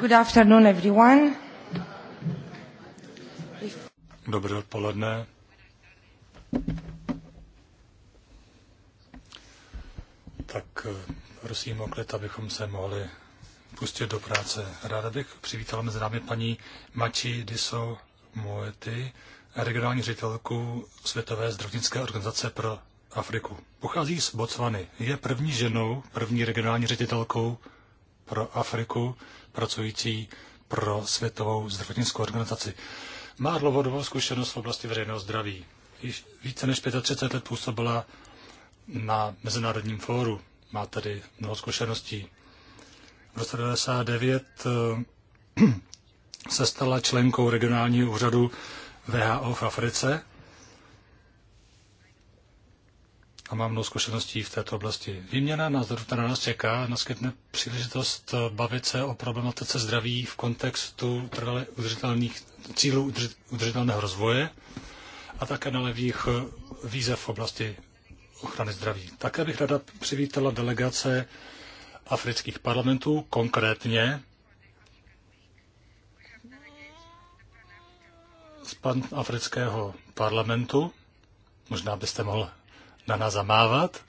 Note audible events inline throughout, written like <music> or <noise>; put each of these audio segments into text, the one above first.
Good afternoon, everyone. Dobré odpoledne. Tak eh, prosím o klid, abychom se mohli pustit do práce. Ráda bych přivítala mezi námi paní Mači Diso Moety, regionální ředitelku Světové zdravotnické organizace pro Afriku. Pochází z Botswany. Je první ženou, první regionální ředitelkou pro Afriku, pracující pro Světovou zdravotnickou organizaci. Má dlouhodobou zkušenost v oblasti veřejného zdraví. Již více než 35 let působila na Mezinárodním fóru. Má tady mnoho zkušeností. V roce 1999 eh, <clears throat> se stala členkou regionálního úřadu VHO v Africe a mám mnoho zkušeností v této oblasti. Výměna názorů, která nás čeká, naskytne příležitost bavit se o problematice zdraví v kontextu trvale udržitelných cílů udržitelného rozvoje a také na levých eh, výzev v oblasti ochrany zdraví. Také bych rada přivítala delegace afrických parlamentů, konkrétně z pan afrického parlamentu. Možná byste mohl na nás zamávat.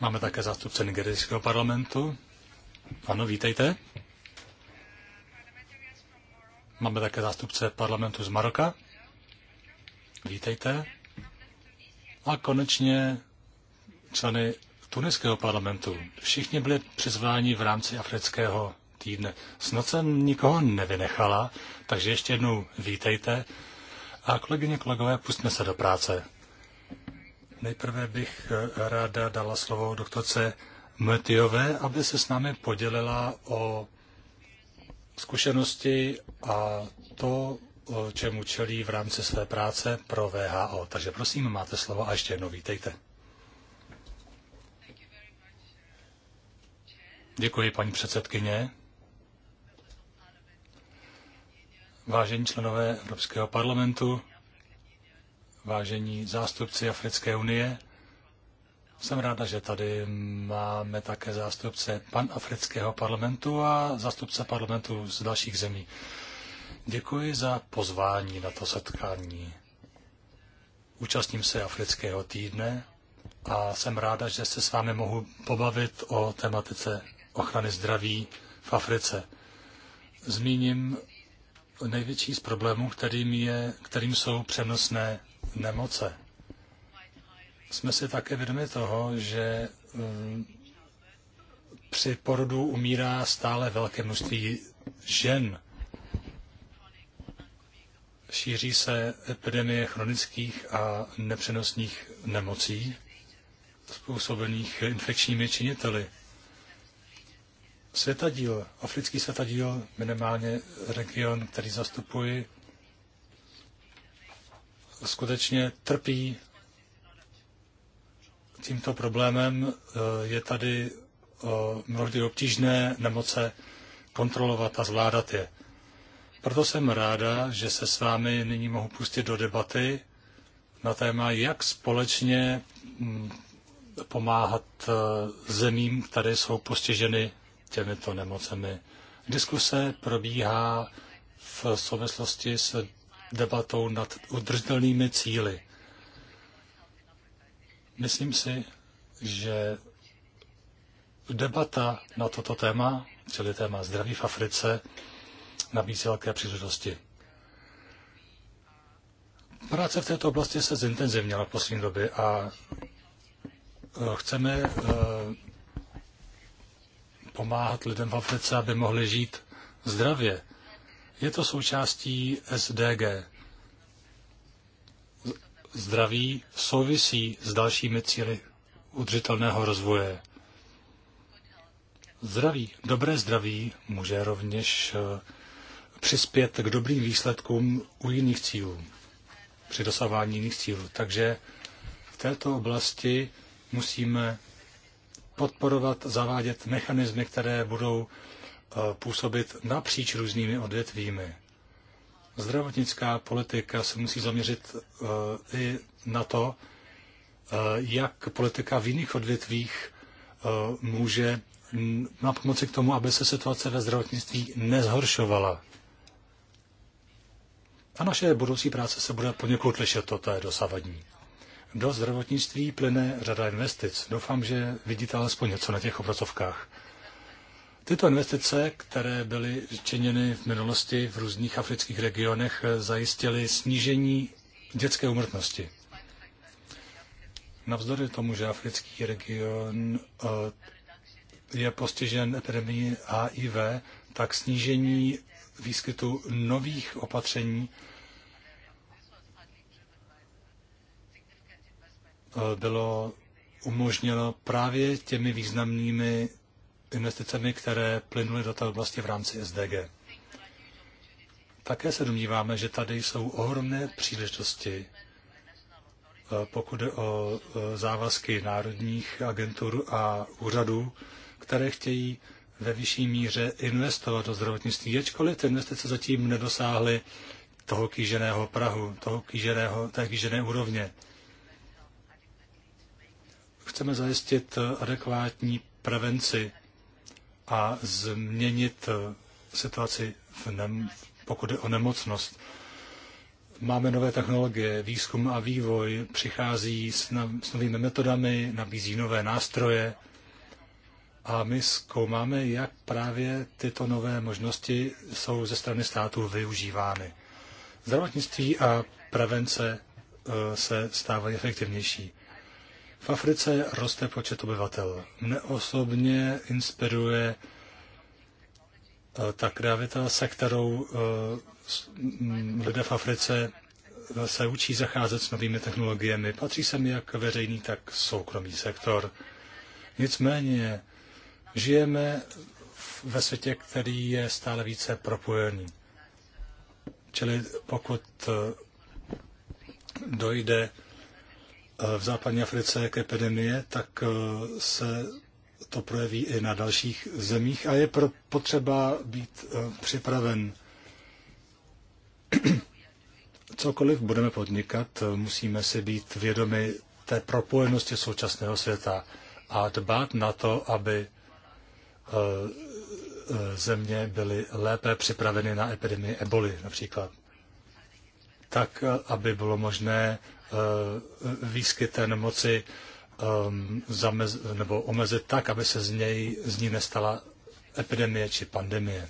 Máme také zástupce nigerijského parlamentu. Ano, vítejte. Máme také zástupce parlamentu z Maroka. Vítejte. A konečně členy tuniského parlamentu. Všichni byli přizváni v rámci afrického týdne. Snad jsem nikoho nevynechala, takže ještě jednou vítejte a kolegyně, kolegové, pustme se do práce. Nejprve bych eh, ráda dala slovo doktorce Metiové, aby se s námi podělila o zkušenosti a to, čemu čelí v rámci své práce pro VHO. Takže prosím, máte slovo a ještě jednou vítejte. Děkuji, paní předsedkyně. Vážení členové Evropského parlamentu, vážení zástupci Africké unie, jsem ráda, že tady máme také zástupce panafrického parlamentu a zástupce parlamentu z dalších zemí. Děkuji za pozvání na to setkání. Účastním se Afrického týdne a jsem ráda, že se s vámi mohu pobavit o tematice ochrany zdraví v Africe. Zmíním největší z problémů, kterým, je, kterým jsou přenosné nemoce. Jsme si také vědomi toho, že eh, při porodu umírá stále velké množství žen. Šíří se epidemie chronických a nepřenosných nemocí způsobených infekčními činiteli světadíl, africký světadíl, minimálně region, který zastupuji, skutečně trpí tímto problémem. Eh, je tady eh, mnohdy obtížné nemoce kontrolovat a zvládat je. Proto jsem ráda, že se s vámi nyní mohu pustit do debaty na téma, jak společně mm, pomáhat eh, zemím, které jsou postiženy těmito nemocemi. Diskuse probíhá v souvislosti s debatou nad udržitelnými cíly. Myslím si, že debata na toto téma, čili téma zdraví v Africe, nabízí velké příležitosti. Práce v této oblasti se zintenzivněla v poslední době a eh, chceme eh, pomáhat lidem v Africe, aby mohli žít zdravě. Je to součástí SDG. Zdraví souvisí s dalšími cíly udržitelného rozvoje. Zdraví, dobré zdraví může rovněž eh, přispět k dobrým výsledkům u jiných cílů, při dosahování jiných cílů. Takže v této oblasti musíme podporovat, zavádět mechanismy, které budou eh, působit napříč různými odvětvími. Zdravotnická politika se musí zaměřit eh, i na to, eh, jak politika v jiných odvětvích může na pomoci k tomu, aby se situace ve zdravotnictví nezhoršovala. A naše budoucí práce se bude poněkud lišit od té dosavadní. Do zdravotnictví plyne řada investic. Doufám, že vidíte alespoň něco na těch obrazovkách. Tyto investice, které byly činěny v minulosti v různých afrických regionech, zajistily snížení dětské umrtnosti. Navzdory tomu, že africký region eh, je postižen epidemii HIV, tak snížení výskytu nových opatření Eh, bylo umožněno právě těmi významnými investicemi, které plynuly do té oblasti v rámci SDG. Také se domníváme, že tady jsou ohromné příležitosti, eh, pokud o eh, závazky národních agentur a úřadů, které chtějí ve vyšší míře investovat do zdravotnictví, ačkoliv ty investice zatím nedosáhly toho kýženého Prahu, toho kýženého, té kýžené úrovně. Chceme zajistit adekvátní prevenci a změnit eh, situaci, v nem, pokud je o nemocnost. Máme nové technologie, výzkum a vývoj, přichází s, na, s novými metodami, nabízí nové nástroje a my zkoumáme, jak právě tyto nové možnosti jsou ze strany států využívány. Zdravotnictví a prevence eh, se stávají efektivnější. V Africe roste počet obyvatel. Mne osobně inspiruje eh, ta kreavita, se kterou eh, mm, lidé v Africe eh, se učí zacházet s novými technologiemi. Patří sem jak veřejný, tak soukromý sektor. Nicméně žijeme ve světě, který je stále více propojený. Čili pokud dojde Eh, v západní Africe k epidemie, tak eh, se to projeví i na dalších zemích a je potřeba být eh, připraven. <clears throat> Cokoliv budeme podnikat, musíme si být vědomi té propojenosti současného světa a dbát na to, aby země byly lépe připraveny na epidemii eboli například. Tak, aby bylo možné Eh, výskyt té nemoci eh, zamez, nebo omezit tak, aby se z, něj, z ní nestala epidemie či pandemie.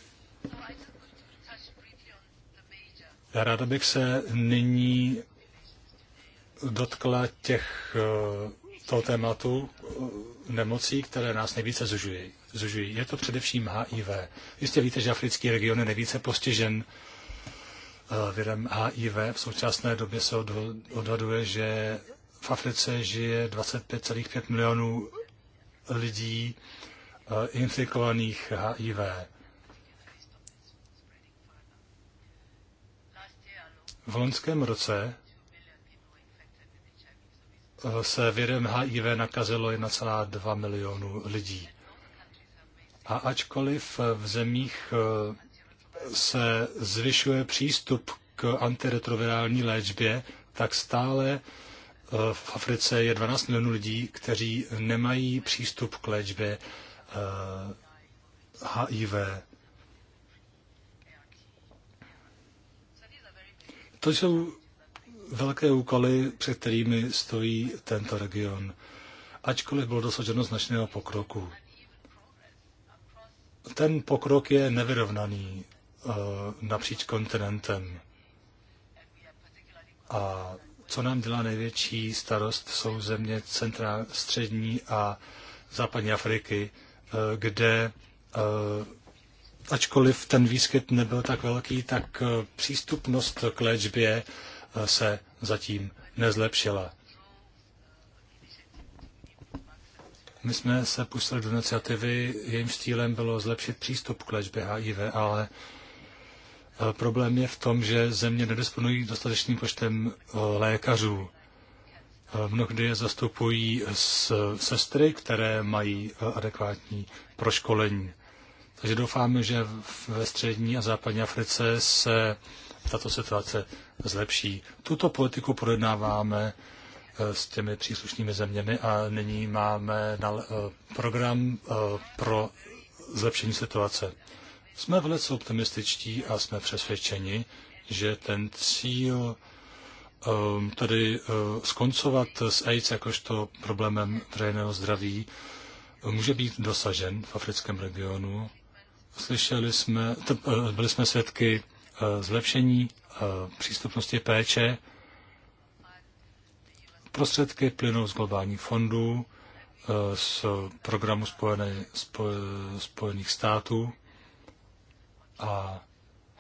Ráda bych se nyní dotkla těch, eh, toho tématu nemocí, které nás nejvíce zužují. zužují. Je to především HIV. Jistě víte, že africký region je nejvíce postižen virem eh, HIV. V současné době se odhaduje, že v Africe žije 25,5 milionů lidí eh, infikovaných HIV. V loňském roce eh, se virem HIV nakazilo 1,2 milionu lidí. A ačkoliv v zemích se zvyšuje přístup k antiretrovirální léčbě, tak stále eh, v Africe je 12 milionů lidí, kteří nemají přístup k léčbě HIV. Eh, to jsou velké úkoly, před kterými stojí tento region, ačkoliv bylo dosaženo značného pokroku. Ten pokrok je nevyrovnaný Eh, napříč kontinentem. A co nám dělá největší starost, jsou země centra střední a západní Afriky, eh, kde eh, ačkoliv ten výskyt nebyl tak velký, tak přístupnost k léčbě se zatím nezlepšila. My jsme se pustili do iniciativy, jejímž cílem bylo zlepšit přístup k léčbě HIV, ale Eh, problém je v tom, že země nedisponují dostatečným počtem eh, lékařů. Eh, mnohdy je zastupují s sestry, které mají adekvátní proškolení. Takže doufáme, že ve střední a západní Africe se tato situace zlepší. Tuto politiku projednáváme s těmi příslušnými zeměmi a nyní máme program pro zlepšení situace. Jsme velice optimističtí a jsme přesvědčeni, že ten cíl ehm, tedy eh, skoncovat s AIDS jakožto problémem veřejného zdraví eh, může být dosažen v africkém regionu. Slyšeli jsme, eh, byli jsme svědky zlepšení přístupnosti péče. Prostředky plynou z globálních fondů, z programu Spojené, Spojených států a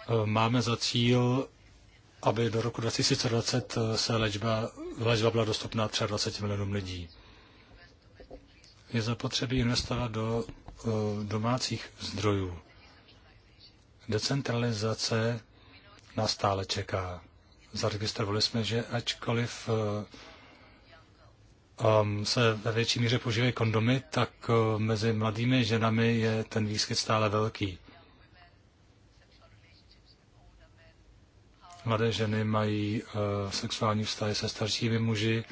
e, máme za cíl, aby do roku 2020 e, se léčba, léčba byla dostupná 23 milionům lidí. Je zapotřebí investovat do e, domácích zdrojů. Decentralizace nás stále čeká. Zaregistrovali jsme, že ačkoliv um, se ve větší míře používají kondomy, tak uh, mezi mladými ženami je ten výskyt stále velký. Mladé ženy mají eh, sexuální vztahy se staršími muži.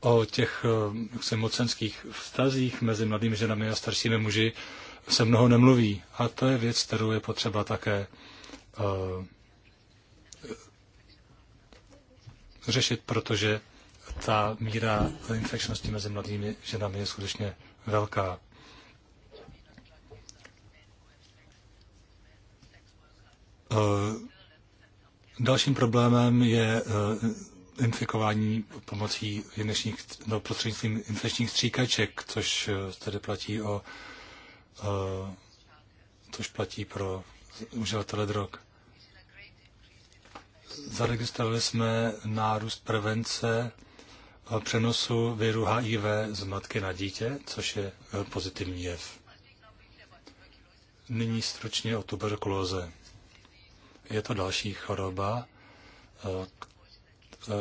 O těch eh, se mocenských vztazích mezi mladými ženami a staršími muži se mnoho nemluví. A to je věc, kterou je potřeba také uh, řešit, protože ta míra infekčnosti mezi mladými ženami je skutečně velká. Eh, dalším problémem je eh, infikování pomocí jinečních, no, prostřednictvím infekčních stříkaček, což eh, tedy platí o, což platí pro uživatele drog. Zaregistrovali jsme nárůst prevence přenosu viru HIV z matky na dítě, což je pozitivní jev. Nyní stručně o tuberkulóze je to další choroba, eh, eh,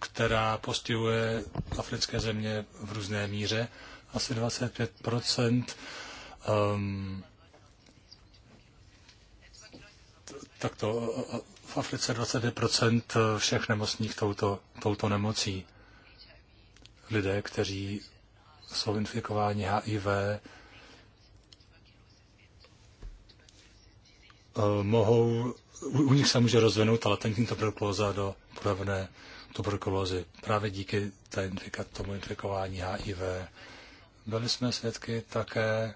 která postihuje africké země v různé míře. Asi 25 um, ehm, takto eh, v Africe 25 všech nemocných touto, touto nemocí. Lidé, kteří jsou infikováni HIV, Eh, mohou, u nich se může rozvinout ta latentní tuberkulóza do podobné tuberkulózy právě díky té infika, tomu infikování HIV. Byli jsme svědky také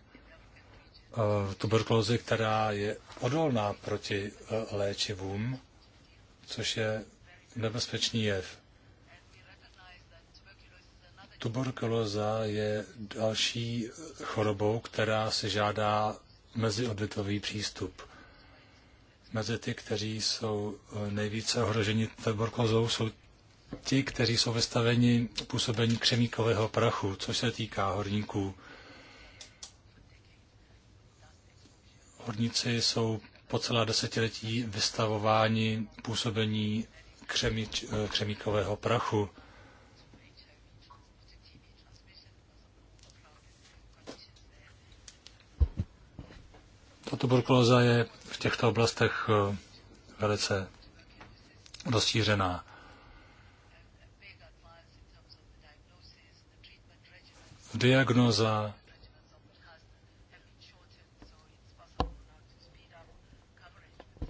eh, tuberkulózy, která je odolná proti eh, léčivům, což je nebezpečný jev. Tuberkulóza je další chorobou, která si žádá meziodvětový přístup mezi ty, kteří jsou eh, nejvíce ohroženi tuberkulózou, jsou ti, kteří jsou vystaveni působení křemíkového prachu, což se týká horníků. Horníci jsou po celá desetiletí vystavováni působení křemíč, eh, křemíkového prachu. Ta tuberkulóza je v těchto oblastech eh, velice rozšířená. Diagnoza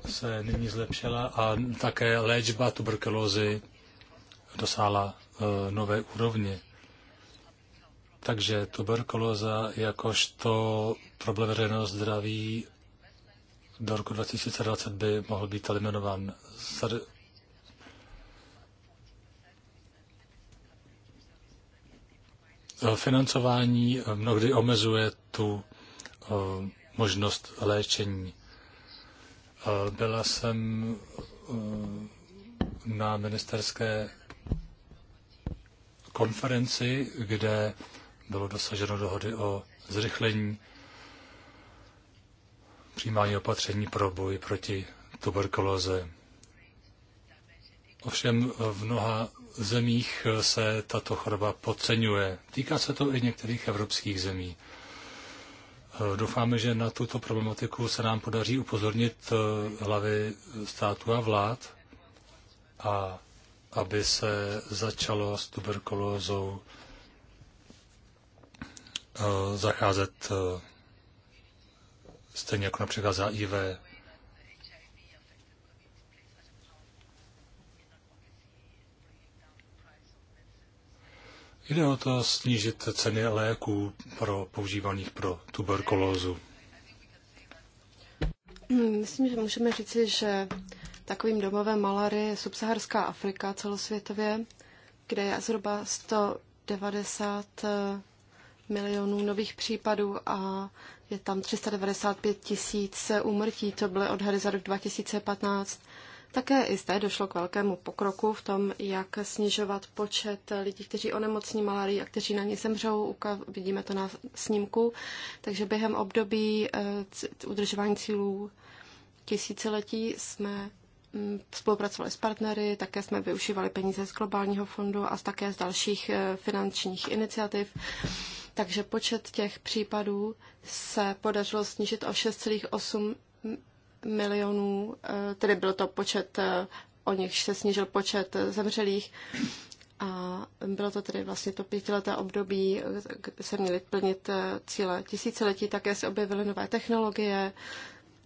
se nyní zlepšila a také léčba tuberkulózy dosáhla e, nové úrovně. Takže tuberkulóza jakožto problém veřejného zdraví do roku 2020 by mohl být eliminován. Financování mnohdy omezuje tu eh, možnost léčení. Eh, byla jsem eh, na ministerské konferenci, kde bylo dosaženo dohody o zrychlení přijímání opatření pro boj proti tuberkulóze. Ovšem v mnoha zemích se tato choroba podceňuje. Týká se to i některých evropských zemí. Doufáme, že na tuto problematiku se nám podaří upozornit eh, hlavy státu a vlád a aby se začalo s tuberkulózou eh, zacházet eh, stejně jako například za IV. Jde o to snížit ceny léků pro používaných pro tuberkulózu. Myslím, že můžeme říci, že takovým domovem malary je subsaharská Afrika celosvětově, kde je zhruba 190 milionů nových případů a je tam 395 tisíc úmrtí, to byly odhady za rok 2015. Také i zde došlo k velkému pokroku v tom, jak snižovat počet lidí, kteří onemocní malárií a kteří na ní zemřou. Vidíme to na snímku. Takže během období eh, udržování cílů tisíciletí jsme Mm, spolupracovali s partnery, také jsme využívali peníze z globálního fondu a také z dalších eh, finančních iniciativ. Takže počet těch případů se podařilo snížit o 6,8 milionů, eh, tedy byl to počet, eh, o nich se snížil počet zemřelých a bylo to tedy vlastně to pětileté období, kde se měly plnit cíle tisíciletí, také se objevily nové technologie,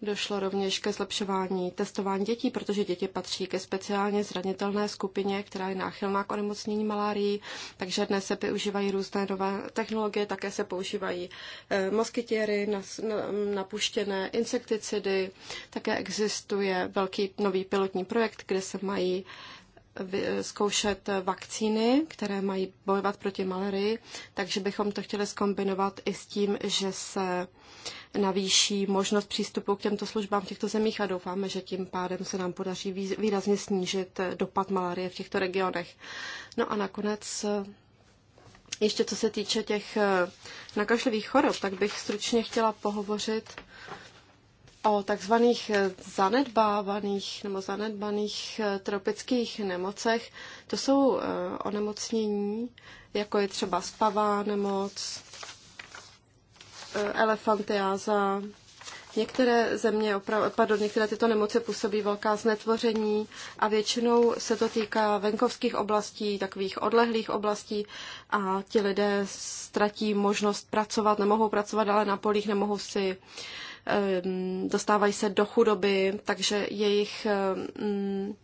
Došlo rovněž ke zlepšování testování dětí, protože děti patří ke speciálně zranitelné skupině, která je náchylná k onemocnění malárií, takže dnes se využívají různé nové technologie, také se používají eh, moskytěry, napuštěné insekticidy, také existuje velký nový pilotní projekt, kde se mají zkoušet vakcíny, které mají bojovat proti malerii, takže bychom to chtěli skombinovat i s tím, že se navýší možnost přístupu k těmto službám v těchto zemích a doufáme, že tím pádem se nám podaří výrazně snížit dopad malárie v těchto regionech. No a nakonec ještě co se týče těch nakažlivých chorob, tak bych stručně chtěla pohovořit o takzvaných zanedbávaných nebo zanedbaných eh, tropických nemocech. To jsou eh, onemocnění, jako je třeba spavá nemoc, eh, elefantiáza. Některé země, pardon, některé tyto nemoce působí velká znetvoření a většinou se to týká venkovských oblastí, takových odlehlých oblastí a ti lidé ztratí možnost pracovat, nemohou pracovat ale na polích, nemohou si uh, Ehm, dostávají se do chudoby, takže jejich ehm,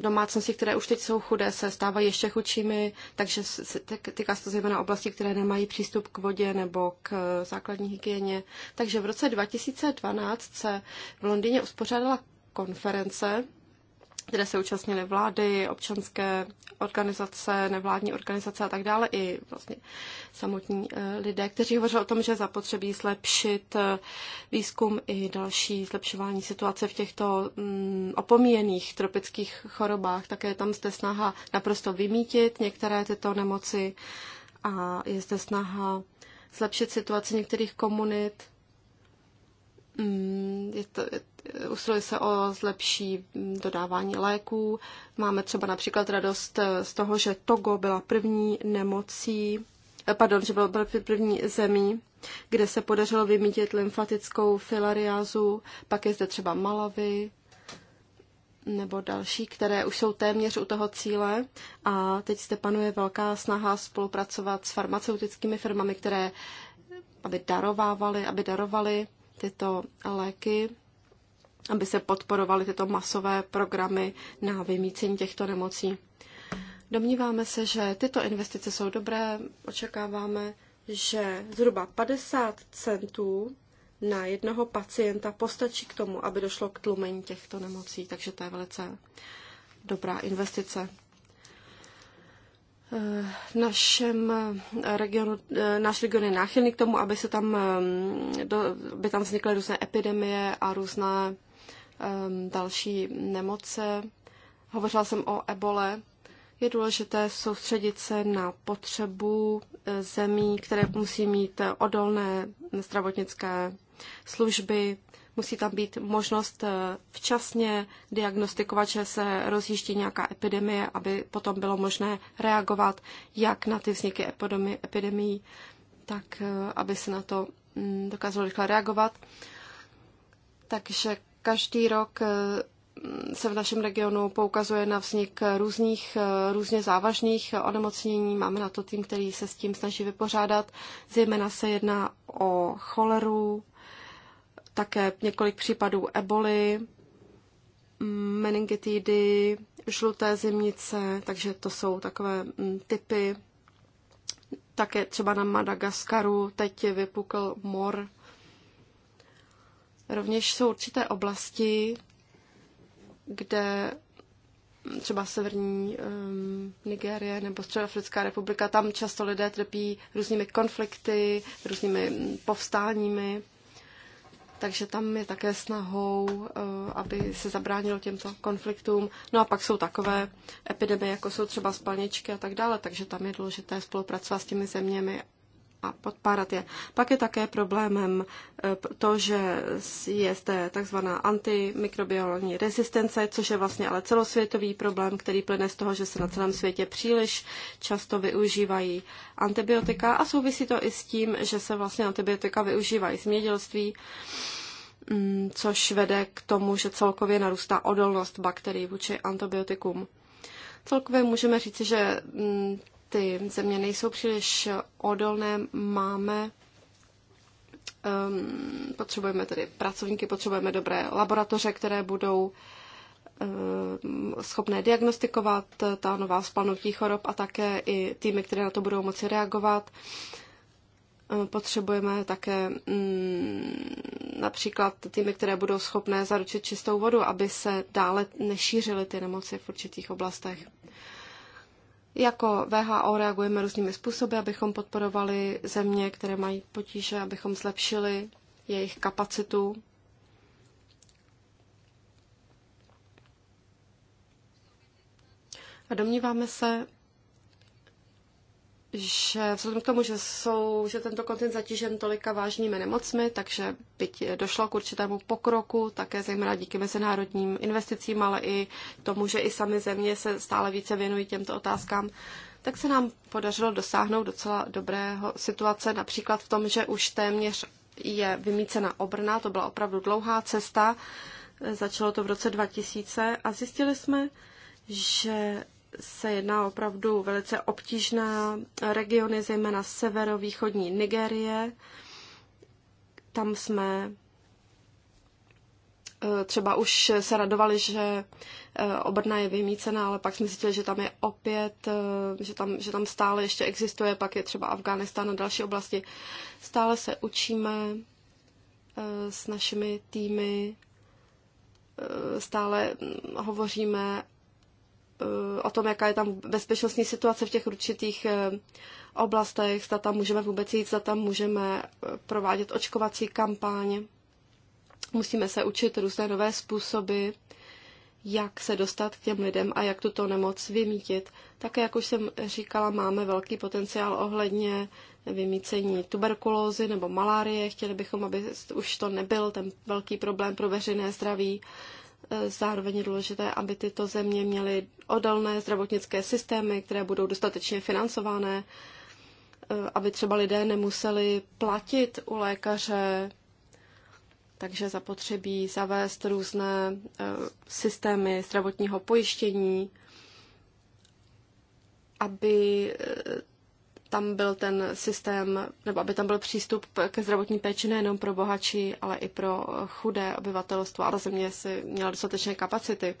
domácnosti, které už teď jsou chudé, se stávají ještě chudšími, takže týká se to zejména oblasti, které nemají přístup k vodě nebo k eh, základní hygieně. Takže v roce 2012 se v Londýně uspořádala konference kde se účastnily vlády, občanské organizace, nevládní organizace a tak dále, i vlastně samotní eh, lidé, kteří hovořili o tom, že zapotřebí zlepšit eh, výzkum i další zlepšování situace v těchto mm, opomíjených tropických chorobách. Také tam zde snaha naprosto vymítit některé tyto nemoci a je zde snaha zlepšit situaci některých komunit, Mm, je to, usiluje se o zlepší mm, dodávání léků. Máme třeba například radost eh, z toho, že Togo byla první nemocí, eh, pardon, že byla první zemí, kde se podařilo vymítit lymfatickou filariázu. Pak je zde třeba Malavy nebo další, které už jsou téměř u toho cíle. A teď zde panuje velká snaha spolupracovat s farmaceutickými firmami, které eh, aby darovávali, aby darovaly tyto léky, aby se podporovaly tyto masové programy na vymícení těchto nemocí. Domníváme se, že tyto investice jsou dobré. Očekáváme, že zhruba 50 centů na jednoho pacienta postačí k tomu, aby došlo k tlumení těchto nemocí, takže to je velice dobrá investice našem eh, regionu, eh, náš region je náchylný k tomu, aby se tam, eh, aby tam vznikly různé epidemie a různé další nemoce. Hovořila jsem o ebole. Je důležité soustředit se na potřebu zemí, které musí mít odolné zdravotnické služby, Musí tam být možnost eh, včasně diagnostikovat, že se rozjíždí nějaká epidemie, aby potom bylo možné reagovat jak na ty vzniky epidemii, tak eh, aby se na to mm, dokázalo rychle reagovat. Takže každý rok eh, mm, se v našem regionu poukazuje na vznik různých, různě závažných onemocnění. Máme na to tým, který se s tím snaží vypořádat. Zejména se jedná o choleru, také několik případů eboli, mm, meningitidy, žluté zimnice, takže to jsou takové mm, typy. Také třeba na Madagaskaru teď vypukl mor. Rovněž jsou určité oblasti, kde mm, třeba severní um, Nigérie nebo Středoafrická republika, tam často lidé trpí různými konflikty, různými povstáními takže tam je také snahou, eh, aby se zabránilo těmto konfliktům. No a pak jsou takové epidemie, jako jsou třeba spalničky a tak dále, takže tam je důležité spolupracovat s těmi zeměmi a podpárat je. Pak je také problémem e, to, že je zde takzvaná antimikrobiální rezistence, což je vlastně ale celosvětový problém, který plyne z toho, že se na celém světě příliš často využívají antibiotika a souvisí to i s tím, že se vlastně antibiotika využívají v mědělství mm, což vede k tomu, že celkově narůstá odolnost bakterií vůči antibiotikům. Celkově můžeme říci, že mm, ty země nejsou příliš odolné, máme um, potřebujeme tedy pracovníky, potřebujeme dobré laboratoře, které budou um, schopné diagnostikovat ta nová spalnutí chorob a také i týmy, které na to budou moci reagovat. Ehm, potřebujeme také mm, například týmy, které budou schopné zaručit čistou vodu, aby se dále nešířily ty nemoci v určitých oblastech. Jako VHO reagujeme různými způsoby, abychom podporovali země, které mají potíže, abychom zlepšili jejich kapacitu. A domníváme se, že vzhledem k tomu, že, jsou, že tento kontinent zatížen tolika vážnými nemocmi, takže byť došlo k určitému pokroku, také zejména díky mezinárodním investicím, ale i tomu, že i sami země se stále více věnují těmto otázkám, tak se nám podařilo dosáhnout docela dobrého situace, například v tom, že už téměř je vymícena obrna, to byla opravdu dlouhá cesta, začalo to v roce 2000 a zjistili jsme, že se jedná opravdu velice obtížná regiony, zejména severovýchodní Nigérie. Tam jsme eh, třeba už se radovali, že eh, Obrna je vymícená, ale pak jsme zjistili, že tam je opět, eh, že tam, že tam stále ještě existuje, pak je třeba Afghánistán a další oblasti. Stále se učíme s našimi týmy, stále hm, hovoříme Eh, o tom, jaká je tam bezpečnostní situace v těch určitých eh, oblastech, zda tam můžeme vůbec jít, zda tam můžeme eh, provádět očkovací kampáně. Musíme se učit různé nové způsoby, jak se dostat k těm lidem a jak tuto nemoc vymítit. Také, jak už jsem říkala, máme velký potenciál ohledně vymícení tuberkulózy nebo malárie. Chtěli bychom, aby už to nebyl ten velký problém pro veřejné zdraví. Uh, Zároveň je důležité, aby tyto země měly odolné zdravotnické systémy, které budou dostatečně financované, eh, aby třeba lidé nemuseli platit u lékaře, takže zapotřebí zavést různé eh, systémy zdravotního pojištění, aby eh, tam byl ten systém, nebo aby tam byl přístup ke zdravotní péči nejenom pro bohatší, ale i pro chudé obyvatelstvo a ta země si měla dostatečné kapacity.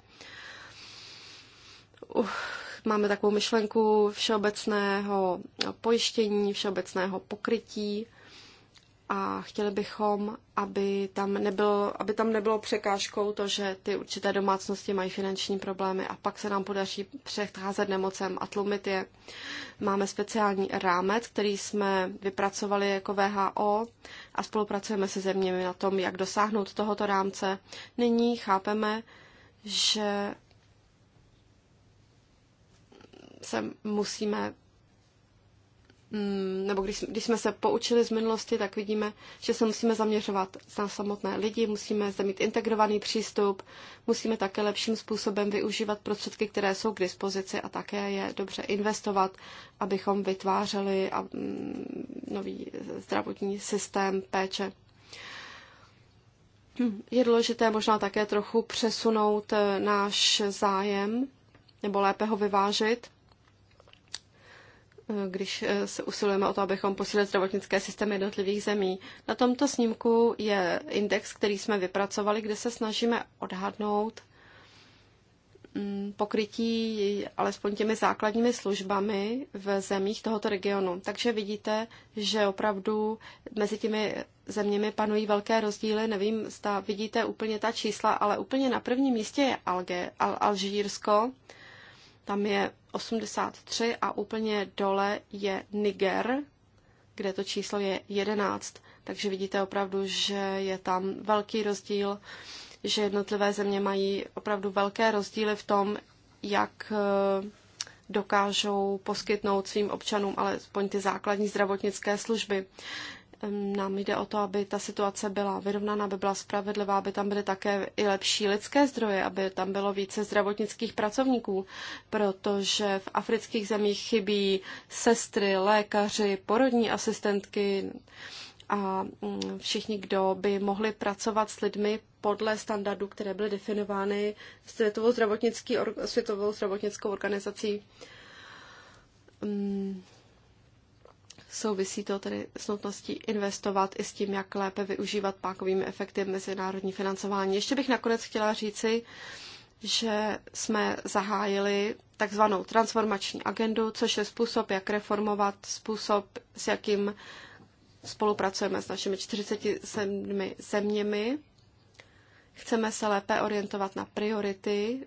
Uf, máme takovou myšlenku všeobecného pojištění, všeobecného pokrytí a chtěli bychom, aby tam, nebylo, aby tam nebylo překážkou to, že ty určité domácnosti mají finanční problémy a pak se nám podaří přecházet nemocem a tlumit je. Máme speciální rámec, který jsme vypracovali jako VHO a spolupracujeme se zeměmi na tom, jak dosáhnout tohoto rámce. Nyní chápeme, že se musíme Mm, nebo když, když jsme se poučili z minulosti, tak vidíme, že se musíme zaměřovat na samotné lidi, musíme zde mít integrovaný přístup, musíme také lepším způsobem využívat prostředky, které jsou k dispozici a také je dobře investovat, abychom vytvářeli mm, nový zdravotní systém péče. Je důležité možná také trochu přesunout náš zájem nebo lépe ho vyvážit Eh, když eh, se usilujeme o to, abychom posílili zdravotnické systémy jednotlivých zemí. Na tomto snímku je index, který jsme vypracovali, kde se snažíme odhadnout mm, pokrytí alespoň těmi základními službami v zemích tohoto regionu. Takže vidíte, že opravdu mezi těmi zeměmi panují velké rozdíly. Nevím, zda vidíte úplně ta čísla, ale úplně na prvním místě je Alge, Al- Alžírsko tam je 83 a úplně dole je Niger, kde to číslo je 11. Takže vidíte opravdu, že je tam velký rozdíl, že jednotlivé země mají opravdu velké rozdíly v tom, jak eh, dokážou poskytnout svým občanům alespoň ty základní zdravotnické služby. Nám jde o to, aby ta situace byla vyrovnaná, aby byla spravedlivá, aby tam byly také i lepší lidské zdroje, aby tam bylo více zdravotnických pracovníků, protože v afrických zemích chybí sestry, lékaři, porodní asistentky a mm, všichni, kdo by mohli pracovat s lidmi podle standardů, které byly definovány Světovou, zdravotnický, Světovou zdravotnickou organizací. Souvisí to tedy s nutností investovat i s tím, jak lépe využívat pákovými efekty mezinárodní financování. Ještě bych nakonec chtěla říci, že jsme zahájili takzvanou transformační agendu, což je způsob, jak reformovat, způsob, s jakým spolupracujeme s našimi 47 zeměmi. Chceme se lépe orientovat na priority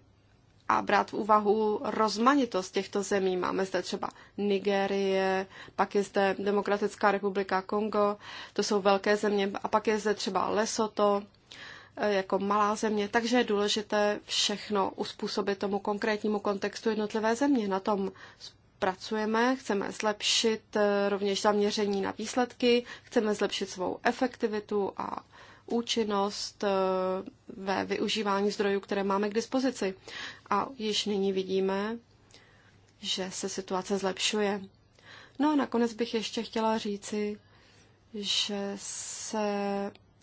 a brát v úvahu rozmanitost těchto zemí. Máme zde třeba Nigérie, pak je zde Demokratická republika Kongo, to jsou velké země, a pak je zde třeba Lesoto, eh, jako malá země, takže je důležité všechno uspůsobit tomu konkrétnímu kontextu jednotlivé země. Na tom pracujeme, chceme zlepšit eh, rovněž zaměření na výsledky, chceme zlepšit svou efektivitu a účinnost eh, ve využívání zdrojů, které máme k dispozici. A již nyní vidíme, že se situace zlepšuje. No a nakonec bych ještě chtěla říci, že se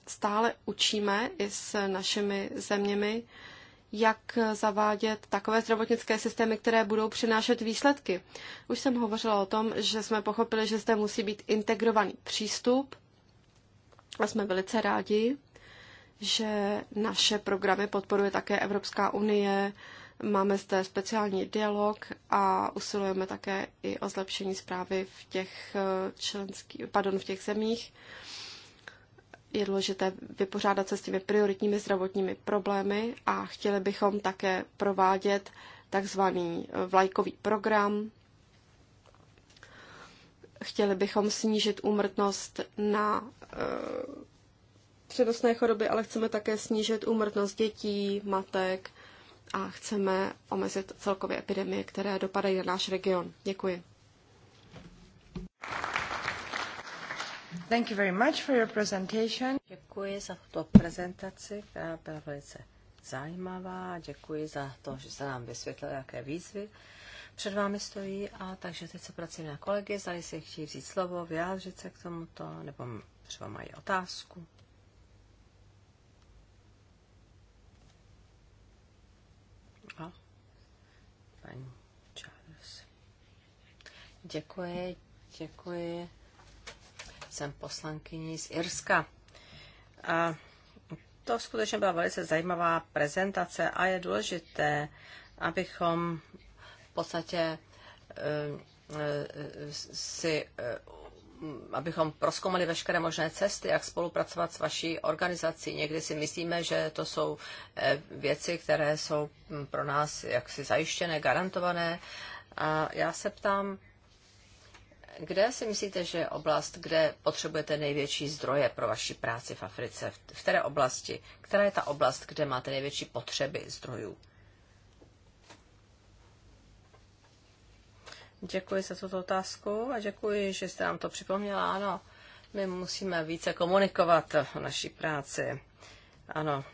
stále učíme i s našimi zeměmi, jak zavádět takové zdravotnické systémy, které budou přinášet výsledky. Už jsem hovořila o tom, že jsme pochopili, že zde musí být integrovaný přístup, a jsme velice rádi, že naše programy podporuje také Evropská unie. Máme zde speciální dialog a usilujeme také i o zlepšení zprávy v těch, eh, členský, pardon, v těch zemích. Je důležité vypořádat se s těmi prioritními zdravotními problémy a chtěli bychom také provádět takzvaný eh, vlajkový program, Chtěli bychom snížit úmrtnost na eh, přednostné choroby, ale chceme také snížit úmrtnost dětí, matek a chceme omezit celkově epidemie, které dopadají na náš region. Děkuji. Thank you very much for your presentation. Děkuji za tuto prezentaci, která byla velice zajímavá. Děkuji za to, že jste nám vysvětlil, jaké výzvy před vámi stojí a takže teď se pracujeme na kolegy, zdali si chtějí vzít slovo, vyjádřit se k tomuto, nebo třeba mají otázku. A paní Charles. Děkuji, děkuji. Jsem poslankyní z Irska. A to skutečně byla velice zajímavá prezentace a je důležité, abychom podstatě eh, eh, si, eh, abychom proskoumali veškeré možné cesty, jak spolupracovat s vaší organizací. Někdy si myslíme, že to jsou věci, které jsou hm, pro nás jaksi zajištěné, garantované. A já se ptám, kde si myslíte, že je oblast, kde potřebujete největší zdroje pro vaši práci v Africe? V které oblasti? Která je ta oblast, kde máte největší potřeby zdrojů? Děkuji za tuto otázku a děkuji, že jste nám to připomněla. Ano, my musíme více komunikovat o naší práci. Ano,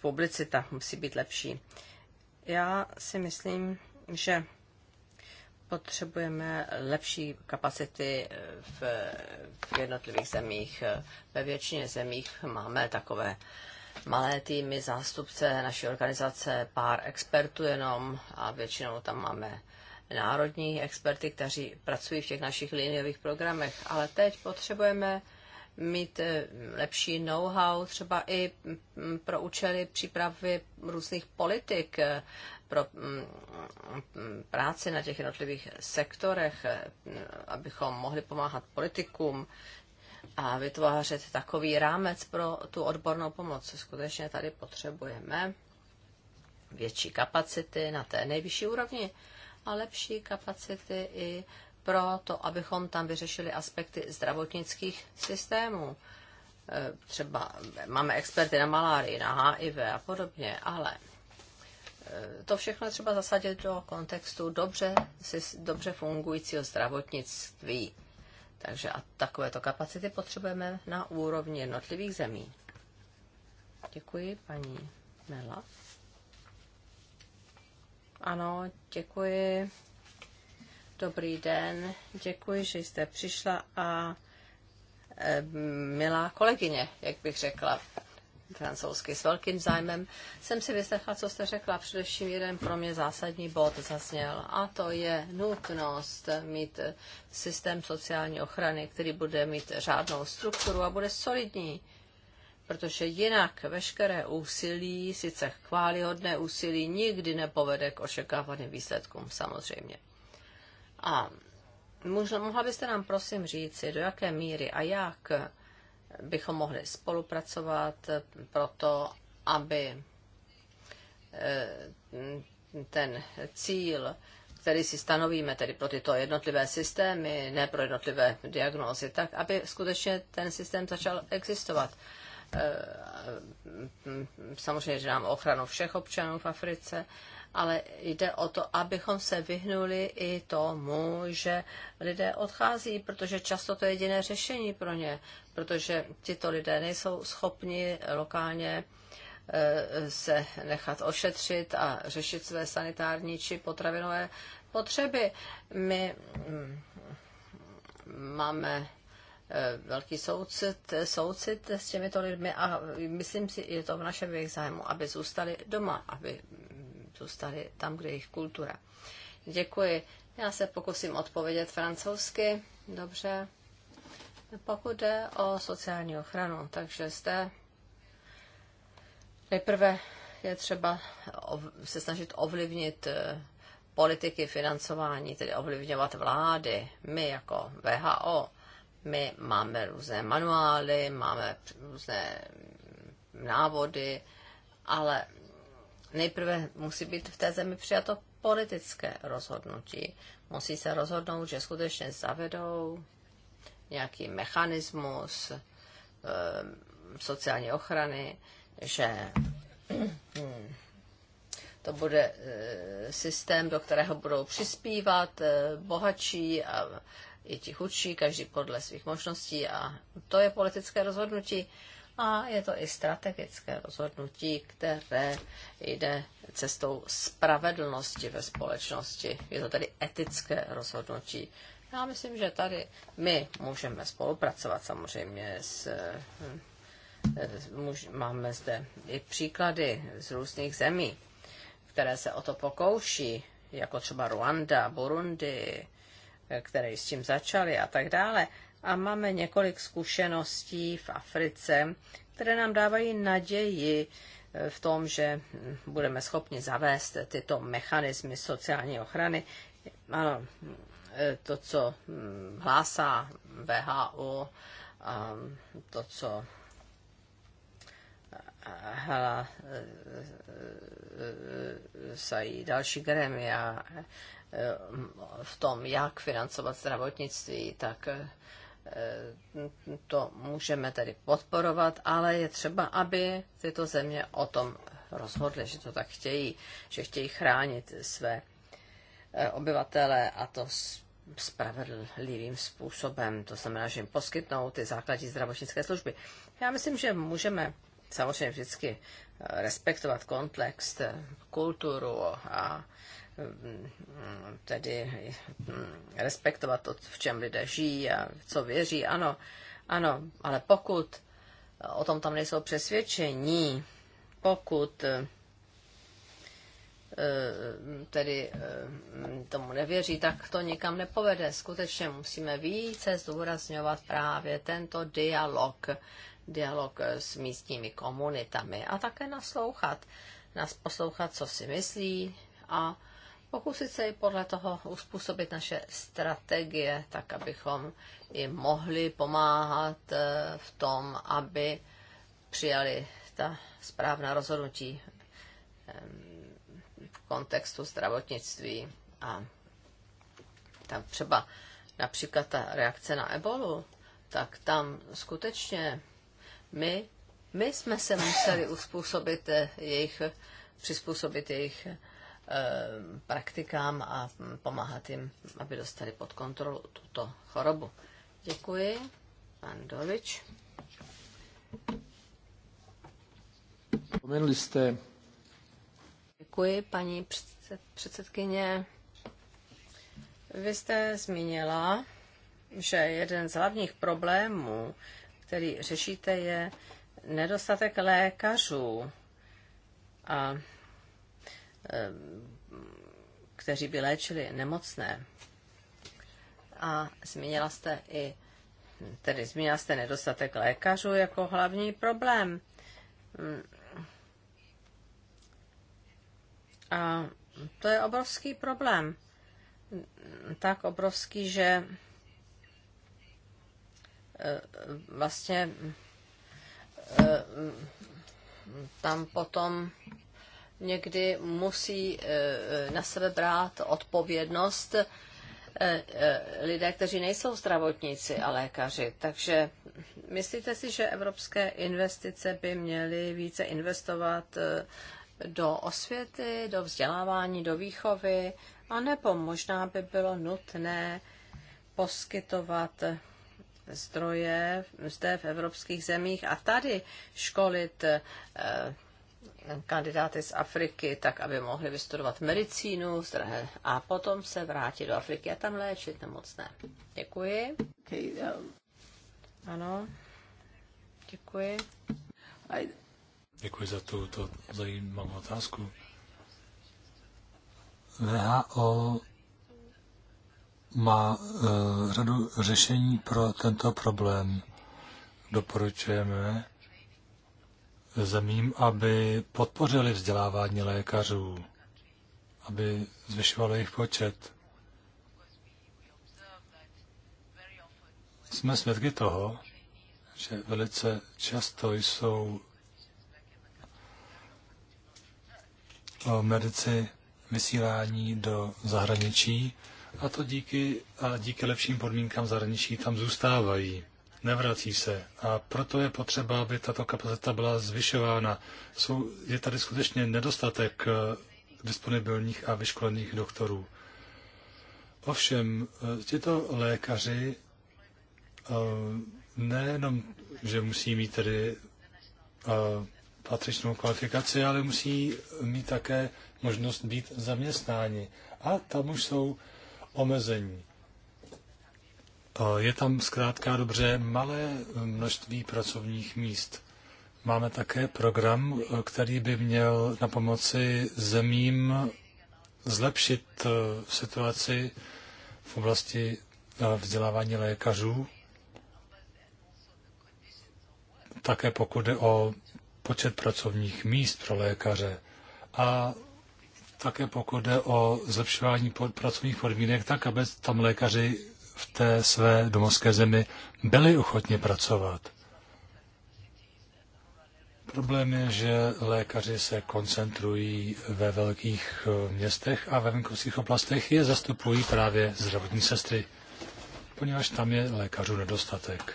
publicita musí být lepší. Já si myslím, že potřebujeme lepší kapacity v, v jednotlivých zemích. Ve většině zemích máme takové malé týmy, zástupce naší organizace, pár expertů jenom a většinou tam máme národní experty, kteří pracují v těch našich liniových programech. Ale teď potřebujeme mít eh, lepší know-how třeba i mm, pro účely přípravy různých politik, eh, pro mm, mm, práci na těch jednotlivých sektorech, eh, abychom mohli pomáhat politikům a vytvářet takový rámec pro tu odbornou pomoc. Skutečně tady potřebujeme větší kapacity na té nejvyšší úrovni a lepší kapacity i pro to, abychom tam vyřešili aspekty zdravotnických systémů. E, třeba máme experty na malárii, na HIV a podobně, ale e, to všechno třeba zasadit do kontextu dobře, dobře fungujícího zdravotnictví. Takže a takovéto kapacity potřebujeme na úrovni jednotlivých zemí. Děkuji, paní Mela. Ano, děkuji. Dobrý den, děkuji, že jste přišla a e, milá kolegyně, jak bych řekla francouzsky s velkým zájmem, jsem si vyslechla, co jste řekla. Především jeden pro mě zásadní bod zazněl a to je nutnost mít systém sociální ochrany, který bude mít řádnou strukturu a bude solidní protože jinak veškeré úsilí, sice chválihodné úsilí, nikdy nepovede k očekávaným výsledkům, samozřejmě. A mohla byste nám prosím říci, do jaké míry a jak bychom mohli spolupracovat pro to, aby eh, ten cíl, který si stanovíme tedy pro tyto jednotlivé systémy, ne pro jednotlivé diagnózy, tak aby skutečně ten systém začal existovat. Eh, samozřejmě, že nám ochranu všech občanů v Africe, ale jde o to, abychom se vyhnuli i tomu, že lidé odchází, protože často to je jediné řešení pro ně, protože tito lidé nejsou schopni lokálně eh, se nechat ošetřit a řešit své sanitární či potravinové potřeby. My mm, máme Eh, velký soucit, soucit s těmito lidmi a myslím si, je to v našem jejich zájmu, aby zůstali doma, aby mm, zůstali tam, kde je jejich kultura. Děkuji. Já se pokusím odpovědět francouzsky. Dobře. Pokud jde o sociální ochranu, takže zde nejprve je třeba se snažit ovlivnit eh, politiky financování, tedy ovlivňovat vlády. My jako VHO my máme různé manuály, máme různé návody, ale nejprve musí být v té zemi přijato politické rozhodnutí. Musí se rozhodnout, že skutečně zavedou nějaký mechanismus e, sociální ochrany, že hm, to bude eh, systém, do kterého budou přispívat eh, bohatší a i ti chudší, každý podle svých možností a to je politické rozhodnutí a je to i strategické rozhodnutí, které jde cestou spravedlnosti ve společnosti. Je to tedy etické rozhodnutí. Já myslím, že tady my můžeme spolupracovat samozřejmě s eh, máme zde i příklady z různých zemí, které se o to pokouší, jako třeba Ruanda, Burundi, které s tím začali a tak dále. A máme několik zkušeností v Africe, které nám dávají naději eh, v tom, že budeme schopni zavést tyto mechanismy sociální ochrany. Ano, eh, to, co mm, hlásá VHO, a to, co eh, hlásají další gremia, Eh, v tom, jak financovat zdravotnictví, tak eh, to můžeme tedy podporovat, ale je třeba, aby tyto země o tom rozhodly, že to tak chtějí, že chtějí chránit své eh, obyvatele a to spravedlivým způsobem, to znamená, že jim poskytnou ty základní zdravotnické služby. Já myslím, že můžeme samozřejmě vždycky respektovat kontext, kulturu a tedy respektovat to, v čem lidé žijí a co věří, ano, ano, ale pokud o tom tam nejsou přesvědčení, pokud eh, tedy eh, tomu nevěří, tak to nikam nepovede. Skutečně musíme více zdůrazňovat právě tento dialog, dialog s místními komunitami a také naslouchat, nás poslouchat, co si myslí a pokusit se i podle toho uspůsobit naše strategie, tak abychom i mohli pomáhat eh, v tom, aby přijali ta správná rozhodnutí v kontextu zdravotnictví a tam třeba například ta reakce na ebolu, tak tam skutečně my, my jsme se museli uspůsobit eh, jejich, přizpůsobit jejich Eh, praktikám a pomáhat jim, aby dostali pod kontrolu tuto chorobu. Děkuji. Pan Dolič. Pomenuli jste. Děkuji, paní předsedkyně. Vy jste zmínila, že jeden z hlavních problémů, který řešíte, je nedostatek lékařů. A Eh, kteří by léčili nemocné. A zmínila jste i, tedy zmínila jste nedostatek lékařů jako hlavní problém. A to je obrovský problém. Tak obrovský, že eh, vlastně eh, tam potom někdy musí eh, eh, na sebe brát odpovědnost eh, lidé, kteří nejsou zdravotníci a lékaři. Takže myslíte si, že evropské investice by měly více investovat do osvěty, do vzdělávání, do výchovy, anebo možná by bylo nutné poskytovat zdroje zde v evropských zemích a tady školit kandidáty z Afriky, tak aby mohli vystudovat medicínu a potom se vrátit do Afriky a tam léčit nemocné. Děkuji. Okay, um... Ano, děkuji. I... Děkuji za tuto zajímavou otázku. VHO má uh, řadu řešení pro tento problém. Doporučujeme zemím, aby podpořili vzdělávání lékařů, aby zvyšovali jejich počet. Jsme svědky toho, že velice často jsou medici vysílání do zahraničí a to díky, a díky lepším podmínkám zahraničí tam zůstávají nevrací se. A proto je potřeba, aby tato kapacita byla zvyšována. Jsou, je tady skutečně nedostatek eh, disponibilních a vyškolených doktorů. Ovšem, eh, tyto lékaři eh, nejenom, že musí mít tedy patřičnou kvalifikaci, ale musí mít také možnost být zaměstnáni. A tam už jsou omezení. Eh, je tam zkrátka dobře malé množství pracovních míst. Máme také program, eh, který by měl na pomoci zemím zlepšit eh, situaci v oblasti vzdělávání lékařů, také pokud jde o počet pracovních míst pro lékaře a také pokud jde o zlepšování pracovních podmínek, tak aby tam lékaři v té své domovské zemi byli ochotni pracovat. Problém je, že lékaři se koncentrují ve velkých eh, městech a ve venkovských oblastech je zastupují právě zdravotní sestry, poněvadž tam je lékařů nedostatek.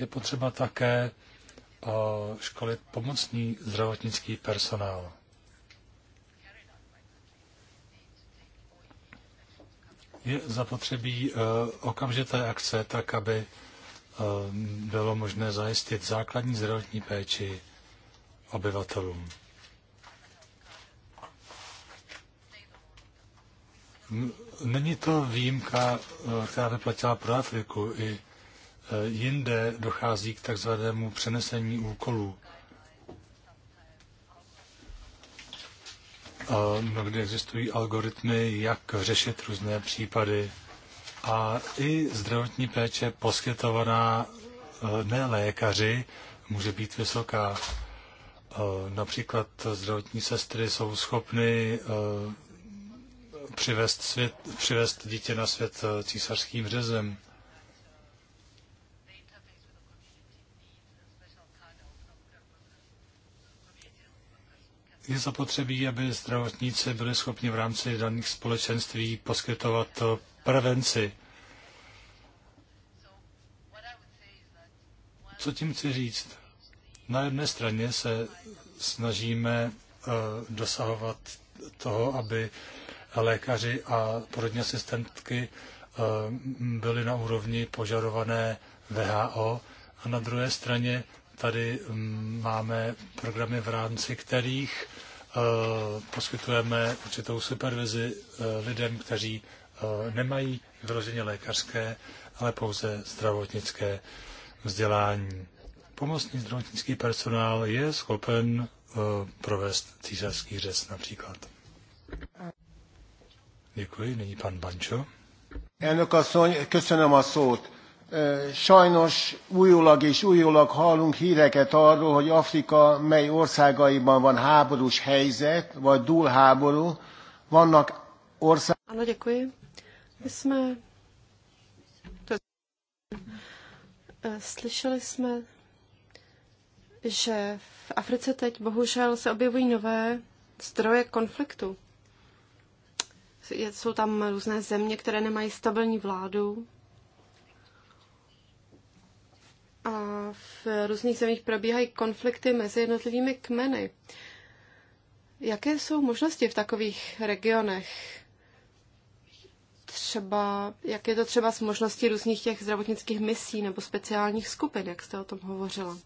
Je potřeba také eh, školit pomocný zdravotnický personál. je zapotřebí eh, okamžité akce, tak aby eh, bylo možné zajistit základní zdravotní péči obyvatelům. Není to výjimka, eh, která by platila pro Afriku. I jinde dochází k takzvanému přenesení úkolů. Mnohdy existují algoritmy, jak řešit různé případy a i zdravotní péče poskytovaná eh, ne lékaři může být vysoká. Eh, například zdravotní sestry jsou schopny eh, přivést, svět, přivést dítě na svět císařským řezem. je zapotřebí, aby zdravotníci byli schopni v rámci daných společenství poskytovat prevenci. Co tím chci říct? Na jedné straně se snažíme eh, dosahovat toho, aby lékaři a porodní asistentky eh, byly na úrovni požadované VHO a na druhé straně Tady mm, máme programy, v rámci kterých eh, poskytujeme určitou supervizi eh, lidem, kteří eh, nemají vyloženě lékařské, ale pouze zdravotnické vzdělání. Pomocný zdravotnický personál je schopen provést císařský řez například. Děkuji, nyní pan Bančo. Elnök asszony, köszönöm a szót. Sajnos újulag és újulag hallunk híreket arról, hogy Afrika mely országaiban van háborús helyzet, vagy háború, Vannak országok... Ano, děkuji. My jsme... Eh, slyšeli jsme, že v Africe teď bohužel se objevují nové zdroje konfliktu. Jsou tam různé země, které nemají stabilní vládu, a v různých zemích probíhají konflikty mezi jednotlivými kmeny. Jaké jsou možnosti v takových regionech? Třeba, jak je to třeba s možností různých těch zdravotnických misí nebo speciálních skupin, jak jste o tom hovořila?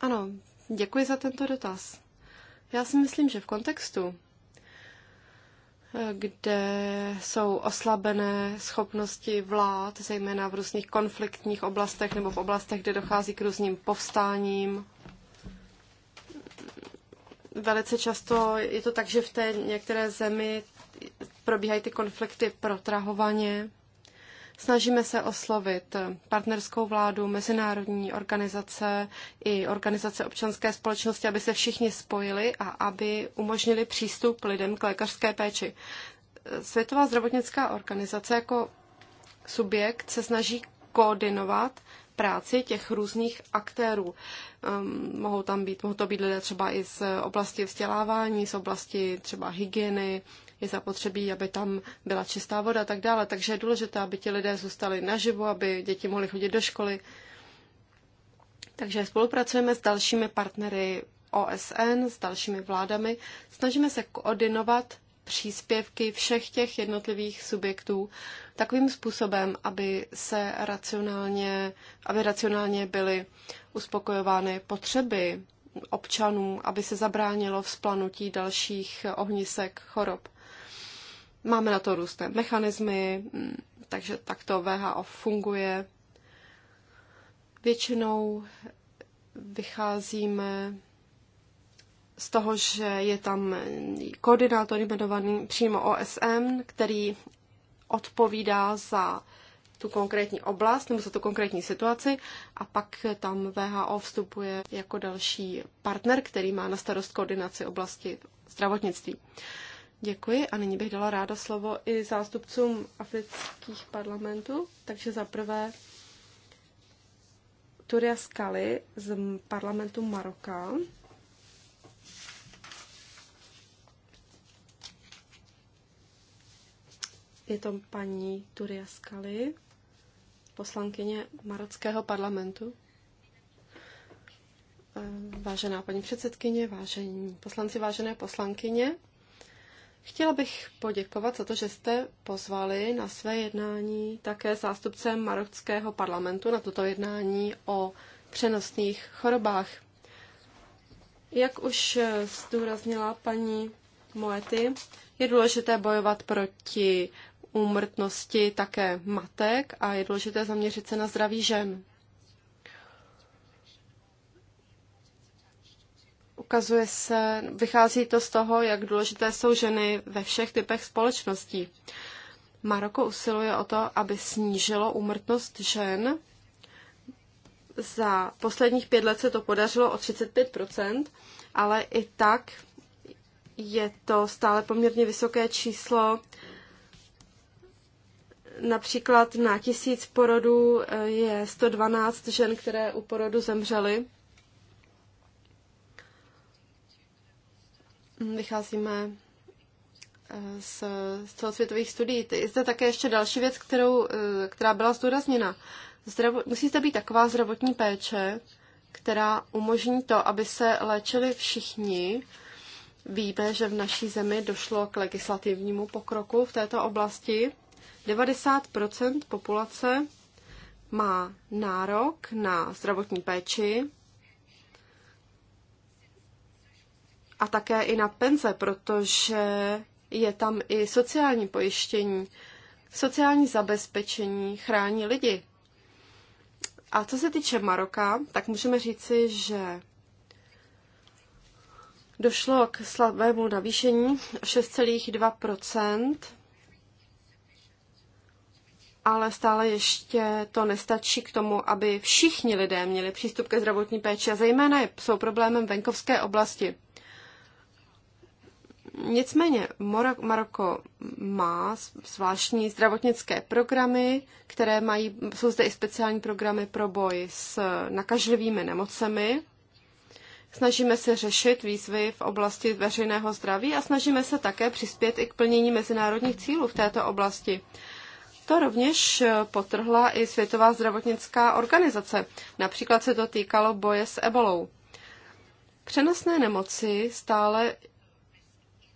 Ano, děkuji za tento dotaz. Já si myslím, že v kontextu kde jsou oslabené schopnosti vlád, zejména v různých konfliktních oblastech nebo v oblastech, kde dochází k různým povstáním. Velice často je to tak, že v té některé zemi probíhají ty konflikty protrahovaně. Snažíme se oslovit partnerskou vládu, mezinárodní organizace i organizace občanské společnosti, aby se všichni spojili a aby umožnili přístup lidem k lékařské péči. Světová zdravotnická organizace jako subjekt se snaží koordinovat práci těch různých aktérů. Um, mohou tam být, mohou to být lidé třeba i z oblasti vzdělávání, z oblasti třeba hygieny, je zapotřebí, aby tam byla čistá voda a tak dále. Takže je důležité, aby ti lidé zůstali naživu, aby děti mohly chodit do školy. Takže spolupracujeme s dalšími partnery OSN, s dalšími vládami. Snažíme se koordinovat příspěvky všech těch jednotlivých subjektů takovým způsobem, aby se racionálně, aby racionálně byly uspokojovány potřeby občanů, aby se zabránilo vzplanutí dalších ohnisek chorob. Máme na to různé mechanismy, mm, takže takto VHO funguje. Většinou vycházíme z toho, že je tam koordinátor jmenovaný přímo OSM, který odpovídá za tu konkrétní oblast nebo za tu konkrétní situaci a pak tam VHO vstupuje jako další partner, který má na starost koordinaci oblasti zdravotnictví. Děkuji a nyní bych dala ráda slovo i zástupcům afrických parlamentů. Takže za prvé Turia Skali z parlamentu Maroka. Je to paní Turia Skali, poslankyně Marockého parlamentu. Vážená paní předsedkyně, vážení poslanci, vážené poslankyně, Chtěla bych poděkovat za to, že jste pozvali na své jednání také zástupce Marockého parlamentu na toto jednání o přenosných chorobách. Jak už zdůraznila paní Moety, je důležité bojovat proti úmrtnosti také matek a je důležité zaměřit se na zdraví žen. Ukazuje se, vychází to z toho, jak důležité jsou ženy ve všech typech společností. Maroko usiluje o to, aby snížilo úmrtnost žen. Za posledních pět let se to podařilo o 35 ale i tak je to stále poměrně vysoké číslo. Například na tisíc porodů eh, je 112 žen, které u porodu zemřely. vycházíme eh, z, z celosvětových studií. Je zde také ještě další věc, kterou, eh, která byla zdůrazněna. Zdravo, musí zde být taková zdravotní péče, která umožní to, aby se léčili všichni. Víme, že v naší zemi došlo k legislativnímu pokroku v této oblasti. 90 populace má nárok na zdravotní péči, a také i na penze, protože je tam i sociální pojištění. Sociální zabezpečení chrání lidi. A co se týče Maroka, tak můžeme říci, že došlo k slabému navýšení 6,2 ale stále ještě to nestačí k tomu, aby všichni lidé měli přístup ke zdravotní péči a zejména jsou problémem venkovské oblasti. Nicméně Maroko má zvláštní zdravotnické programy, které mají, jsou zde i speciální programy pro boj s nakažlivými nemocemi. Snažíme se řešit výzvy v oblasti veřejného zdraví a snažíme se také přispět i k plnění mezinárodních cílů v této oblasti. To rovněž eh, potrhla i Světová zdravotnická organizace. Například se to týkalo boje s ebolou. Přenosné nemoci stále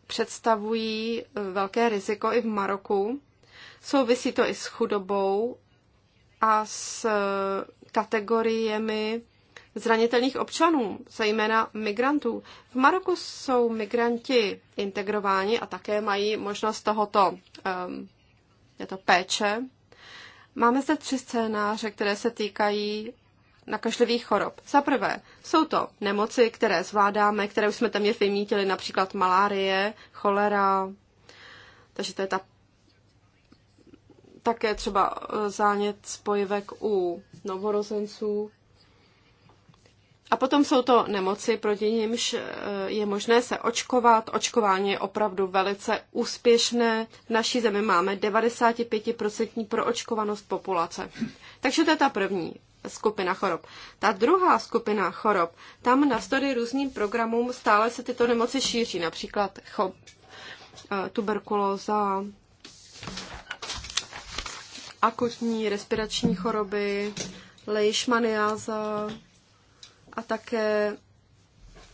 představují eh, velké riziko i v Maroku. Souvisí to i s chudobou a s eh, kategoriemi zranitelných občanů, zejména migrantů. V Maroku jsou migranti integrováni a také mají možnost tohoto ehm, je to péče. Máme zde tři scénáře, které se týkají nakažlivých chorob. Za prvé, jsou to nemoci, které zvládáme, které už jsme téměř vymítili, například malárie, cholera, takže to je ta také třeba eh, zánět spojivek u novorozenců. A potom jsou to nemoci, proti nimž eh, je možné se očkovat. Očkování je opravdu velice úspěšné. V naší zemi máme 95% proočkovanost populace. Takže to je ta první skupina chorob. Ta druhá skupina chorob, tam na navzdory různým programům stále se tyto nemoci šíří, například chob, eh, tuberkulóza, akutní respirační choroby, leishmaniáza a také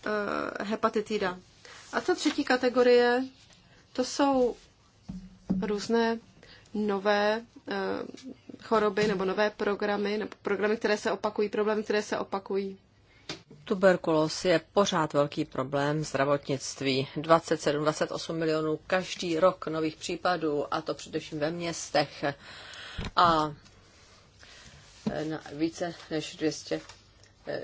eh, hepatitida. A ta třetí kategorie, to jsou různé nové eh, choroby nebo nové programy, nebo programy, které se opakují, problémy, které se opakují? Tuberkulóz je pořád velký problém zdravotnictví. 27-28 milionů každý rok nových případů, a to především ve městech. A více než 200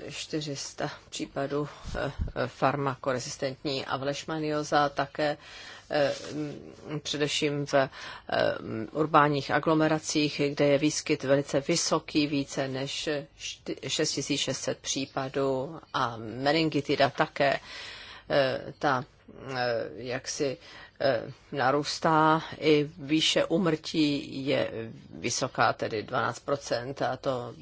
400 případů eh, eh, farmakorezistentní a vlešmanioza také eh, mm, především v mm, urbánních aglomeracích, kde je výskyt velice vysoký, více než 6600 případů a meningitida také ta jaksi Eh, narůstá, i výše umrtí je vysoká, tedy 12%, a to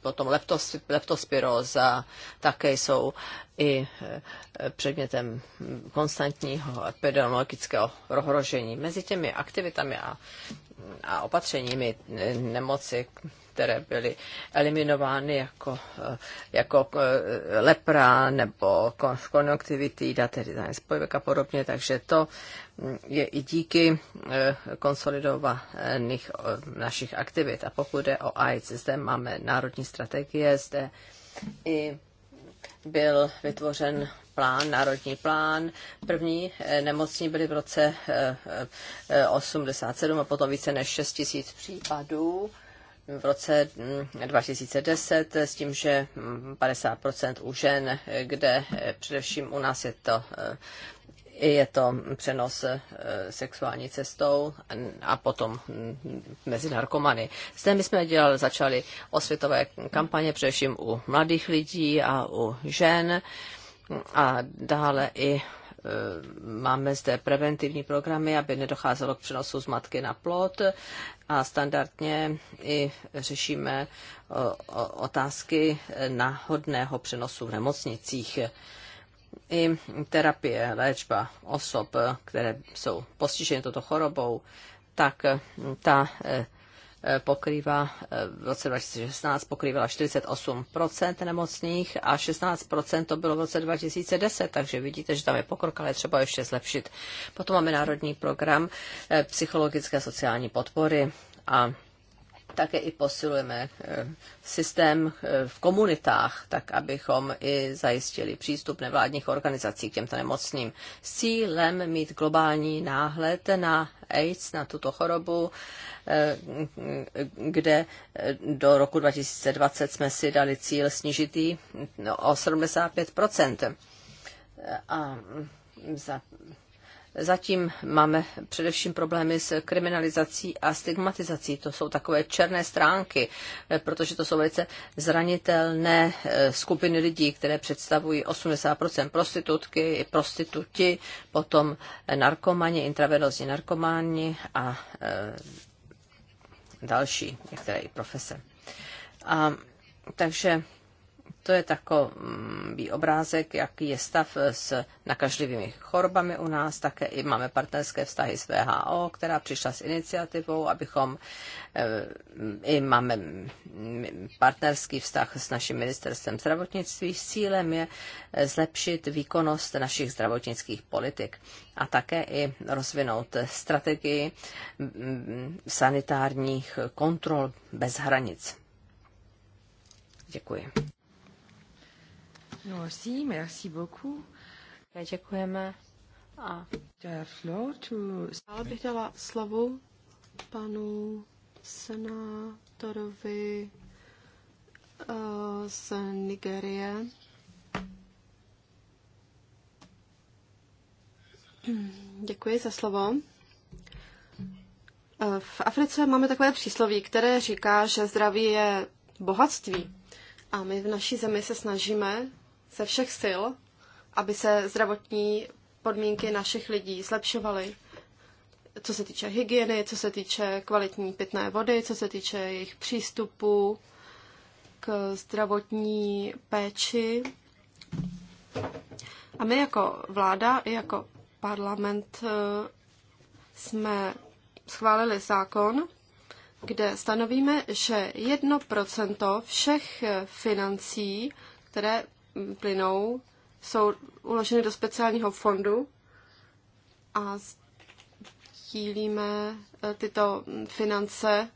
potom leptos, leptospiróza také jsou i eh, předmětem konstantního epidemiologického ohrožení. Mezi těmi aktivitami a a opatřeními nemoci, které byly eliminovány jako, jako eh, lepra nebo konjunktivitida, tedy spojek a podobně. Takže to mm, je i díky eh, konsolidovaných eh, našich aktivit. A pokud jde o AIDS, zde máme národní strategie, zde i byl vytvořen plán, národní plán. První eh, nemocní byly v roce 87 eh, eh, a potom více než 6 tisíc případů v roce 2010 mm, s tím, že 50% mm, u žen, kde především u nás je to je to přenos eh, sexuální cestou a potom hm, mezi narkomany. Zde my jsme dělali, začali osvětové kampaně především u mladých lidí a u žen a dále i eh, máme zde preventivní programy, aby nedocházelo k přenosu z matky na plod a standardně i řešíme eh, otázky náhodného přenosu v nemocnicích i terapie, léčba osob, které jsou postiženy toto chorobou, tak ta e, e, pokrývá e, v roce 2016 pokrývala 48% nemocných a 16% to bylo v roce 2010, takže vidíte, že tam je pokrok, ale je třeba ještě zlepšit. Potom máme národní program psychologické sociální podpory a také i posilujeme eh, systém eh, v komunitách, tak abychom i zajistili přístup nevládních organizací k těmto nemocným s cílem mít globální náhled na AIDS, na tuto chorobu, eh, kde do roku 2020 jsme si dali cíl snížitý no, o 75 a za Zatím máme především problémy s kriminalizací a stigmatizací. To jsou takové černé stránky, eh, protože to jsou velice zranitelné eh, skupiny lidí, které představují 80% prostitutky, prostituti, potom eh, narkomani, intravenozní narkomani a další, některé i profese. A, takže to je takový obrázek, jaký je stav s nakažlivými chorobami u nás. Také i máme partnerské vztahy s VHO, která přišla s iniciativou, abychom eh, i máme partnerský vztah s naším ministerstvem zdravotnictví. S cílem je eh, zlepšit výkonnost našich zdravotnických politik a také i rozvinout strategii mm, sanitárních kontrol bez hranic. Děkuji. Merci, merci beaucoup. Děkujeme. A floor Dále bych dala slovo panu senátorovi eh, z Nigerie. Děkuji za slovo. Eh, v Africe máme takové přísloví, které říká, že zdraví je bohatství. A my v naší zemi se snažíme ze všech sil, aby se zdravotní podmínky našich lidí zlepšovaly, co se týče hygieny, co se týče kvalitní pitné vody, co se týče jejich přístupu k zdravotní péči. A my jako vláda i jako parlament eh, jsme schválili zákon, kde stanovíme, že 1% všech eh, financí, které plynou, jsou uloženy do speciálního fondu a sdílíme eh, tyto finance,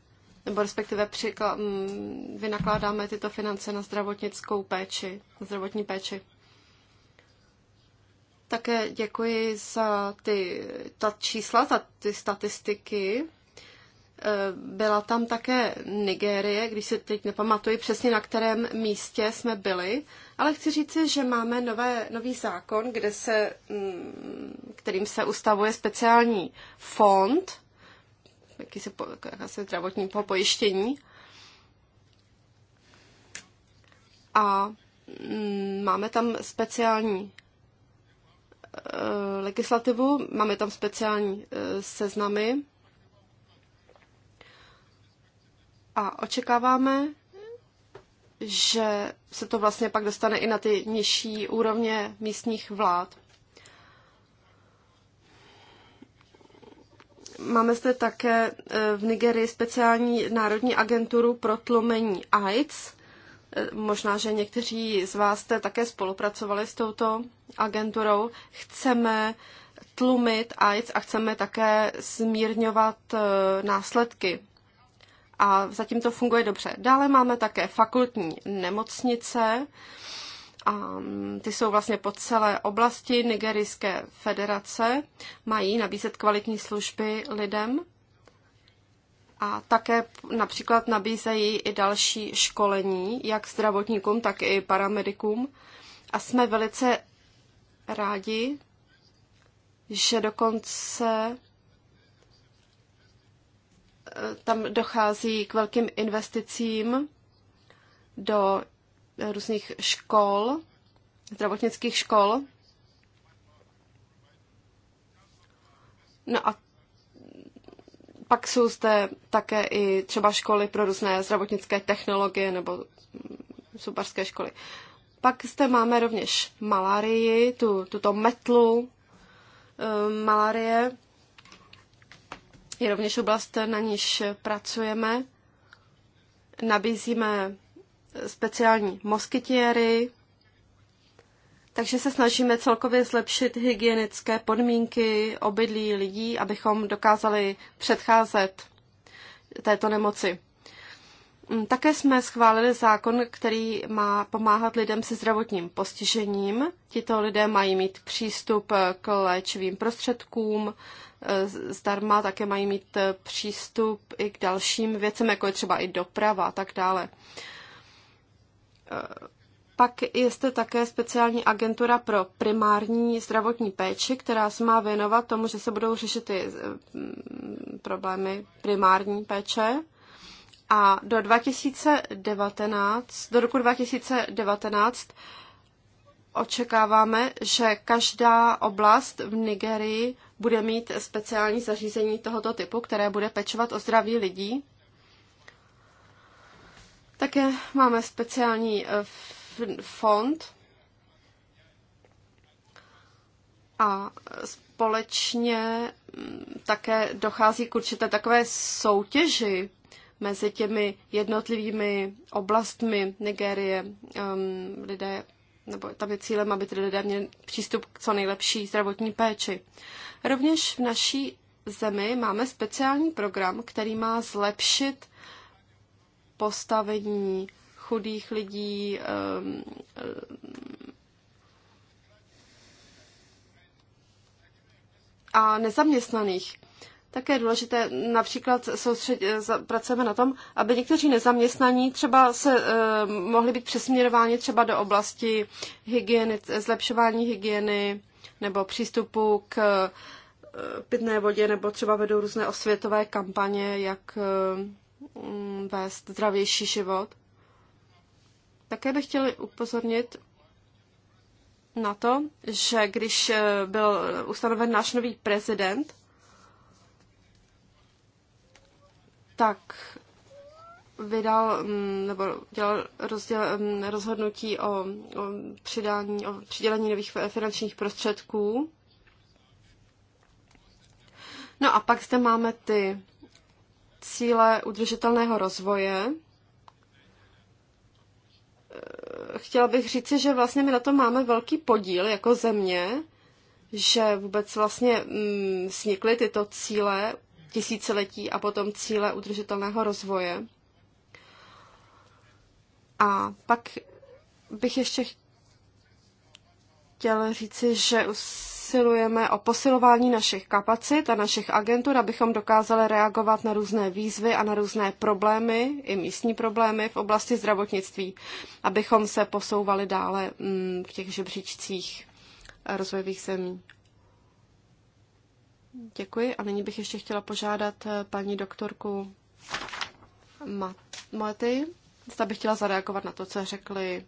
nebo respektive přikla, mm, vynakládáme tyto finance na zdravotnickou péči, na zdravotní péči. Také děkuji za ty, ta čísla, za ty statistiky. Eh, byla tam také Nigérie, když se teď nepamatuji přesně, na kterém místě jsme byli, ale chci říci, že máme nové, nový zákon, kde se, mm, kterým se ustavuje speciální fond, jaký se, jakási zdravotní pojištění. A mm, máme tam speciální eh, legislativu, máme tam speciální eh, seznamy a očekáváme, že se to vlastně pak dostane i na ty nižší úrovně místních vlád. Máme zde také eh, v Nigerii speciální národní agenturu pro tlumení AIDS. Eh, možná, že někteří z vás jste také spolupracovali s touto agenturou. Chceme tlumit AIDS a chceme také zmírňovat eh, následky a zatím to funguje dobře. Dále máme také fakultní nemocnice, a ty jsou vlastně po celé oblasti Nigerijské federace, mají nabízet kvalitní služby lidem a také například nabízejí i další školení, jak zdravotníkům, tak i paramedikům. A jsme velice rádi, že dokonce tam dochází k velkým investicím do různých škol, zdravotnických škol. No a pak jsou zde také i třeba školy pro různé zdravotnické technologie nebo subarské školy. Pak zde máme rovněž malárii, tu, tuto metlu um, eh, malárie je rovněž oblast, na níž pracujeme. Nabízíme speciální moskytiéry, takže se snažíme celkově zlepšit hygienické podmínky obydlí lidí, abychom dokázali předcházet této nemoci. Mm, také jsme schválili zákon, který má pomáhat lidem se zdravotním postižením. Tito lidé mají mít přístup eh, k léčivým prostředkům, eh, zdarma také mají mít eh, přístup i k dalším věcem, jako je třeba i doprava a tak dále. Pak je zde také speciální agentura pro primární zdravotní péči, která se má věnovat tomu, že se budou řešit i mm, problémy primární péče a do 2019, do roku 2019 očekáváme, že každá oblast v Nigerii bude mít speciální zařízení tohoto typu, které bude pečovat o zdraví lidí. Také máme speciální eh, fond a společně mm, také dochází k určité takové soutěži mezi těmi jednotlivými oblastmi Nigérie. Um, lidé, nebo tam je cílem, aby ty lidé měli přístup k co nejlepší zdravotní péči. Rovněž v naší zemi máme speciální program, který má zlepšit postavení chudých lidí, um, a nezaměstnaných. Také je důležité, například soustřed, eh, pracujeme na tom, aby někteří nezaměstnaní třeba se uh, mohli být přesměrováni třeba do oblasti hygieny, zlepšování hygieny nebo přístupu k uh, pitné vodě, nebo třeba vedou různé osvětové kampaně, jak uh, vést zdravější život. Také bych chtěl upozornit na to, že když byl ustanoven náš nový prezident, tak vydal mm, nebo dělal rozděl, mm, rozhodnutí o, o přidání, o přidělení nových finančních prostředků. No a pak zde máme ty cíle udržitelného rozvoje. Chtěla bych říci, že vlastně my na to máme velký podíl jako země, že vůbec vlastně mm, vznikly tyto cíle tisíciletí a potom cíle udržitelného rozvoje. A pak bych ještě chtěl říci, že usilujeme o posilování našich kapacit a našich agentur, abychom dokázali reagovat na různé výzvy a na různé problémy, i místní problémy v oblasti zdravotnictví, abychom se posouvali dále mm, v těch žebříčcích rozvojových zemí. Děkuji a nyní bych ještě chtěla požádat eh, paní doktorku Maty, zda bych chtěla zareagovat na to, co řekli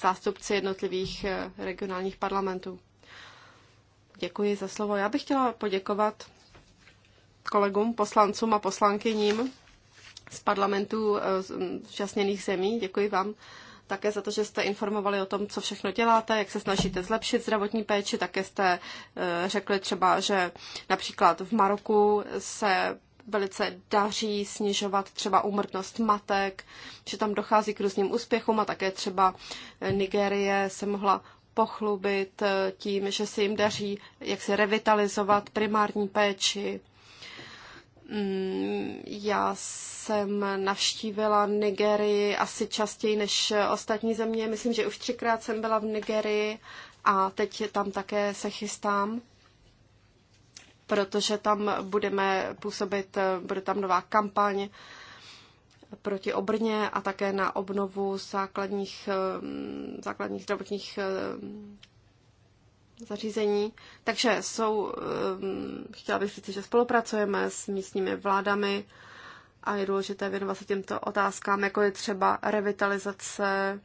zástupci jednotlivých eh, regionálních parlamentů. Děkuji za slovo. Já bych chtěla poděkovat kolegům, poslancům a poslankyním z parlamentů eh, zúčastněných zemí. Děkuji vám také za to, že jste informovali o tom, co všechno děláte, jak se snažíte zlepšit zdravotní péči. Také jste e, řekli třeba, že například v Maroku se velice daří snižovat třeba úmrtnost matek, že tam dochází k různým úspěchům a také třeba Nigérie se mohla pochlubit e, tím, že se jim daří jak se revitalizovat primární péči. Mm, já jsem navštívila Nigerii asi častěji než ostatní země. Myslím, že už třikrát jsem byla v Nigerii a teď tam také se chystám, protože tam budeme působit, bude tam nová kampaň proti obrně a také na obnovu základních, mm, základních zdravotních mm, zařízení. Takže jsou, ehm, chtěla bych říct, že spolupracujeme s místními vládami a je důležité věnovat se těmto otázkám, jako je třeba revitalizace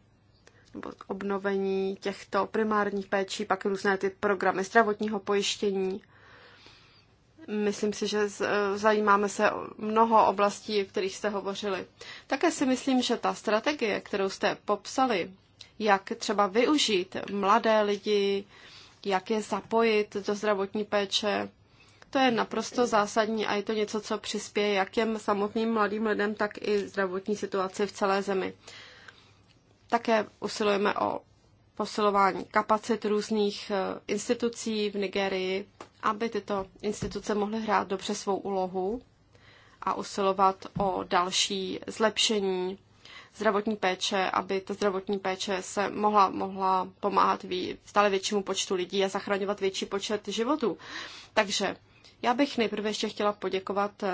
nebo obnovení těchto primárních péčí, pak různé ty programy zdravotního pojištění. Myslím si, že e, zajímáme se mnoho oblastí, o kterých jste hovořili. Také si myslím, že ta strategie, kterou jste popsali, jak třeba využít mladé lidi, jak je zapojit do zdravotní péče. To je naprosto zásadní a je to něco, co přispěje jak těm samotným mladým lidem, tak i zdravotní situaci v celé zemi. Také usilujeme o posilování kapacit různých eh, institucí v Nigerii, aby tyto instituce mohly hrát dobře svou úlohu a usilovat o další zlepšení zdravotní péče, aby ta zdravotní péče se mohla, mohla pomáhat stále většímu počtu lidí a zachraňovat větší počet životů. Takže já bych nejprve ještě chtěla poděkovat eh,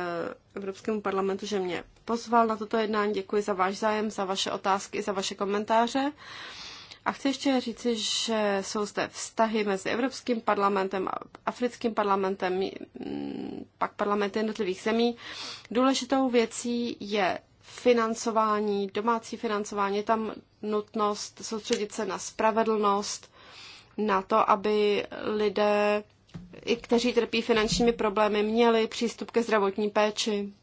Evropskému parlamentu, že mě pozval na toto jednání. Děkuji za váš zájem, za vaše otázky, za vaše komentáře. A chci ještě říci, že jsou zde vztahy mezi Evropským parlamentem a Africkým parlamentem, pak parlamenty jednotlivých zemí. Důležitou věcí je financování, domácí financování, je tam nutnost soustředit se na spravedlnost, na to, aby lidé, i kteří trpí finančními problémy, měli přístup ke zdravotní péči.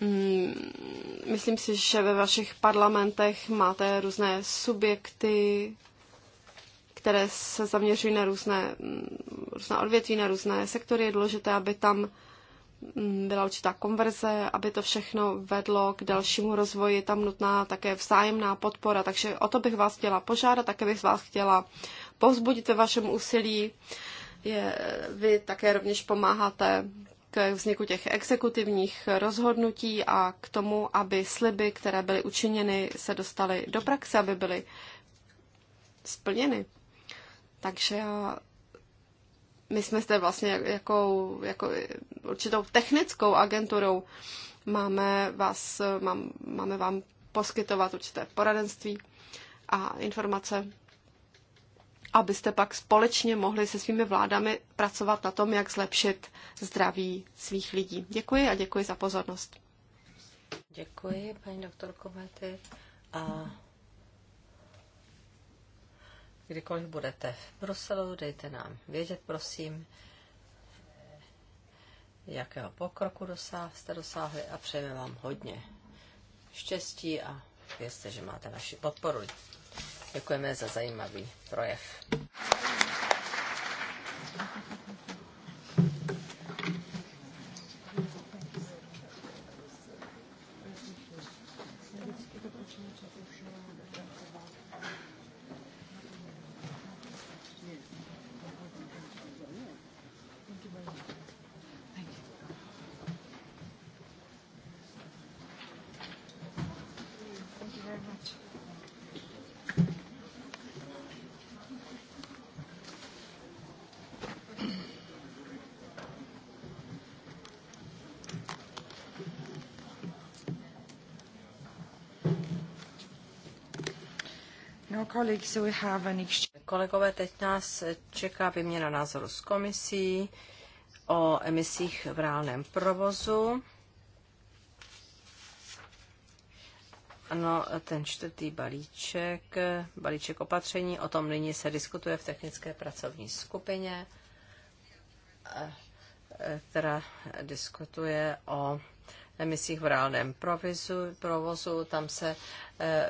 Hmm, myslím si, že ve vašich parlamentech máte různé subjekty, které se zaměřují na různé, hmm, různé odvětví, na různé sektory. Je důležité, aby tam Mm, byla určitá konverze, aby to všechno vedlo k dalšímu rozvoji, tam nutná také vzájemná podpora. Takže o to bych vás chtěla požádat, také bych vás chtěla povzbudit ve vašem úsilí. Je, vy také rovněž pomáháte k vzniku těch exekutivních rozhodnutí a k tomu, aby sliby, které byly učiněny, se dostaly do praxe, aby byly splněny. Takže já my jsme zde vlastně jako, jako určitou technickou agenturou. Máme, vás, mám, máme vám poskytovat určité poradenství a informace, abyste pak společně mohli se svými vládami pracovat na tom, jak zlepšit zdraví svých lidí. Děkuji a děkuji za pozornost. Děkuji, paní doktorko Mety. A Kdykoliv budete v Bruselu, dejte nám vědět, prosím, jakého pokroku jste dosáhli a přejeme vám hodně štěstí a vězte, že máte naši podporu. Děkujeme za zajímavý projev. Kolegové, teď nás čeká vyměna názoru s komisí o emisích v reálném provozu. Ano, ten čtvrtý balíček, balíček opatření, o tom nyní se diskutuje v technické pracovní skupině, eh, eh, která diskutuje o emisích v reálném provizu, provozu. Tam se eh,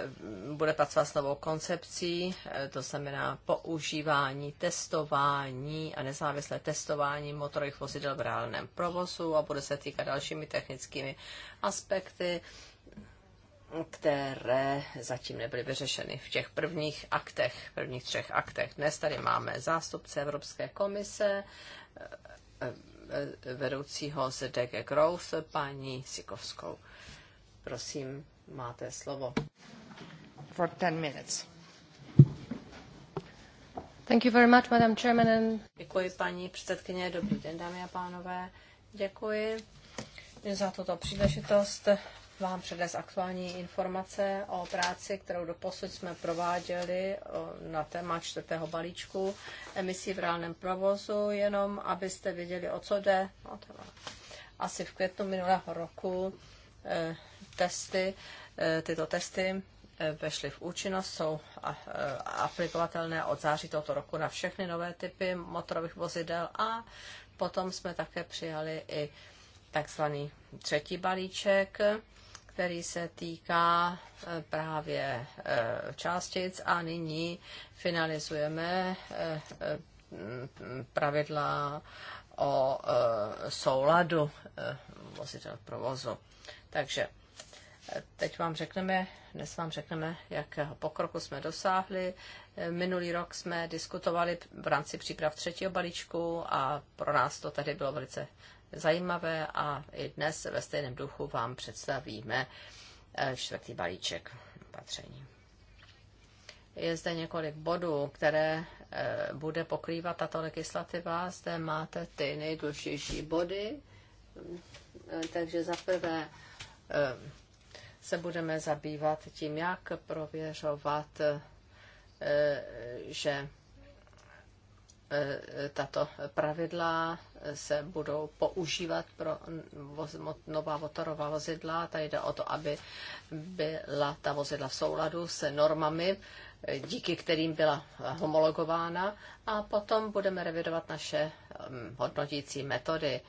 bude pracovat s novou koncepcí, eh, to znamená používání, testování a nezávislé testování motorových vozidel v reálném provozu a bude se týkat dalšími technickými aspekty které zatím nebyly vyřešeny v těch prvních aktech, prvních třech aktech. Dnes tady máme zástupce Evropské komise, eh, vedoucího ZDG Growth, paní Sikovskou. Prosím, máte slovo. For 10 minutes. Thank you very much, Madam Chairman. And... Děkuji, paní předsedkyně. Dobrý den, dámy a pánové. Děkuji za tuto příležitost vám přednes aktuální informace o práci, kterou doposud jsme prováděli na téma čtvrtého balíčku emisí v reálném provozu, jenom abyste věděli, o co jde. No, asi v květnu minulého roku e, testy, e, tyto testy e, vešly v účinnost, jsou aplikovatelné od září tohoto roku na všechny nové typy motorových vozidel a potom jsme také přijali i takzvaný třetí balíček který se týká eh, právě eh, částic a nyní finalizujeme eh, pravidla o souladu vozidel provozu. Takže teď vám řekneme, dnes vám řekneme, jakého pokroku jsme dosáhli. Minulý rok jsme diskutovali v rámci příprav třetího balíčku a pro nás to tady bylo velice zajímavé a i dnes ve stejném duchu vám představíme eh, čtvrtý balíček opatření. Je zde několik bodů, které eh, bude pokrývat tato legislativa. Zde máte ty nejdůležitější body. Eh, takže za prvé se budeme zabývat tím, jak prověřovat, že Eh, tato pravidla se budou používat pro nová motorová vozidla. Tady jde o to, aby byla ta vozidla v souladu se normami, eh, díky kterým byla homologována. A potom budeme revidovat naše mm, hodnotící metody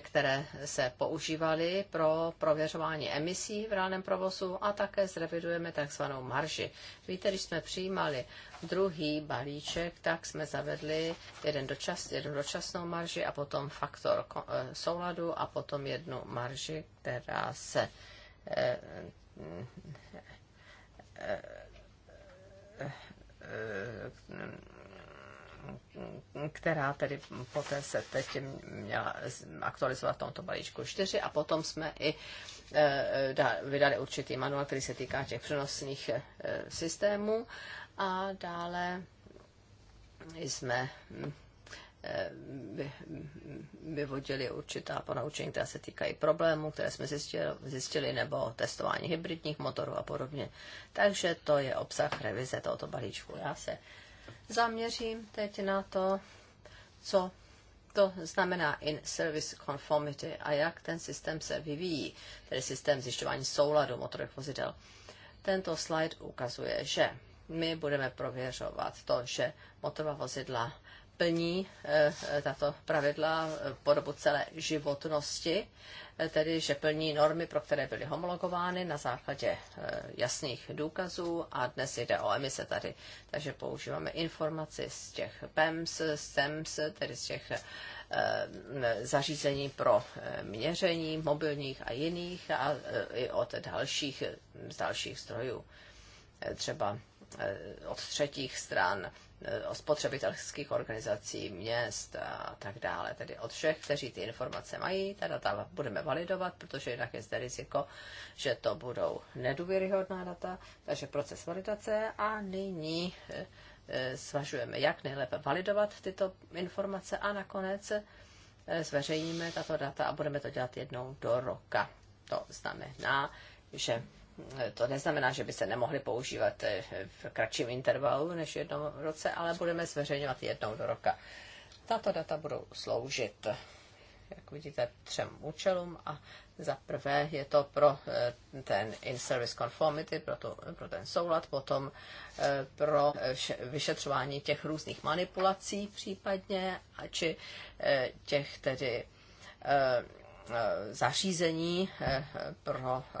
které se používaly pro prověřování emisí v reálném provozu a také zrevidujeme tzv. marži. Víte, když jsme přijímali druhý balíček, tak jsme zavedli jeden dočas, jednu dočasnou marži a potom faktor eh, souladu a potom jednu marži, která se eh, eh, eh, která tedy poté se teď měla aktualizovat v tomto balíčku 4 a potom jsme i eh, vydali určitý manuál, který se týká těch přenosných eh, systémů a dále jsme hm, eh, vyvodili určitá ponaučení, která se týkají problémů, které jsme zjistili, zjistili nebo testování hybridních motorů a podobně. Takže to je obsah revize tohoto balíčku. Já se zaměřím teď na to, co to znamená in-service conformity a jak ten systém se vyvíjí, tedy systém zjišťování souladu motorových vozidel. Tento slide ukazuje, že my budeme prověřovat to, že motorová vozidla plní eh, eh, tato pravidla eh, po dobu celé životnosti, tedy že plní normy, pro které byly homologovány na základě jasných důkazů a dnes jde o emise tady. Takže používáme informaci z těch PEMS, SEMS, tedy z těch zařízení pro měření mobilních a jiných a i od dalších, z dalších strojů, třeba od třetích stran Eh, spotřebitelských organizací, měst a tak dále. Tedy od všech, kteří ty informace mají, ta data budeme validovat, protože jinak je zde riziko, že to budou nedůvěryhodná data, takže proces validace a nyní eh, eh, zvažujeme, jak nejlépe validovat tyto informace a nakonec zveřejníme tato data a budeme to dělat jednou do roka. To znamená, že to neznamená, že by se nemohly používat eh, v kratším intervalu než jednou roce, ale budeme zveřejňovat jednou do roka. Tato data budou sloužit, jak vidíte, třem účelům a za prvé je to pro eh, ten in-service conformity, pro, to, pro ten soulad, potom eh, pro vyšetřování těch různých manipulací případně, či těch tedy Eh, zařízení eh, pro eh,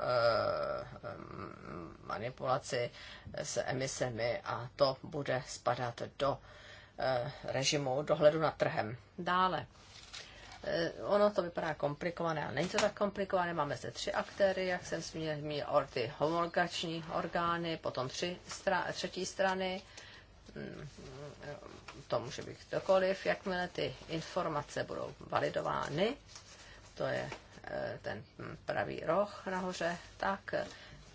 manipulaci s emisemi a to bude spadat do režimu dohledu nad trhem. Dále. Ono to vypadá komplikované ale není to tak komplikované. Máme zde tři aktéry, jak jsem zmínil, or ty homologační orgány, potom tři stra- třetí strany, hmm, to může být kdokoliv, jakmile ty informace budou validovány, to je eh, ten hm, pravý roh nahoře, tak eh,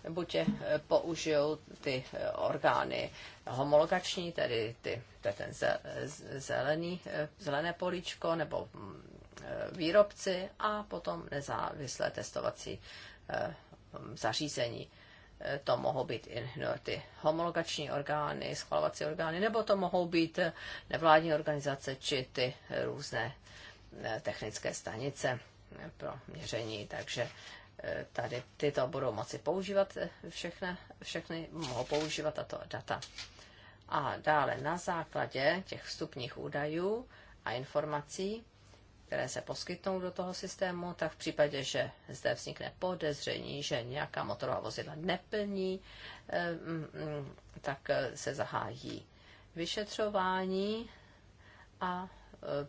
buď je eh, použijou ty orgány homologační, tedy ty, to je ten zelený, zelené políčko, nebo hm, výrobci a potom nezávislé testovací hm, zařízení. To mohou být i no, ty homologační orgány, schvalovací orgány, nebo to mohou být nevládní organizace či ty různé technické stanice pro měření, takže eh, tady tyto budou moci používat eh, všechny, všechny mohou používat tato data. A dále na základě těch vstupních údajů a informací, které se poskytnou do toho systému, tak v případě, že zde vznikne podezření, že nějaká motorová vozidla neplní, eh, mm, mm, tak se zahájí vyšetřování a Eh,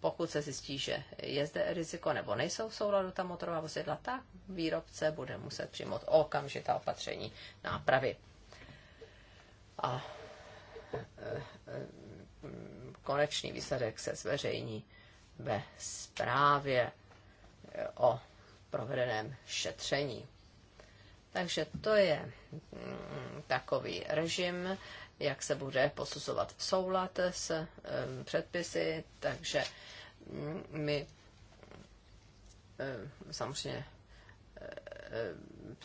pokud se zjistí, že je zde riziko nebo nejsou v souladu ta motorová vozidla, tak výrobce bude muset přijmout okamžitá opatření nápravy. A eh, konečný výsledek se zveřejní ve zprávě eh, o provedeném šetření. Takže to je mm, takový režim jak se bude posuzovat soulad s předpisy, takže mm, my samozřejmě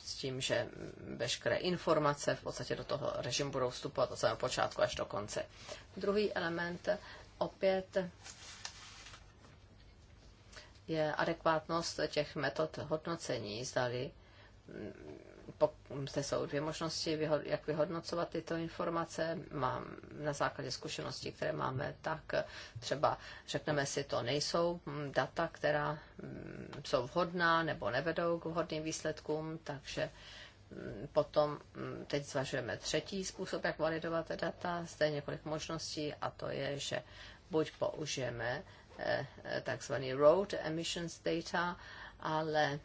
s tím, že veškeré informace v podstatě do toho režimu budou vstupovat od samého počátku až do konce. Druhý element opět je adekvátnost těch metod hodnocení, zdali zde jsou dvě možnosti, jak vyhodnocovat tyto informace. Mám na základě zkušeností, které máme, tak třeba řekneme si, to nejsou hm, data, která hm, jsou vhodná nebo nevedou k vhodným výsledkům, takže hm, Potom teď zvažujeme třetí způsob, jak validovat data. Zde je několik možností a to je, že buď použijeme eh, eh, takzvaný road emissions data, ale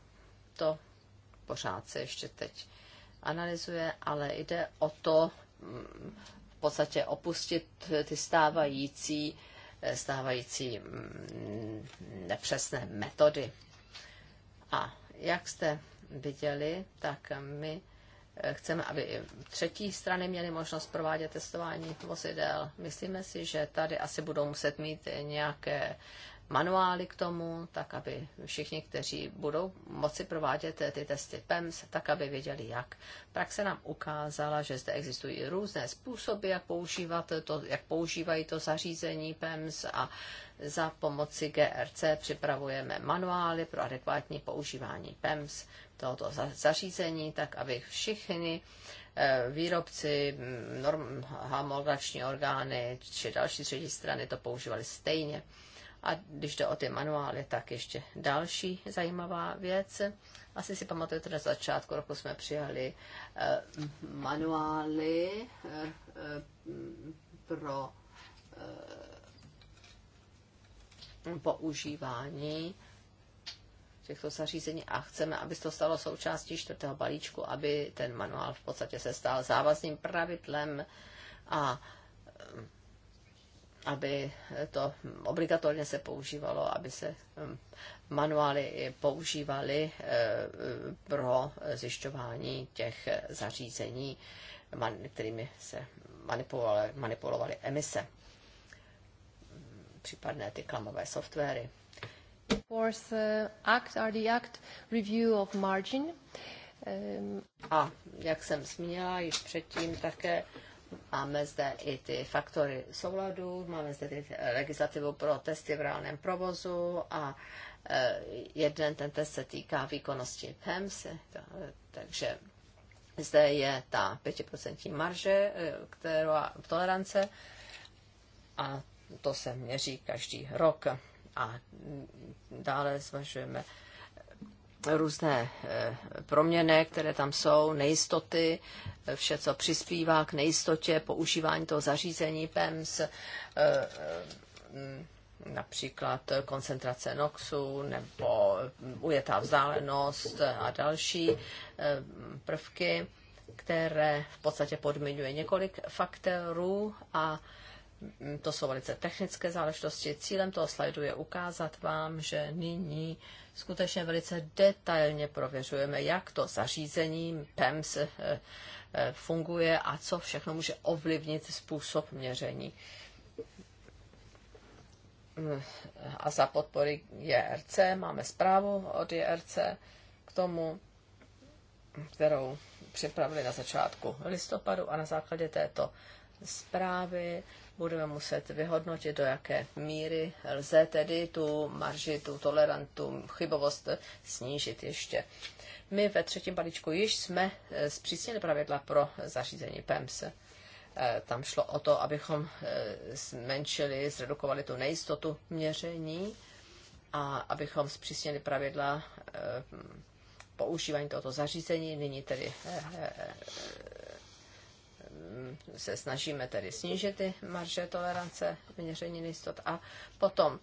to pořád se ještě teď analyzuje, ale jde o to mm, v podstatě opustit ty stávající, eh, stávající mm, nepřesné metody. A jak jste viděli, tak my chceme, aby třetí strany měly možnost provádět testování vozidel. Myslíme si, že tady asi budou muset mít nějaké manuály k tomu, tak aby všichni, kteří budou moci provádět ty testy PEMS, tak aby věděli jak. Praxe nám ukázala, že zde existují různé způsoby, jak používat to, jak používají to zařízení PEMS a za pomoci GRC připravujeme manuály pro adekvátní používání PEMS tohoto zařízení, tak aby všichni eh, výrobci, mm, norm, homologační orgány či další třetí strany to používali stejně. A když jde o ty manuály, tak ještě další zajímavá věc. Asi si pamatujete, na začátku roku jsme přijali eh, manuály eh, eh pro eh, používání eh, těchto zařízení a chceme, aby to stalo součástí čtvrtého balíčku, aby ten manuál v podstatě se stal závazným pravidlem a eh, aby to obligatorně se používalo, aby se eh, manuály používaly eh, pro zjišťování těch zařízení, kterými se manipulovaly, manipulovaly emise, případné ty klamové softwary. Fourth uh, act are the act review of margin. Um, a jak jsem zmínila již předtím, také máme zde i ty faktory souladu, máme zde ty legislativu pro testy v reálném provozu a eh, jeden ten test se týká výkonnosti PEMS, eh, takže zde je ta 5% marže, eh, která tolerance a to se měří každý rok a dále zvažujeme různé eh, proměny, které tam jsou, nejistoty, eh, vše, co přispívá k nejistotě používání toho zařízení PEMS, eh, například koncentrace NOXu nebo ujetá vzdálenost a další prvky, které v podstatě podmiňuje několik faktorů a to jsou velice technické záležitosti. Cílem toho slajdu je ukázat vám, že nyní skutečně velice detailně prověřujeme, jak to zařízení PEMS eh, eh, funguje a co všechno může ovlivnit způsob měření. A za podpory JRC máme zprávu od JRC k tomu, kterou připravili na začátku listopadu a na základě této zprávy budeme muset vyhodnotit, do jaké míry lze tedy tu marži, tu tolerantu, chybovost snížit ještě. My ve třetím balíčku již jsme eh, zpřísněli pravidla pro zařízení PEMS. Eh, tam šlo o to, abychom eh, zmenšili, zredukovali tu nejistotu měření a abychom zpřísněli pravidla používání tohoto zařízení. Nyní tedy Mm, se snažíme tedy snížit ty marže tolerance měření nejistot a potom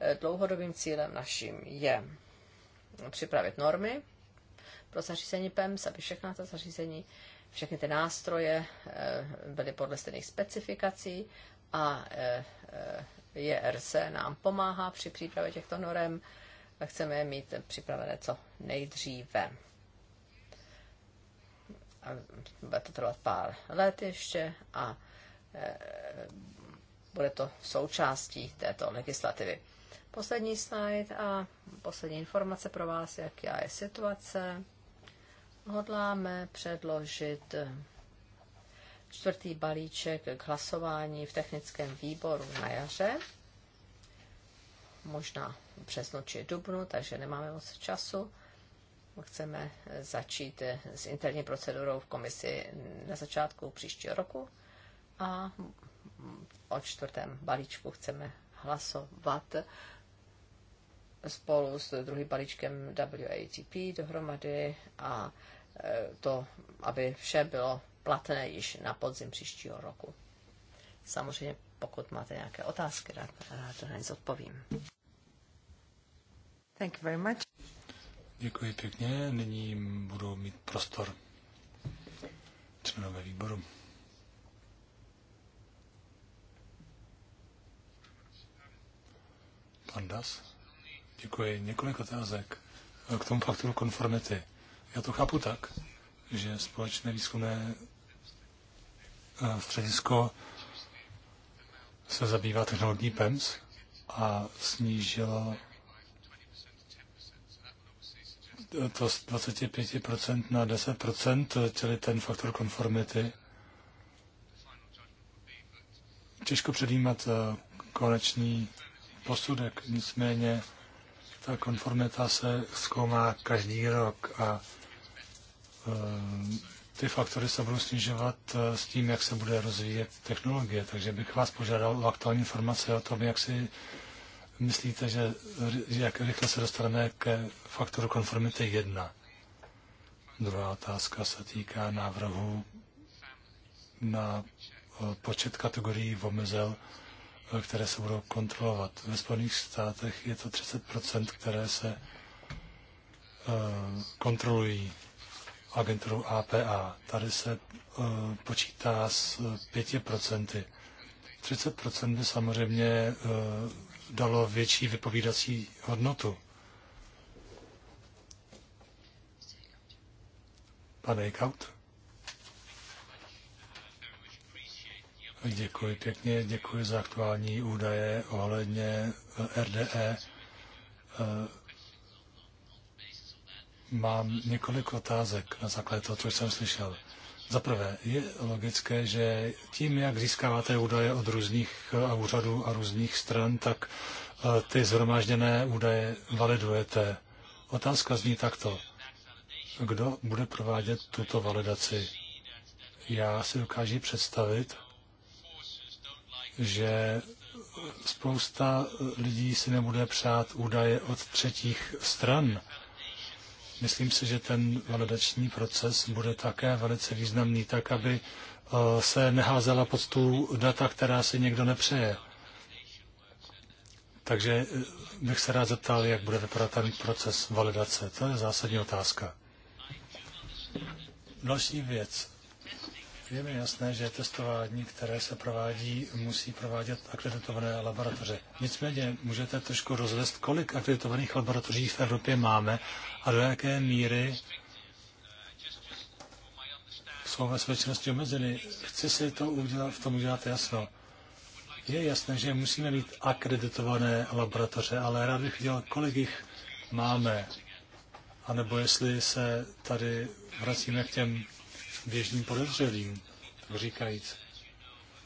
eh, dlouhodobým cílem naším je připravit normy pro zařízení PEMS, aby všechna ta zařízení, všechny ty nástroje eh, byly podle stejných specifikací a JRC eh, e nám pomáhá při přípravě těchto norem. Chceme je mít připravené co nejdříve a bude to trvat pár let ještě a e, bude to součástí této legislativy. Poslední slide a poslední informace pro vás, jaká je situace. Hodláme předložit čtvrtý balíček k hlasování v technickém výboru na jaře, možná přes noči dubnu, takže nemáme moc času chceme začít s interní procedurou v komisi na začátku příštího roku a o čtvrtém balíčku chceme hlasovat spolu s druhým balíčkem WATP dohromady a e, to, aby vše bylo platné již na podzim příštího roku. Samozřejmě, pokud máte nějaké otázky, rád, rád na ně zodpovím. Thank you very much. Děkuji pěkně. Nyní budou mít prostor členové výboru. Pan Das? Děkuji. Několik otázek k tomu faktoru konformity. Já to chápu tak, že společné výzkumné eh, středisko se zabývá technologií PEMS a snížilo to z 25% na 10%, čili ten faktor konformity. Těžko předjímat eh, konečný posudek, nicméně ta konformita se zkoumá každý rok a eh, ty faktory se budou snižovat eh, s tím, jak se bude rozvíjet technologie. Takže bych vás požádal o aktuální informace o tom, jak si myslíte, že, že jak rychle se dostaneme ke faktoru konformity 1? Druhá otázka se týká návrhu na eh, počet kategorií omezel, eh, které se budou kontrolovat. Ve Spojených státech je to 30 které se eh, kontrolují agenturou APA. Tady se počítá s 5 30 by samozřejmě dalo větší vypovídací hodnotu. Pane Kaut? Děkuji pěkně, děkuji za aktuální údaje ohledně eh, RDE. Eh, mám několik otázek na základě toho, co jsem slyšel. Za prvé, je logické, že tím, jak získáváte údaje od různých eh, úřadů a různých stran, tak eh, ty zhromážděné údaje validujete. Otázka zní takto. Kdo bude provádět tuto validaci? Já si dokážu představit, že spousta lidí si nebude přát údaje od třetích stran. Myslím si, že ten validační proces bude také velice významný, tak aby eh, se neházela pod tu data, která si někdo nepřeje. Takže eh, bych se rád zeptal, jak bude vypadat ten proces validace. To je zásadní otázka. Další věc. Je mi jasné, že testování, které se provádí, musí provádět akreditované laboratoře. Nicméně můžete trošku rozvést, kolik akreditovaných laboratoří v Evropě máme a do jaké míry jsou ve společnosti omezeny. Chci si to udělat, v tom udělat jasno. Je jasné, že musíme mít akreditované laboratoře, ale rád bych viděl, kolik jich máme. A nebo jestli se tady vracíme k těm běžným podezřelým, tak říkajíc.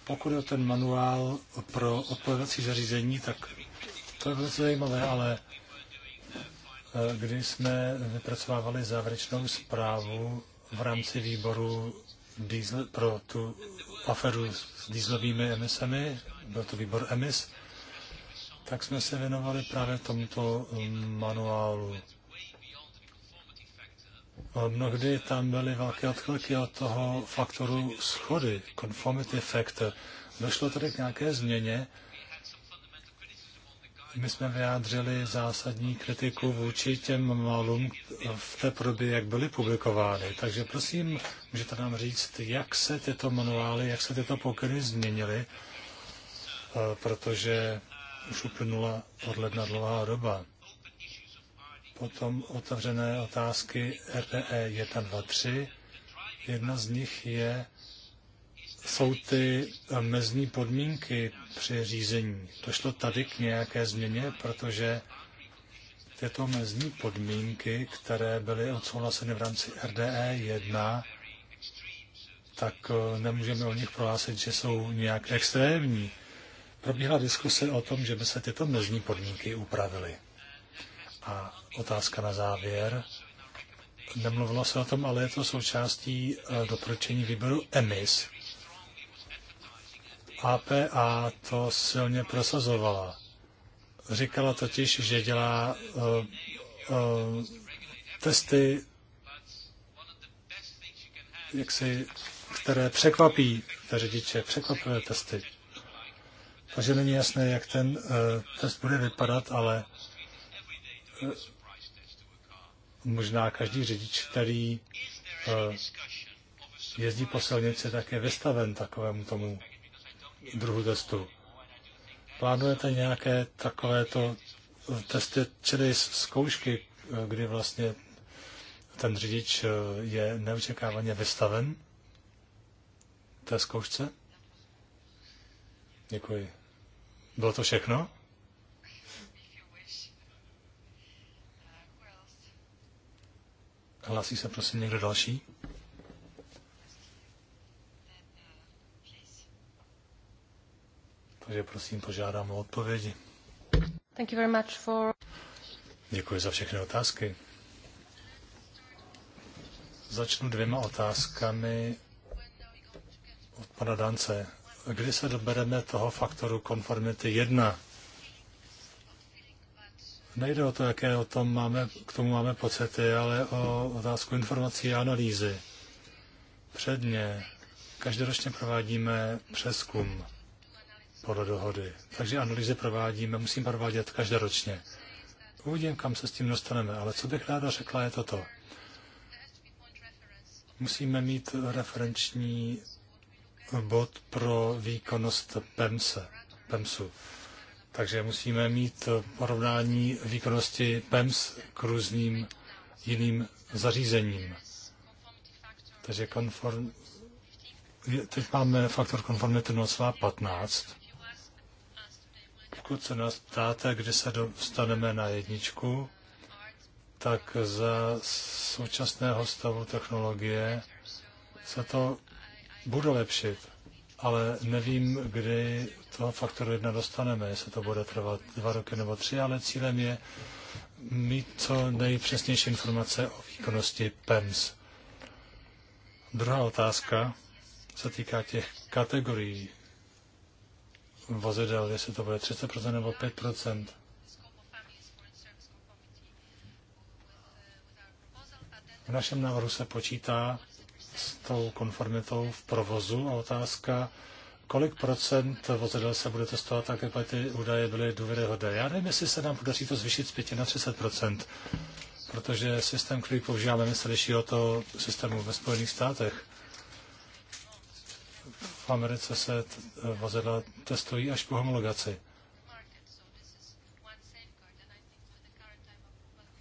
Pokud je ten manuál pro odpovědací zařízení, tak to je velice zajímavé, ale eh, když jsme vypracovávali závěrečnou zprávu v rámci výboru diesel, pro tu aferu s dýzlovými emisemi, byl to výbor emis, tak jsme se věnovali právě tomuto eh, manuálu mnohdy tam byly velké odchylky od toho faktoru schody, conformity factor. Došlo tedy k nějaké změně. My jsme vyjádřili zásadní kritiku vůči těm malům v té podobě, jak byly publikovány. Takže prosím, můžete nám říct, jak se tyto manuály, jak se tyto pokyny změnily, eh, protože už uplynula podle dlouhá doba potom otevřené otázky RDE 1, 2, 3. Jedna z nich je, jsou ty eh, mezní podmínky při řízení. Došlo tady k nějaké změně, protože tyto mezní podmínky, které byly odsouhlaseny v rámci RDE 1, tak eh, nemůžeme o nich prohlásit, že jsou nějak extrémní. Probíhala diskuse o tom, že by se tyto mezní podmínky upravily. A otázka na závěr. Nemluvilo se o tom, ale je to součástí eh, doporučení výboru EMIS. APA to silně prosazovala. Říkala totiž, že dělá uh, uh, testy, jak si, které překvapí ta řidiče, překvapivé testy. Takže není jasné, jak ten uh, test bude vypadat, ale možná každý řidič, který eh, jezdí po silnici, tak je vystaven takovému tomu druhu testu. Plánujete nějaké takovéto testy, čili zkoušky, eh, kdy vlastně ten řidič eh, je neočekávaně vystaven té zkoušce? Děkuji. Bylo to všechno? Hlasí se prosím někdo další? Takže prosím, požádám o odpovědi. Thank you very much for... Děkuji za všechny otázky. Začnu dvěma otázkami od pana Dance. Kdy se dobereme toho faktoru konformity 1? Nejde o to, jaké o tom máme, k tomu máme pocity, ale o otázku informací a analýzy. Předně každoročně provádíme přeskum podle dohody. Takže analýzy provádíme, musím provádět každoročně. Uvidím, kam se s tím dostaneme, ale co bych ráda řekla je toto. Musíme mít referenční bod pro výkonnost PEMSE, PEMSu. Takže musíme mít porovnání výkonnosti PEMS k různým jiným zařízením. Takže konform... teď máme faktor konformity 0,15. Pokud se nás ptáte, kdy se dostaneme na jedničku, tak za současného stavu technologie se to bude lepšit, ale nevím, kdy toho faktoru jedna dostaneme, jestli to bude trvat dva roky nebo tři, ale cílem je mít co nejpřesnější informace o výkonnosti PEMS. Druhá otázka se týká těch kategorií vozidel, jestli to bude 30% nebo 5%. V našem návrhu se počítá s tou konformitou v provozu a otázka kolik procent vozidel se bude testovat tak, aby ty údaje byly důvěryhodné. Já nevím, jestli se nám podaří to zvýšit z 5 na 30 protože systém, který používáme, se liší od toho systému ve Spojených státech. V Americe se vozidla testují až po homologaci.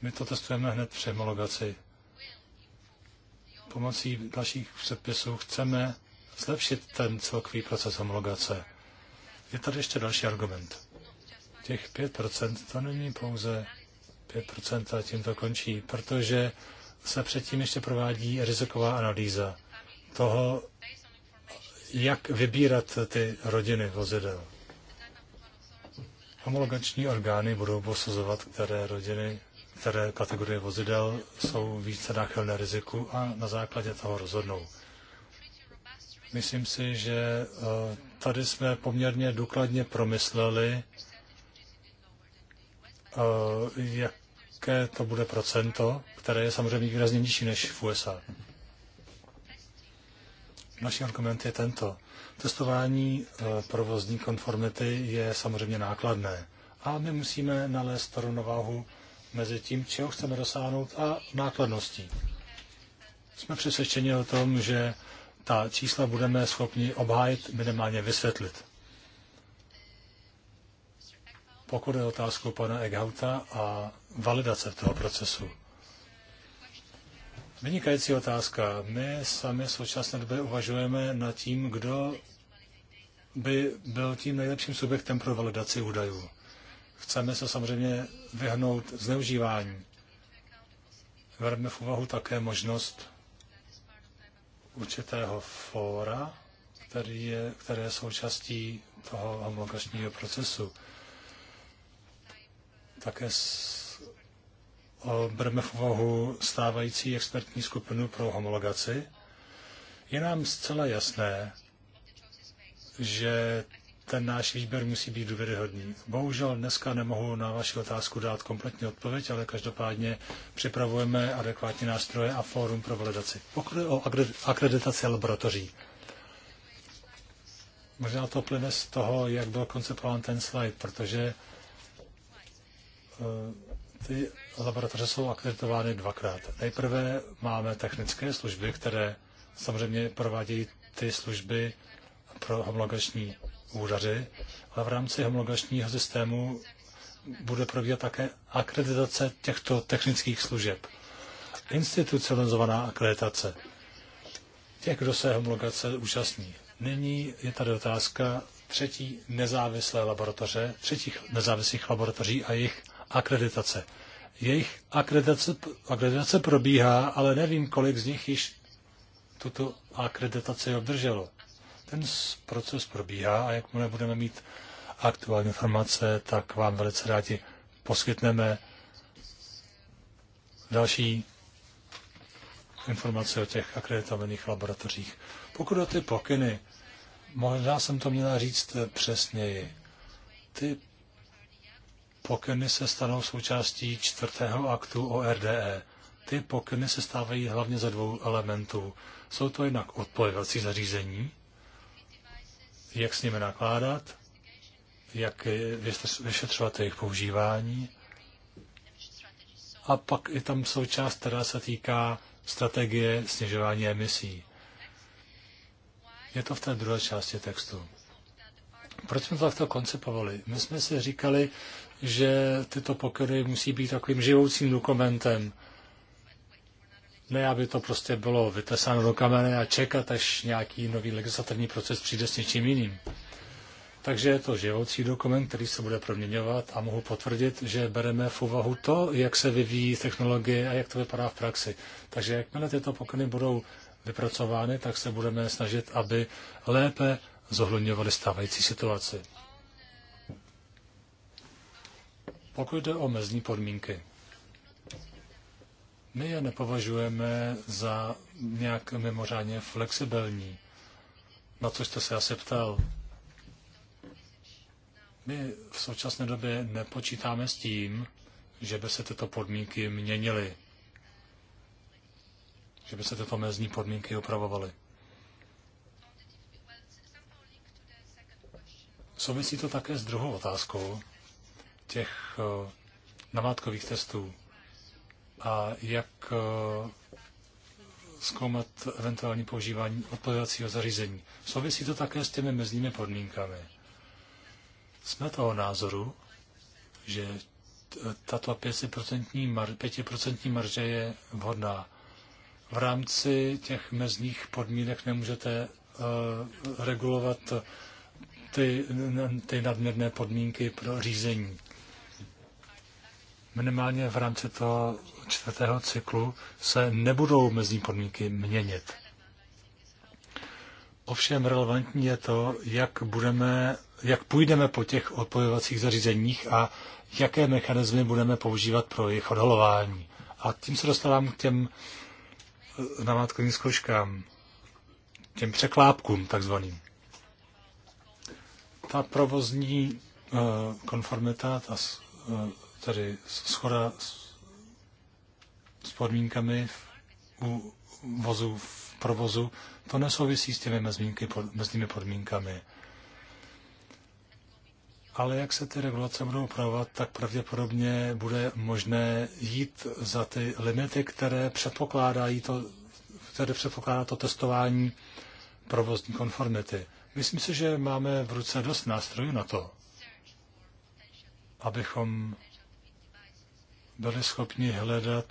My to testujeme hned při homologaci. Pomocí dalších předpisů chceme zlepšit ten celkový proces homologace. Je tady ještě další argument. Těch 5% to není pouze 5% a tím to končí, protože se předtím ještě provádí riziková analýza toho, jak vybírat ty rodiny vozidel. Homologační orgány budou posuzovat, které rodiny, které kategorie vozidel jsou více náchylné riziku a na základě toho rozhodnou. Myslím si, že eh, tady jsme poměrně důkladně promysleli, eh, jaké to bude procento, které je samozřejmě výrazně nižší než v USA. Naší argument je tento. Testování eh, provozní konformity je samozřejmě nákladné. A my musíme nalézt rovnováhu mezi tím, čeho chceme dosáhnout a nákladností. Jsme přesvědčeni o tom, že ta čísla budeme schopni obhájit, minimálně vysvětlit. Pokud je otázku pana Eghauta a validace toho procesu. Vynikající otázka. My sami v současné době uvažujeme nad tím, kdo by byl tím nejlepším subjektem pro validaci údajů. Chceme se samozřejmě vyhnout zneužívání. Verme v úvahu také možnost určitého fóra, který je, které je součástí toho homologačního procesu. Také s, o, bereme v úvahu stávající expertní skupinu pro homologaci. Je nám zcela jasné, že ten náš výběr musí být důvěryhodný. Bohužel dneska nemohu na vaši otázku dát kompletní odpověď, ale každopádně připravujeme adekvátní nástroje a fórum pro validaci. Pokud o akreditaci laboratoří, možná to plyne z toho, jak byl koncepován ten slide, protože eh, ty laboratoře jsou akreditovány dvakrát. Nejprve máme technické služby, které samozřejmě provádějí ty služby pro homologační úřady, ale v rámci homologačního systému bude probíhat také akreditace těchto technických služeb. Institucionalizovaná akreditace těch, kdo se homologace účastní. Nyní je tady otázka třetí nezávislé laboratoře, třetích nezávislých laboratoří a jejich akreditace. Jejich akreditace, akreditace probíhá, ale nevím, kolik z nich již tuto akreditaci obdrželo. Ten proces probíhá a jakmile budeme mít aktuální informace, tak vám velice rádi poskytneme další informace o těch akreditovaných laboratořích. Pokud o ty pokyny, možná jsem to měla říct přesněji. Ty pokyny se stanou součástí čtvrtého aktu o RDE. Ty pokyny se stávají hlavně ze dvou elementů. Jsou to jednak odpojovací zařízení, jak s nimi nakládat, jak vyšetřovat jejich používání. A pak je tam součást, která se týká strategie snižování emisí. Je to v té druhé části textu. Proč jsme to takto koncipovali? My jsme si říkali, že tyto pokyny musí být takovým živoucím dokumentem, ne aby to prostě bylo vytesáno do kamene a čekat, až nějaký nový legislativní proces přijde s něčím jiným. Takže je to živoucí dokument, který se bude proměňovat a mohu potvrdit, že bereme v úvahu to, jak se vyvíjí technologie a jak to vypadá v praxi. Takže jakmile tyto pokyny budou vypracovány, tak se budeme snažit, aby lépe zohledňovaly stávající situaci. Pokud jde o mezní podmínky, my je nepovažujeme za nějak mimořádně flexibilní, na co jste se asi ptal. My v současné době nepočítáme s tím, že by se tyto podmínky měnily, že by se tyto mezní podmínky upravovaly. Souvisí to také s druhou otázkou těch eh, namátkových testů a jak eh, zkoumat eventuální používání odpovědacího zařízení. Souvisí to také s těmi mezními podmínkami. Jsme toho názoru, že tato 5% marže, marže je vhodná. V rámci těch mezních podmínek nemůžete eh, regulovat ty, ty nadměrné podmínky pro řízení minimálně v rámci toho čtvrtého cyklu se nebudou mezní podmínky měnit. Ovšem relevantní je to, jak, budeme, jak půjdeme po těch odpojovacích zařízeních a jaké mechanismy budeme používat pro jejich odhalování. A tím se dostávám k těm eh, namátkovým zkouškám, těm překlápkům takzvaným. Ta provozní eh, konformita, ta eh, tady schoda s, s podmínkami u vozu v provozu, to nesouvisí s těmi pod, mezními podmínkami. Ale jak se ty regulace budou upravovat, tak pravděpodobně bude možné jít za ty limity, které předpokládají to, které předpokládá to testování provozní konformity. Myslím si, že máme v ruce dost nástrojů na to, abychom byli schopni hledat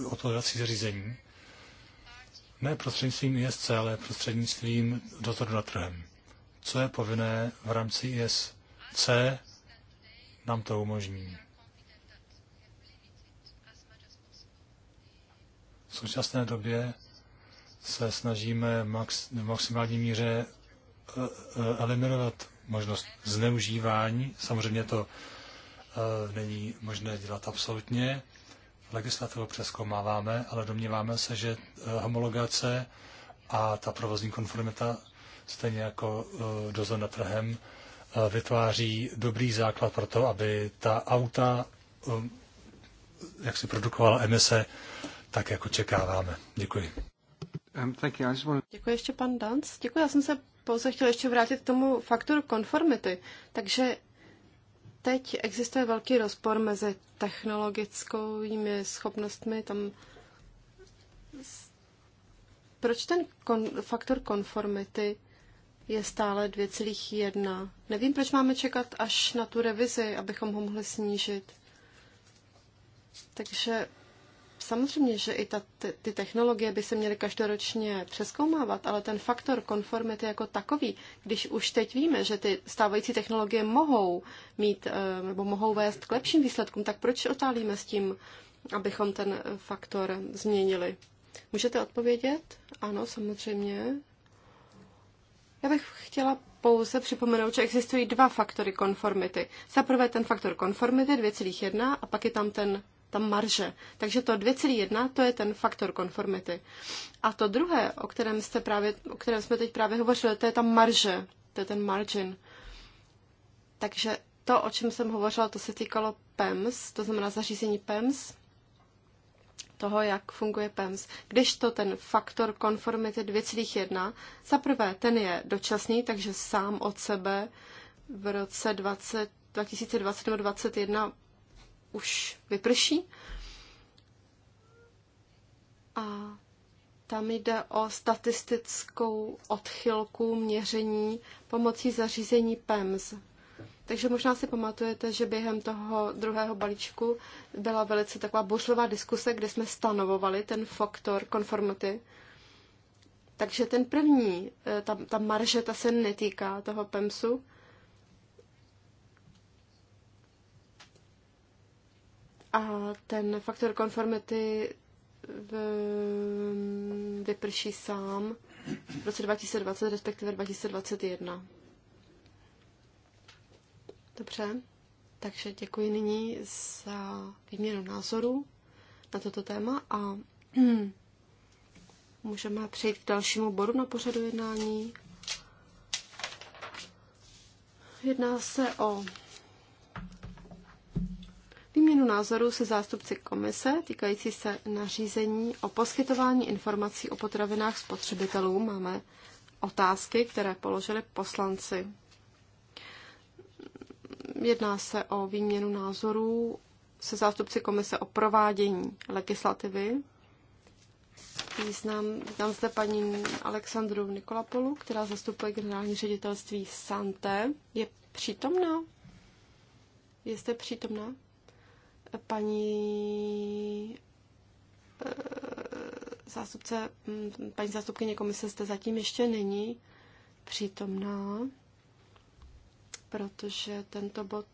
eh, odpovědací zařízení. Ne prostřednictvím ISC, ale prostřednictvím dozoru nad trhem. Co je povinné v rámci ISC, nám to umožní. V současné době se snažíme max, v maximální míře eh, eh, eliminovat možnost zneužívání. Samozřejmě to Eh, není možné dělat absolutně. Legislativu přeskoumáváme, ale domníváme se, že eh, homologace a ta provozní konformita, stejně jako eh, dozor nad trhem, vytváří dobrý základ pro to, aby ta auta, jak si produkovala emise, tak jako čekáváme. Děkuji. Um, want... Děkuji ještě pan Danc. Děkuji, já jsem se pouze chtěl ještě vrátit k tomu faktoru konformity. Takže teď existuje velký rozpor mezi technologickými schopnostmi, tam proč ten kon, faktor konformity je stále 2,1? Nevím, proč máme čekat až na tu revizi, abychom ho mohli snížit. Takže Samozřejmě, že i ta, ty, ty technologie by se měly každoročně přeskoumávat, ale ten faktor konformity jako takový, když už teď víme, že ty stávající technologie mohou mít eh, nebo mohou vést k lepším výsledkům, tak proč otálíme s tím, abychom ten faktor změnili? Můžete odpovědět? Ano, samozřejmě. Já bych chtěla pouze připomenout, že existují dva faktory konformity. Za prvé ten faktor konformity 2,1 a pak je tam ten ta marže. Takže to 2,1 to je ten faktor konformity. A to druhé, o kterém, jste právě, o kterém jsme teď právě hovořili, to je ta marže, to je ten margin. Takže to, o čem jsem hovořila, to se týkalo PEMS, to znamená zařízení PEMS, toho, jak funguje PEMS. Když to ten faktor konformity 2,1, za prvé, ten je dočasný, takže sám od sebe v roce 20, 2020 nebo 2021 už vyprší. A tam jde o statistickou odchylku měření pomocí zařízení PEMS. Takže možná si pamatujete, že během toho druhého balíčku byla velice taková bořlová diskuse, kde jsme stanovovali ten faktor konformity. Takže ten první, eh, ta, ta marže, ta se netýká toho PEMSu, A ten faktor konformity vyprší sám v roce 2020, respektive 2021. Dobře, takže děkuji nyní za výměnu názorů na toto téma a <clears throat> můžeme přejít k dalšímu bodu na pořadu jednání. Jedná se o výměnu názorů se zástupci komise týkající se nařízení o poskytování informací o potravinách spotřebitelů. Máme otázky, které položili poslanci. Jedná se o výměnu názorů se zástupci komise o provádění legislativy. Význam, vítám zde paní Alexandru Nikolapolu, která zastupuje generální ředitelství Sante. Je přítomná? Jste přítomná? paní eh, zástupce, hm, paní zástupkyně komise jste zatím ještě není přítomná, protože tento bod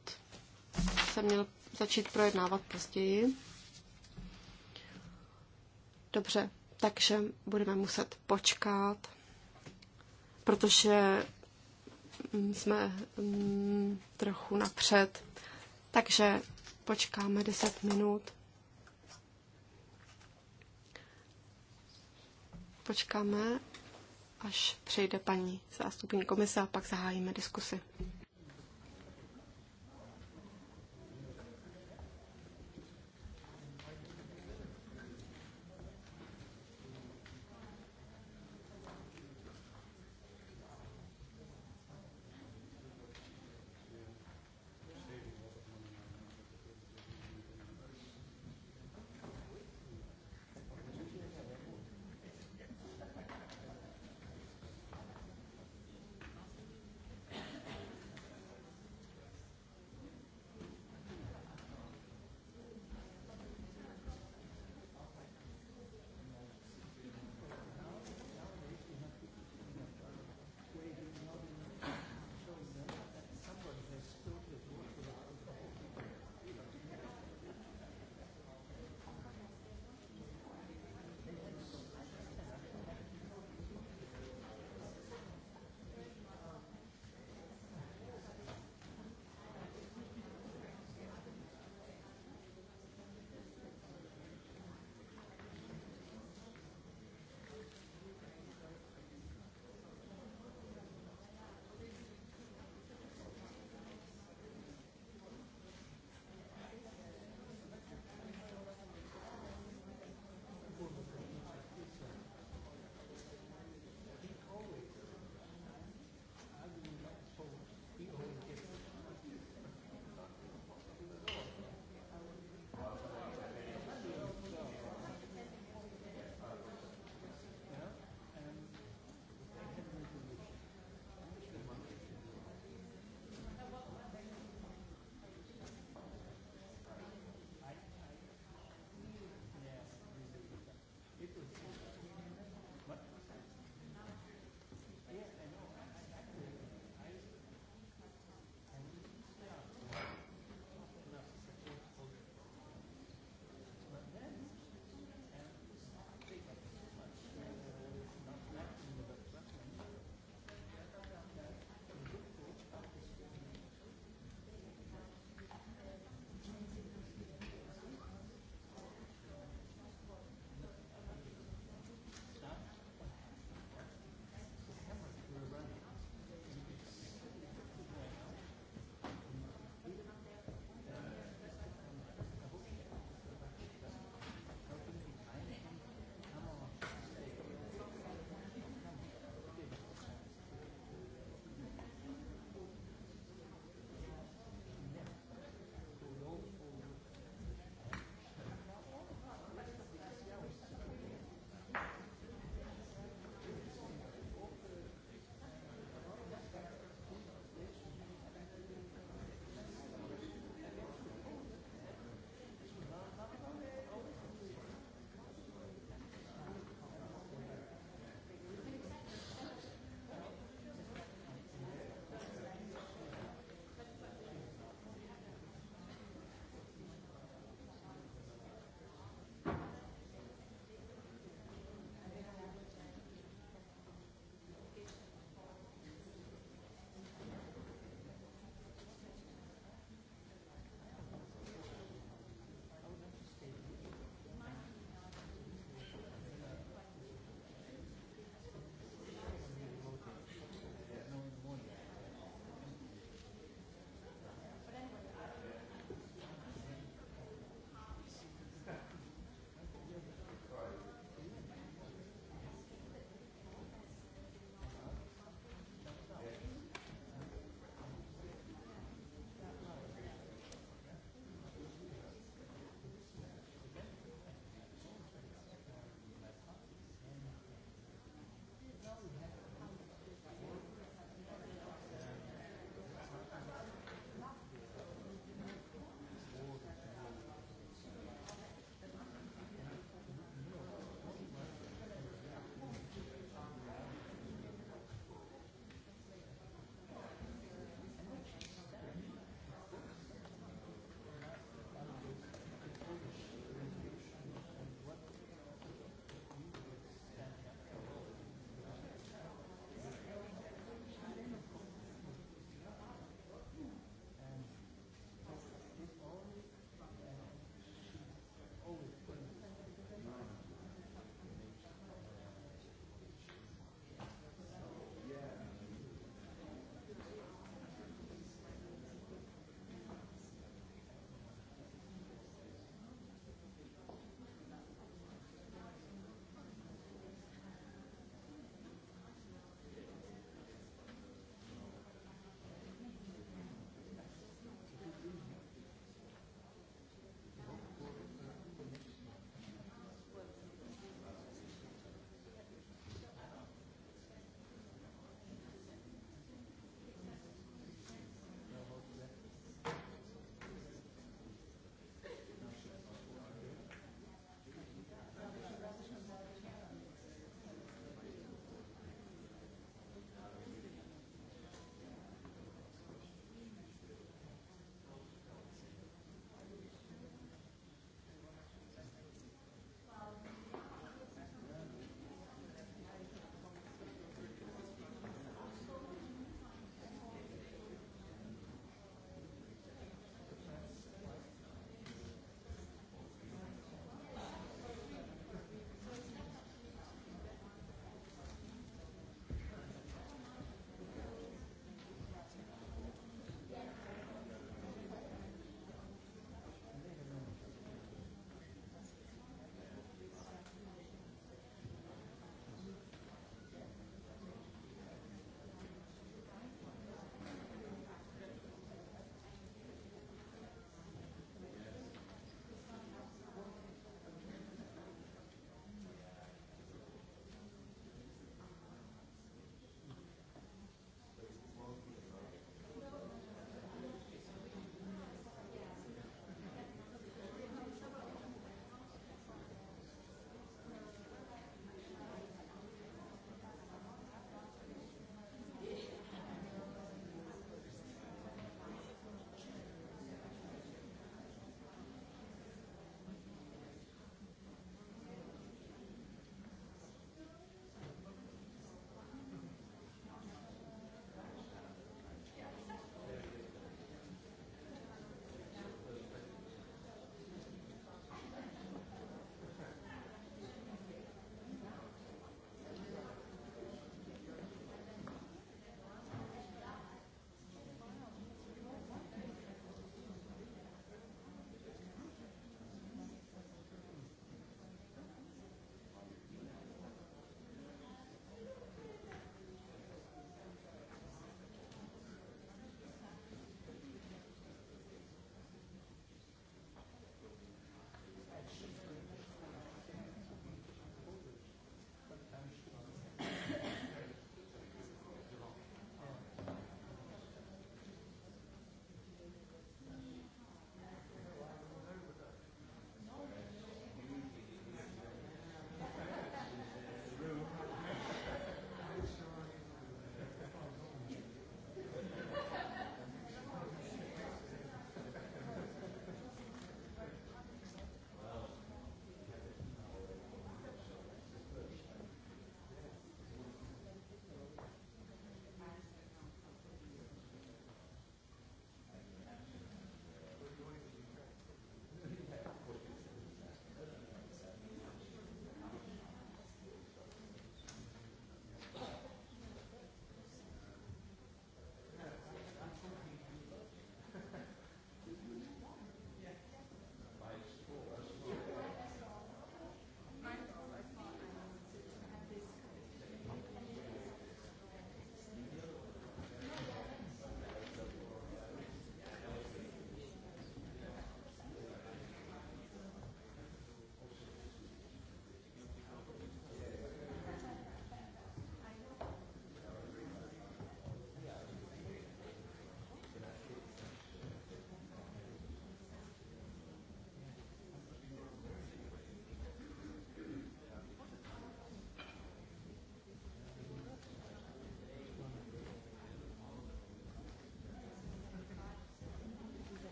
se měl začít projednávat později. Dobře, takže budeme muset počkat, protože hm, jsme hm, trochu napřed. Takže počkáme 10 minut. Počkáme, až přejde paní zástupní komise a pak zahájíme diskusi.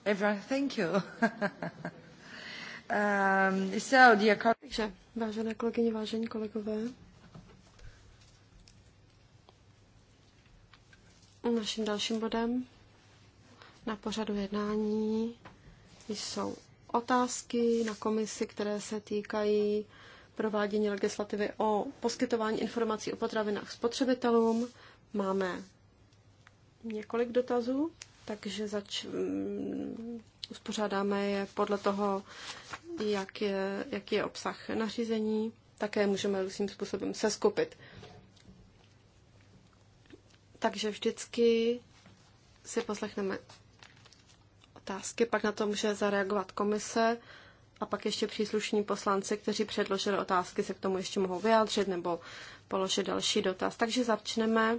<laughs> Um, Takže, vážené kolegyně, vážení kolegové, naším dalším bodem na pořadu jednání jsou otázky na komisi, které se týkají provádění legislativy o poskytování informací o potravinách spotřebitelům. Máme několik dotazů takže zač- mm, uspořádáme je podle toho, jak je, jaký je obsah nařízení. Také můžeme různým způsobem seskupit. Takže vždycky si poslechneme otázky, pak na to může zareagovat komise a pak ještě příslušní poslanci, kteří předložili otázky, se k tomu ještě mohou vyjádřit nebo položit další dotaz. Takže začneme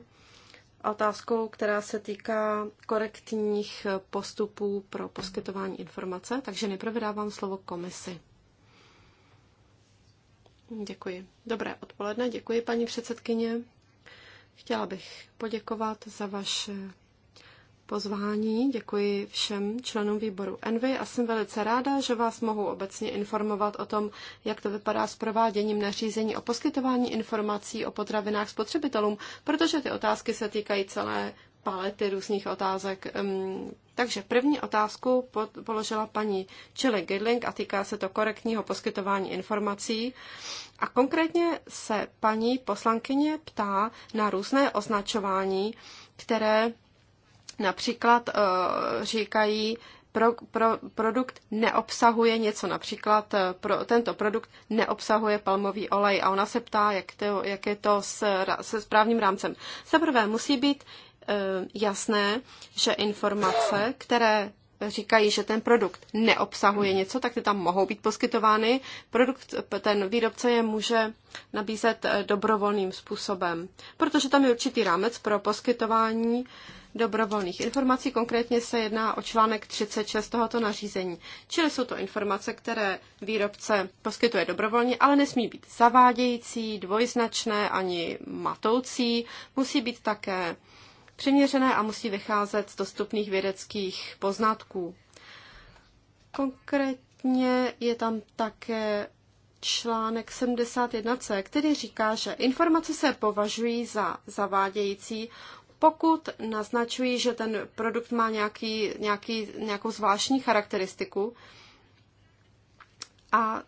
otázkou, která se týká korektních postupů pro poskytování informace, takže nejprve dávám slovo komisi. Děkuji. Dobré odpoledne, děkuji paní předsedkyně. Chtěla bych poděkovat za vaše pozvání, děkuji všem členům výboru Envy a jsem velice ráda, že vás mohu obecně informovat o tom, jak to vypadá s prováděním nařízení o poskytování informací o potravinách spotřebitelům, protože ty otázky se týkají celé palety různých otázek. Takže první otázku položila paní Chile Gidling a týká se to korektního poskytování informací. A konkrétně se paní poslankyně ptá na různé označování, které Například eh, říkají, pro, pro, produkt neobsahuje něco, například eh, pro, tento produkt neobsahuje palmový olej a ona se ptá, jak, to, jak je to s, se správným rámcem. Zaprvé musí být e, jasné, že informace, které říkají, že ten produkt neobsahuje něco, tak ty tam mohou být poskytovány. Produkt, ten výrobce je může nabízet dobrovolným způsobem, protože tam je určitý rámec pro poskytování e, dobrovolných informací. Konkrétně se jedná o článek 36 tohoto nařízení. Čili jsou to informace, které výrobce poskytuje dobrovolně, ale nesmí být zavádějící, dvojznačné ani matoucí. Musí být také přiměřené a musí vycházet z dostupných vědeckých poznatků. Konkrétně je tam také článek 71c, který říká, že informace se považují za zavádějící, pokud naznačují, že ten produkt má nějaký, nějaký, nějakou zvláštní charakteristiku a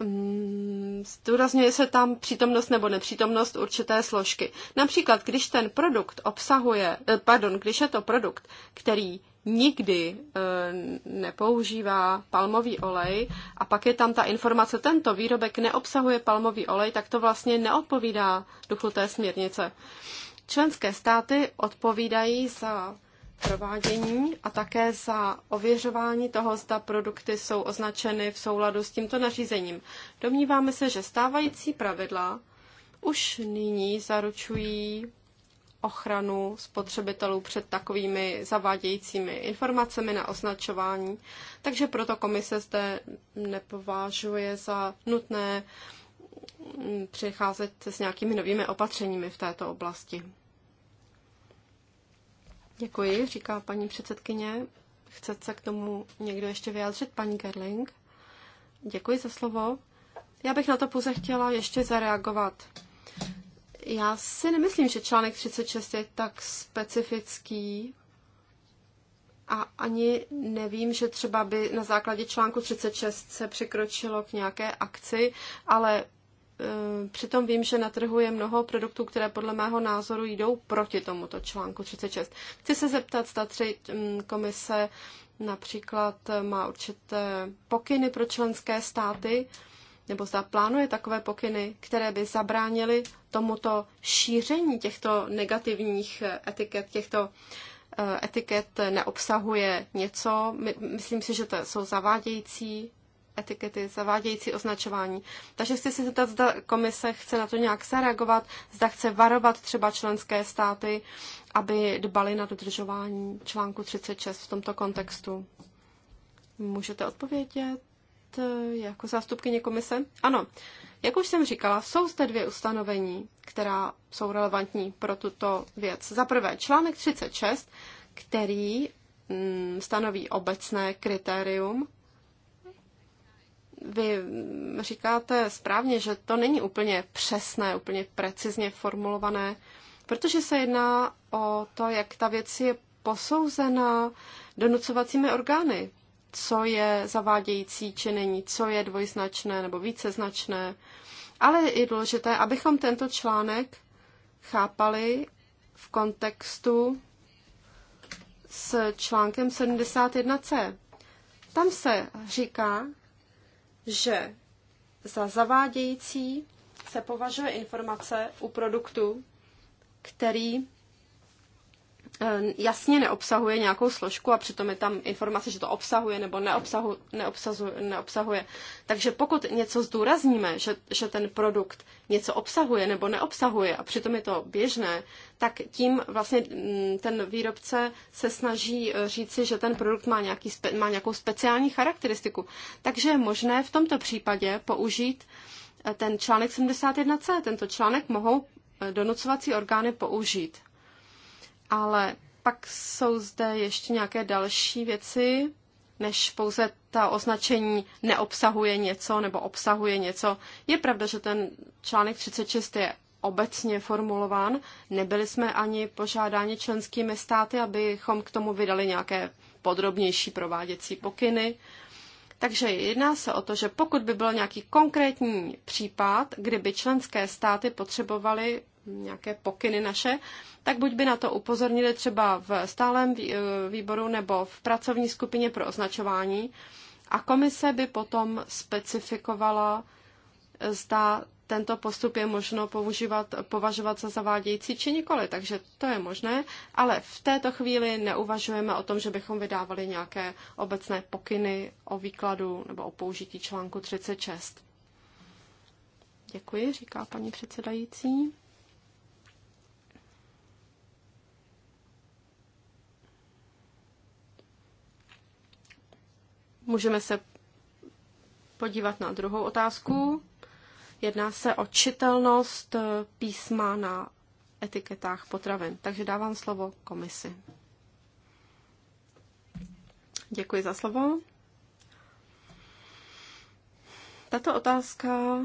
Mm, zdůrazňuje se tam přítomnost nebo nepřítomnost určité složky. Například, když ten produkt obsahuje, eh, pardon, když je to produkt, který nikdy eh, nepoužívá palmový olej a pak je tam ta informace, tento výrobek neobsahuje palmový olej, tak to vlastně neodpovídá duchu té směrnice. Členské státy odpovídají za provádění a také za ověřování toho, zda produkty jsou označeny v souladu s tímto nařízením. Domníváme se, že stávající pravidla už nyní zaručují ochranu spotřebitelů před takovými zavádějícími informacemi na označování, takže proto komise zde nepovažuje za nutné mm, přicházet s nějakými novými opatřeními v této oblasti. Děkuji, říká paní předsedkyně. Chce se k tomu někdo ještě vyjádřit? Paní Gerling. Děkuji za slovo. Já bych na to pouze chtěla ještě zareagovat. Já si nemyslím, že článek 36 je tak specifický a ani nevím, že třeba by na základě článku 36 se překročilo k nějaké akci, ale Eh, přitom vím, že na trhu je mnoho produktů, které podle mého názoru jdou proti tomuto článku 36. Chci se zeptat, zda tři hm, komise například eh, má určité pokyny pro členské státy, nebo zda plánuje takové pokyny, které by zabránily tomuto šíření těchto negativních eh, etiket, těchto etiket neobsahuje něco. Myslím si, že to jsou zavádějící etikety, zavádějící označování. Takže chci se zeptat, zda komise chce na to nějak zareagovat, zda chce varovat třeba členské státy, aby dbali na dodržování článku 36 v tomto kontextu. Můžete odpovědět eh, jako zástupkyně komise? Ano, jak už jsem říkala, jsou zde dvě ustanovení, která jsou relevantní pro tuto věc. Za prvé článek 36, který mm, stanoví obecné kritérium vy říkáte správně, že to není úplně přesné, úplně precizně formulované, protože se jedná o to, jak ta věc je posouzena donucovacími orgány. Co je zavádějící, či není, co je dvojznačné nebo víceznačné. Ale je důležité, abychom tento článek chápali v kontextu s článkem 71c. Tam se říká, že za zavádějící se považuje informace u produktu, který Eh, jasně neobsahuje nějakou složku a přitom je tam informace, že to obsahuje nebo neobsahu, neobsahu, neobsahuje. Takže pokud něco zdůrazníme, že, že ten produkt něco obsahuje nebo neobsahuje a přitom je to běžné, tak tím vlastně mm, ten výrobce se snaží eh, říci, že ten produkt má, nějaký, má nějakou speciální charakteristiku. Takže je možné v tomto případě použít eh, ten článek 71c. Tento článek mohou donucovací orgány použít. Ale pak jsou zde ještě nějaké další věci, než pouze ta označení neobsahuje něco nebo obsahuje něco. Je pravda, že ten článek 36 je obecně formulován. Nebyli jsme ani požádáni členskými státy, abychom k tomu vydali nějaké podrobnější prováděcí pokyny. Takže jedná se o to, že pokud by byl nějaký konkrétní případ, kdyby členské státy potřebovaly nějaké pokyny naše, tak buď by na to upozornili třeba v stálem eh, výboru nebo v pracovní skupině pro označování a komise by potom specifikovala, zda tento postup je možno používat, považovat za zavádějící či nikoli, takže to je možné, ale v této chvíli neuvažujeme o tom, že bychom vydávali nějaké obecné pokyny o výkladu nebo o použití článku 36. Děkuji, říká paní předsedající. Můžeme se podívat na druhou otázku. Jedná se o čitelnost eh, písma na etiketách potravin. Takže dávám slovo komisi. Děkuji za slovo. Tato otázka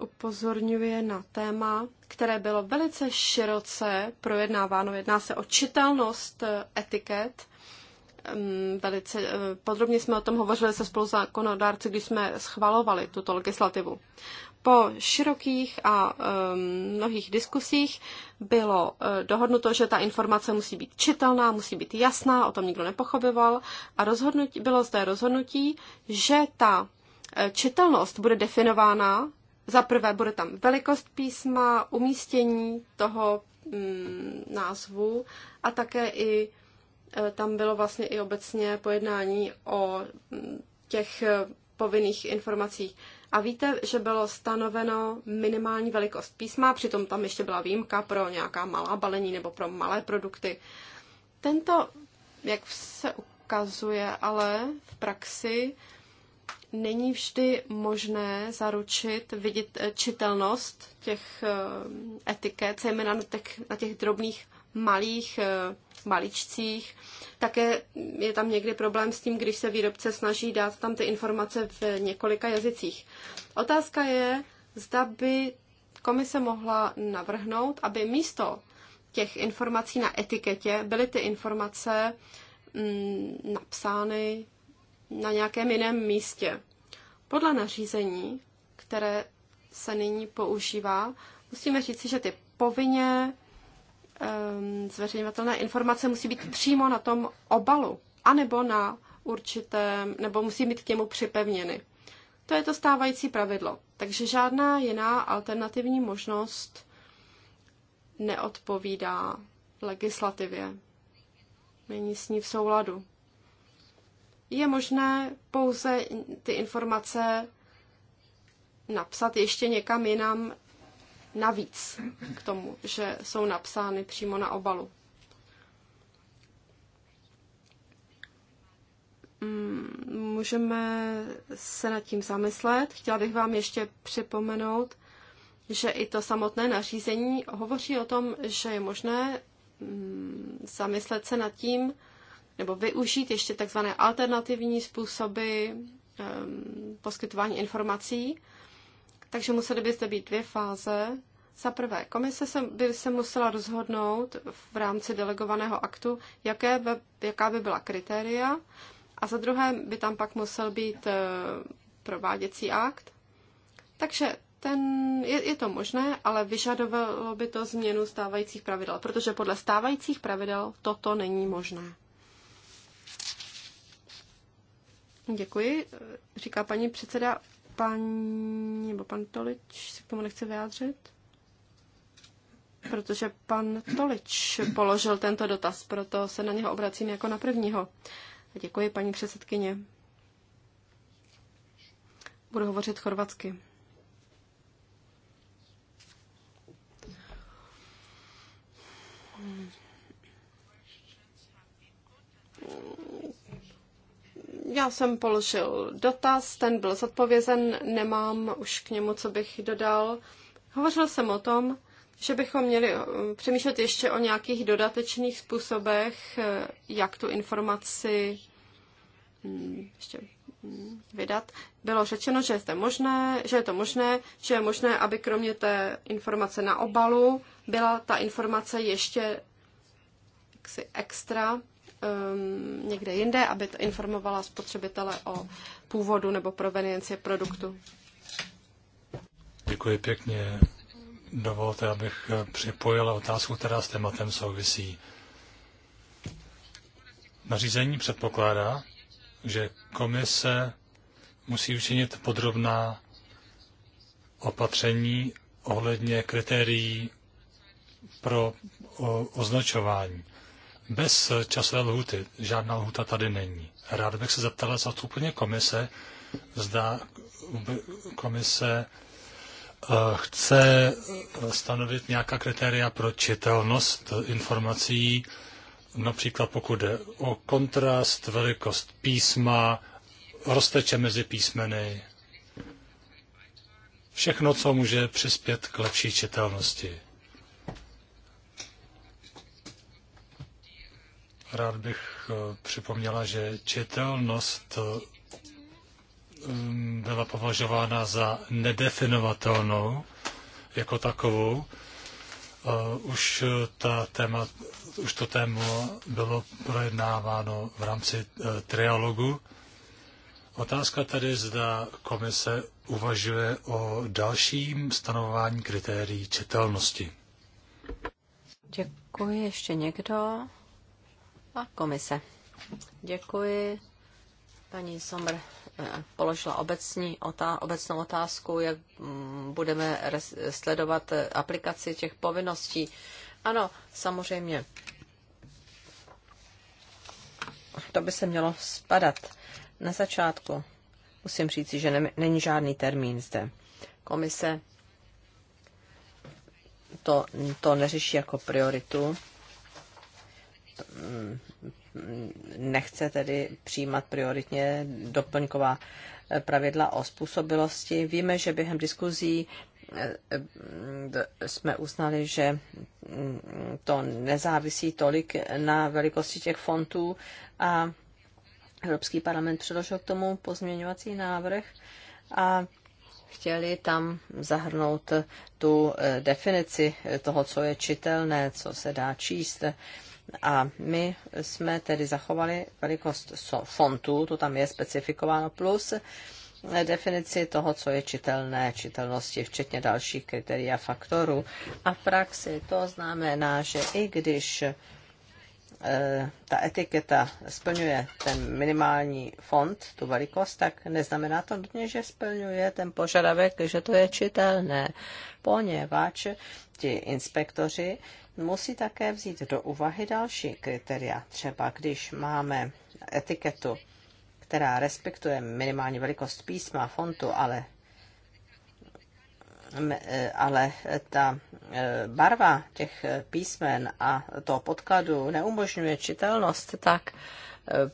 upozorňuje na téma, které bylo velice široce projednáváno. Jedná se o čitelnost eh, etiket. Ehm, velice eh, podrobně jsme o tom hovořili se spoluzákonodárci, když jsme schvalovali tuto legislativu. Po širokých a mnohých diskusích bylo e, dohodnuto, že ta informace musí být čitelná, musí být jasná, o tom nikdo nepochopoval a rozhodnutí, bylo zde rozhodnutí, že ta e, čitelnost bude definována za prvé bude tam velikost písma, umístění toho mm, názvu a také i e, tam bylo vlastně i obecně pojednání o mm, těch povinných informacích. A víte, že bylo stanoveno minimální velikost písma, přitom tam ještě byla výjimka pro nějaká malá balení nebo pro malé produkty. Tento, jak se ukazuje, ale v praxi není vždy možné zaručit vidět, eh, čitelnost těch eh, etiket, zejména na těch, na těch drobných malých balíčcích. Eh, Také je tam někdy problém s tím, když se výrobce snaží dát tam ty informace v několika jazycích. Otázka je, zda by komise mohla navrhnout, aby místo těch informací na etiketě byly ty informace mm, napsány na nějakém jiném místě. Podle nařízení, které se nyní používá, musíme říci, že ty povinně Ehm, zveřejňovatelné informace musí být přímo na tom obalu, anebo na určitém, nebo musí být k němu připevněny. To je to stávající pravidlo. Takže žádná jiná alternativní možnost neodpovídá legislativě. Není s ní v souladu. Je možné pouze ty informace napsat ještě někam jinam navíc k tomu, že jsou napsány přímo na obalu. Mm, můžeme se nad tím zamyslet. Chtěla bych vám ještě připomenout, že i to samotné nařízení hovoří o tom, že je možné mm, zamyslet se nad tím, nebo využít ještě takzvané alternativní způsoby poskytování informací. Takže museli by zde být dvě fáze. Za prvé, komise se, by se musela rozhodnout v rámci delegovaného aktu, jaké by, jaká by byla kritéria, a za druhé by tam pak musel být eh, prováděcí akt. Takže ten, je, je to možné, ale vyžadovalo by to změnu stávajících pravidel, protože podle stávajících pravidel toto není možné. Děkuji, eh, říká paní předseda paní, nebo pan Tolič se k tomu nechce vyjádřit? Protože pan Tolič položil tento dotaz, proto se na něho obracím jako na prvního. A děkuji, paní předsedkyně. Budu hovořit chorvatsky. Hmm. já jsem položil dotaz, ten byl zodpovězen, nemám už k němu, co bych dodal. Hovořil jsem o tom, že bychom měli eh, přemýšlet ještě o nějakých dodatečných způsobech, eh, jak tu informaci hm, ještě hm, vydat. Bylo řečeno, že je, to možné, že je to možné, že je možné, aby kromě té informace na obalu byla ta informace ještě jaksi extra um, někde jinde, aby to informovala spotřebitele o původu nebo provenienci produktu. Děkuji pěkně. Dovolte, abych připojila otázku, která s tématem souvisí. Nařízení předpokládá, že komise musí učinit podrobná opatření ohledně kritérií pro označování bez eh, časové lhuty. Žádná lhuta tady není. Rád bych se za úplně komise, zda komise eh, chce eh, stanovit nějaká kritéria pro čitelnost informací, například pokud jde o kontrast, velikost písma, rozteče mezi písmeny, všechno, co může přispět k lepší čitelnosti. rád bych eh, připomněla, že čitelnost eh, mm, byla považována za nedefinovatelnou jako takovou. Eh, už, ta téma, už to téma bylo projednáváno v rámci trialogu. Otázka tedy, zda komise uvažuje o dalším stanovování kritérií čitelnosti. Děkuji. Ještě někdo? a komise. Děkuji. Paní Somr eh, položila obecní otá- obecnou otázku, jak mm, budeme sledovat eh, aplikaci těch povinností. Ano, samozřejmě. To by se mělo spadat na začátku. Musím říct, že není žádný termín zde. Komise to, to neřeší jako prioritu Mm, nechce tedy přijímat prioritně doplňková eh, pravidla o způsobilosti. Víme, že během diskuzí eh, jsme uznali, že mm, to nezávisí tolik na velikosti těch fontů a Evropský parlament předložil k tomu pozměňovací návrh a chtěli tam zahrnout tu eh, definici toho, co je čitelné, co se dá číst. A my jsme tedy zachovali velikost fontu, to tam je specifikováno, plus definici toho, co je čitelné, čitelnosti, včetně dalších kritérií a faktorů. A v praxi to znamená, že i když e, ta etiketa splňuje ten minimální fond, tu velikost, tak neznamená to nutně, že splňuje ten požadavek, že to je čitelné, poněvadž ti inspektoři musí také vzít do úvahy další kritéria. Třeba když máme etiketu, která respektuje minimální velikost písma, fontu, ale e, ale ta e, barva těch písmen a toho podkladu neumožňuje čitelnost, tak e,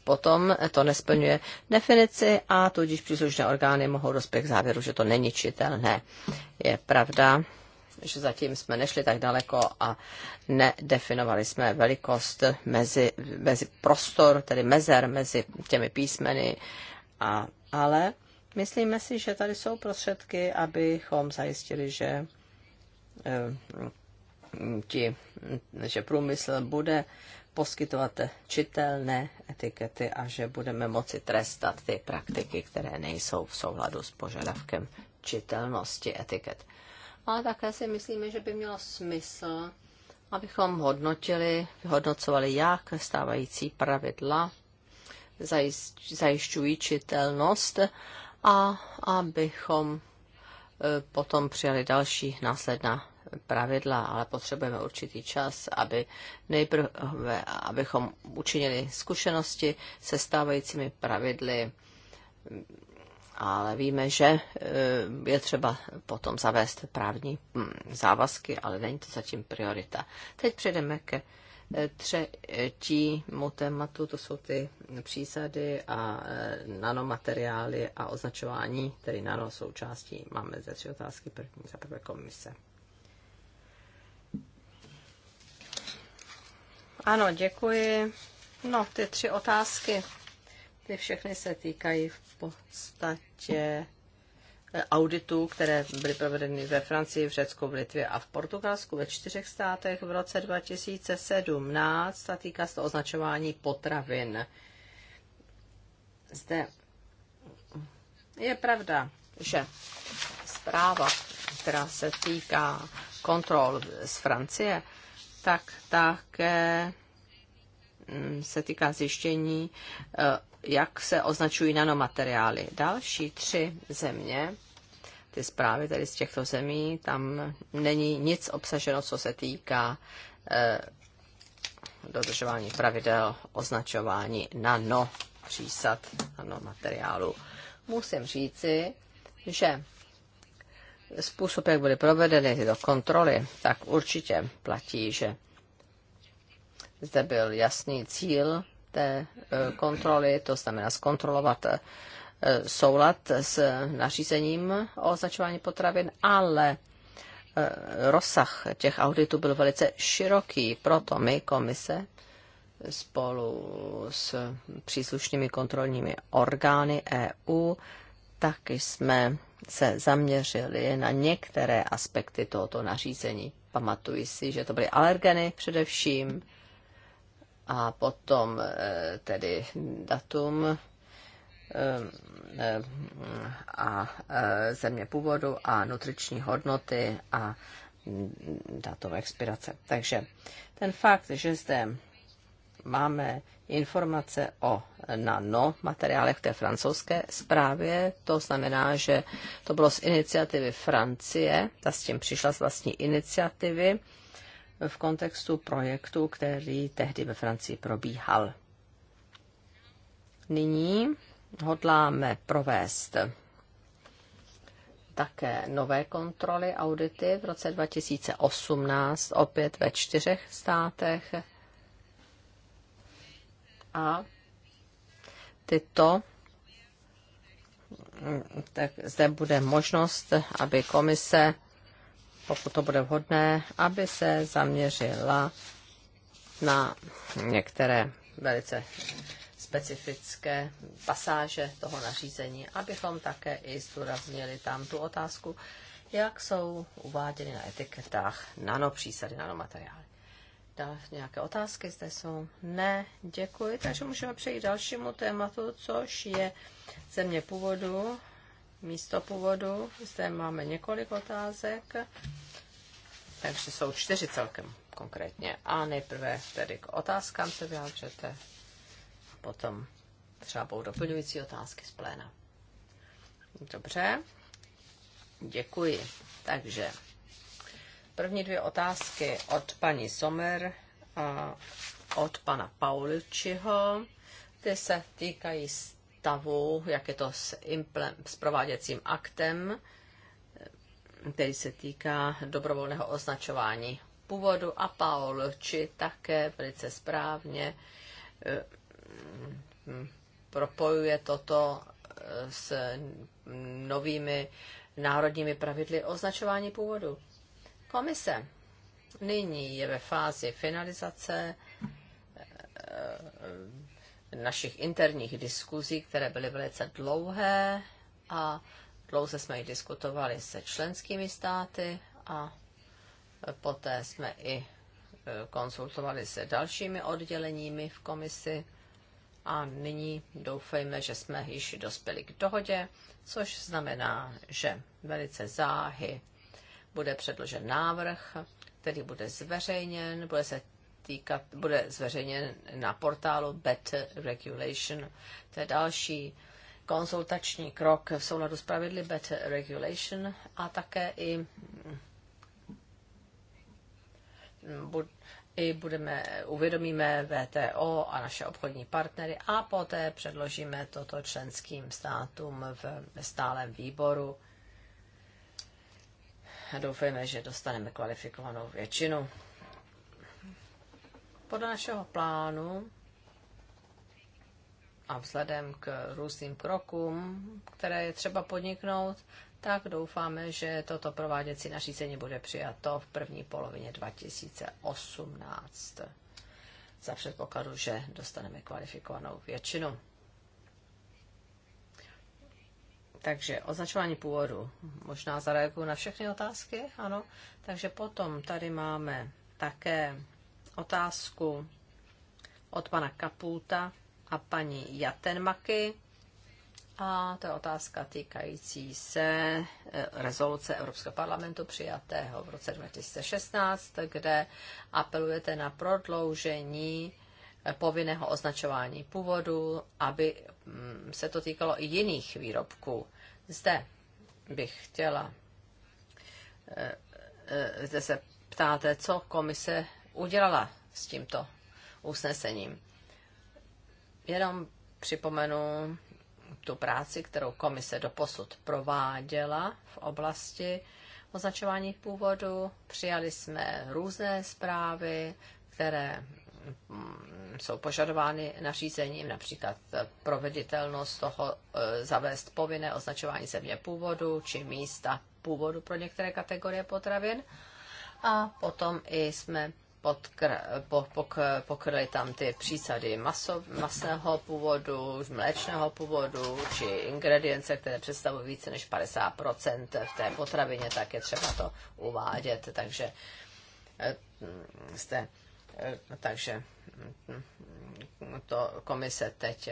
potom to nesplňuje definici a tudíž příslušné orgány mohou dospět k závěru, že to není čitelné. Je pravda, že zatím jsme nešli tak daleko a nedefinovali jsme velikost mezi, mezi prostor, tedy mezer mezi těmi písmeny, a, ale myslíme si, že tady jsou prostředky, abychom zajistili, že eh, ti, že průmysl bude poskytovat čitelné etikety a že budeme moci trestat ty praktiky, které nejsou v souladu s požadavkem čitelnosti etiket ale také si myslíme, že by mělo smysl, abychom hodnotili, vyhodnocovali, jak stávající pravidla zajišťují čitelnost a abychom e, potom přijali další následná pravidla, ale potřebujeme určitý čas, aby nejprve, abychom učinili zkušenosti se stávajícími pravidly ale víme, že eh, je třeba potom zavést právní hm, závazky, ale není to zatím priorita. Teď přejdeme ke eh, třetímu tématu, to jsou ty přísady a eh, nanomateriály a označování, tedy součástí. Máme zde tři otázky, první za prvé komise. Ano, děkuji. No, ty tři otázky ty všechny se týkají v podstatě eh, auditů, které byly provedeny ve Francii, v Řecku, v Litvě a v Portugalsku ve čtyřech státech v roce 2017 a týká se to označování potravin. Zde je pravda, že zpráva, která se týká kontrol z Francie, tak také mm, se týká zjištění eh, jak se označují nanomateriály. Další tři země, ty zprávy tedy z těchto zemí, tam není nic obsaženo, co se týká eh, dodržování pravidel označování nano přísad, nanomateriálu. Musím říci, že způsob, jak byly provedeny tyto kontroly, tak určitě platí, že zde byl jasný cíl té e, kontroly, to znamená zkontrolovat e, soulad s nařízením o označování potravin, ale e, rozsah těch auditů byl velice široký, proto my, komise, spolu s příslušnými kontrolními orgány EU, tak jsme se zaměřili na některé aspekty tohoto nařízení. Pamatuji si, že to byly alergeny především, a potom eh, tedy datum eh, eh, a země původu a nutriční hodnoty a datum expirace. Takže ten fakt, že zde máme informace o nanomateriálech té francouzské zprávě. To znamená, že to bylo z iniciativy Francie, ta s tím přišla z vlastní iniciativy v kontextu projektu, který tehdy ve Francii probíhal. Nyní hodláme provést také nové kontroly, audity v roce 2018, opět ve čtyřech státech. A tyto tak zde bude možnost, aby komise pokud to bude vhodné, aby se zaměřila na některé velice specifické pasáže toho nařízení, abychom také i zdůraznili tam tu otázku, jak jsou uváděny na etiketách nanopřísady, nanomateriály. Dále nějaké otázky zde jsou? Ne, děkuji. Takže můžeme přejít dalšímu tématu, což je země původu místo původu. Zde máme několik otázek, takže jsou čtyři celkem konkrétně. A nejprve tedy k otázkám se vyjádřete a potom třeba budou doplňující otázky z pléna. Dobře, děkuji. Takže první dvě otázky od paní Somer a od pana Pauličiho. Ty se týkají stavu, jak je to s, s prováděcím aktem, který se týká dobrovolného označování původu a či také velice správně eh, propojuje toto eh, s novými národními pravidly označování původu. Komise nyní je ve fázi finalizace eh, našich interních diskuzí, které byly velice dlouhé a dlouze jsme ji diskutovali se členskými státy a poté jsme i e, konsultovali se dalšími odděleními v komisi a nyní doufejme, že jsme již dospěli k dohodě, což znamená, že velice záhy bude předložen návrh, který bude zveřejněn, bude se týkat, bude zveřejněn na portálu Better Regulation. To je další konzultační krok v souladu s pravidly Better Regulation a také i i budeme, uvědomíme VTO a naše obchodní partnery a poté předložíme toto členským státům v stálem výboru. A doufejme, že dostaneme kvalifikovanou většinu. Podle našeho plánu a vzhledem k různým krokům, které je třeba podniknout, tak doufáme, že toto prováděcí nařízení bude přijato v první polovině 2018 za předpokladu, že dostaneme kvalifikovanou většinu. Takže označování původu. Možná zareaguju na všechny otázky, ano. Takže potom tady máme také otázku od pana Kaputa a paní Jatenmaky. A to je otázka týkající se e, rezoluce Evropského parlamentu přijatého v roce 2016, kde apelujete na prodloužení e, povinného označování původu, aby mm, se to týkalo i jiných výrobků. Zde bych chtěla, e, zde se ptáte, co komise udělala s tímto usnesením. Jenom připomenu tu práci, kterou komise doposud prováděla v oblasti označování původu. Přijali jsme různé zprávy, které mm, jsou požadovány nařízením, například proveditelnost toho e, zavést povinné označování země původu či místa původu pro některé kategorie potravin. A potom i jsme pokryly tam ty přísady maso, masného původu, mléčného původu či ingredience, které představují více než 50% v té potravině, tak je třeba to uvádět. Takže eh, jste, eh, takže hm, to komise teď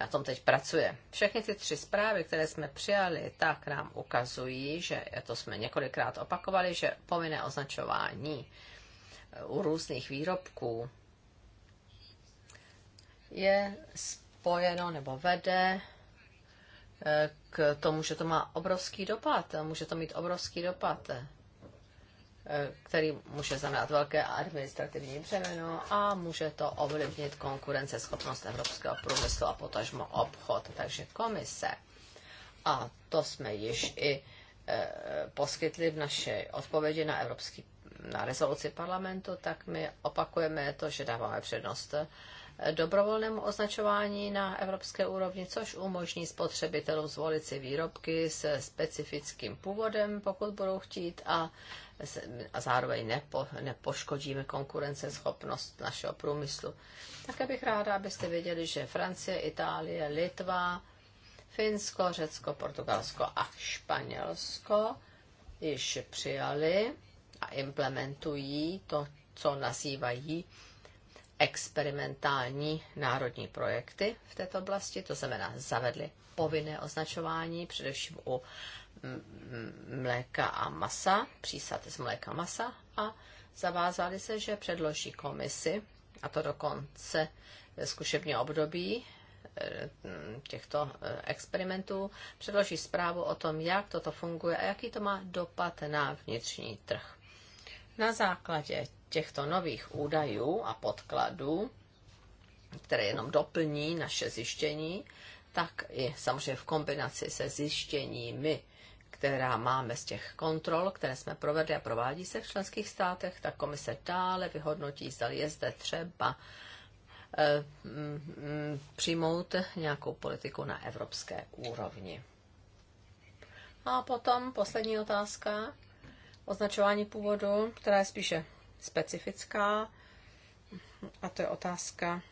na tom teď pracuje. Všechny ty tři zprávy, které jsme přijali, tak nám ukazují, že to jsme několikrát opakovali, že povinné označování u různých výrobků je spojeno nebo vede eh, k tomu, že to má obrovský dopad. Může to mít obrovský dopad, eh, který může znamenat velké administrativní břemeno a může to ovlivnit konkurenceschopnost evropského průmyslu a potažmo obchod. Takže komise, a to jsme již i eh, poskytli v naší odpovědi na Evropský na rezoluci parlamentu, tak my opakujeme to, že dáváme přednost dobrovolnému označování na evropské úrovni, což umožní spotřebitelům zvolit si výrobky se specifickým původem, pokud budou chtít, a, a zároveň nepo, nepoškodíme konkurenceschopnost našeho průmyslu. Také bych ráda, abyste věděli, že Francie, Itálie, Litva, Finsko, Řecko, Portugalsko a Španělsko již přijali a implementují to, co nazývají experimentální národní projekty v této oblasti, to znamená zavedli povinné označování, především u mléka a masa, přísad z mléka a masa a zavázali se, že předloží komisi, a to do konce období e, těchto e, experimentů, předloží zprávu o tom, jak toto funguje a jaký to má dopad na vnitřní trh. Na základě těchto nových údajů a podkladů, které jenom doplní naše zjištění, tak i samozřejmě v kombinaci se zjištěními, která máme z těch kontrol, které jsme provedli a provádí se v členských státech, tak komise dále vyhodnotí, zda je zde třeba eh, mm, mm, přijmout nějakou politiku na evropské úrovni. A potom poslední otázka označování původu, která je spíše specifická, a to je otázka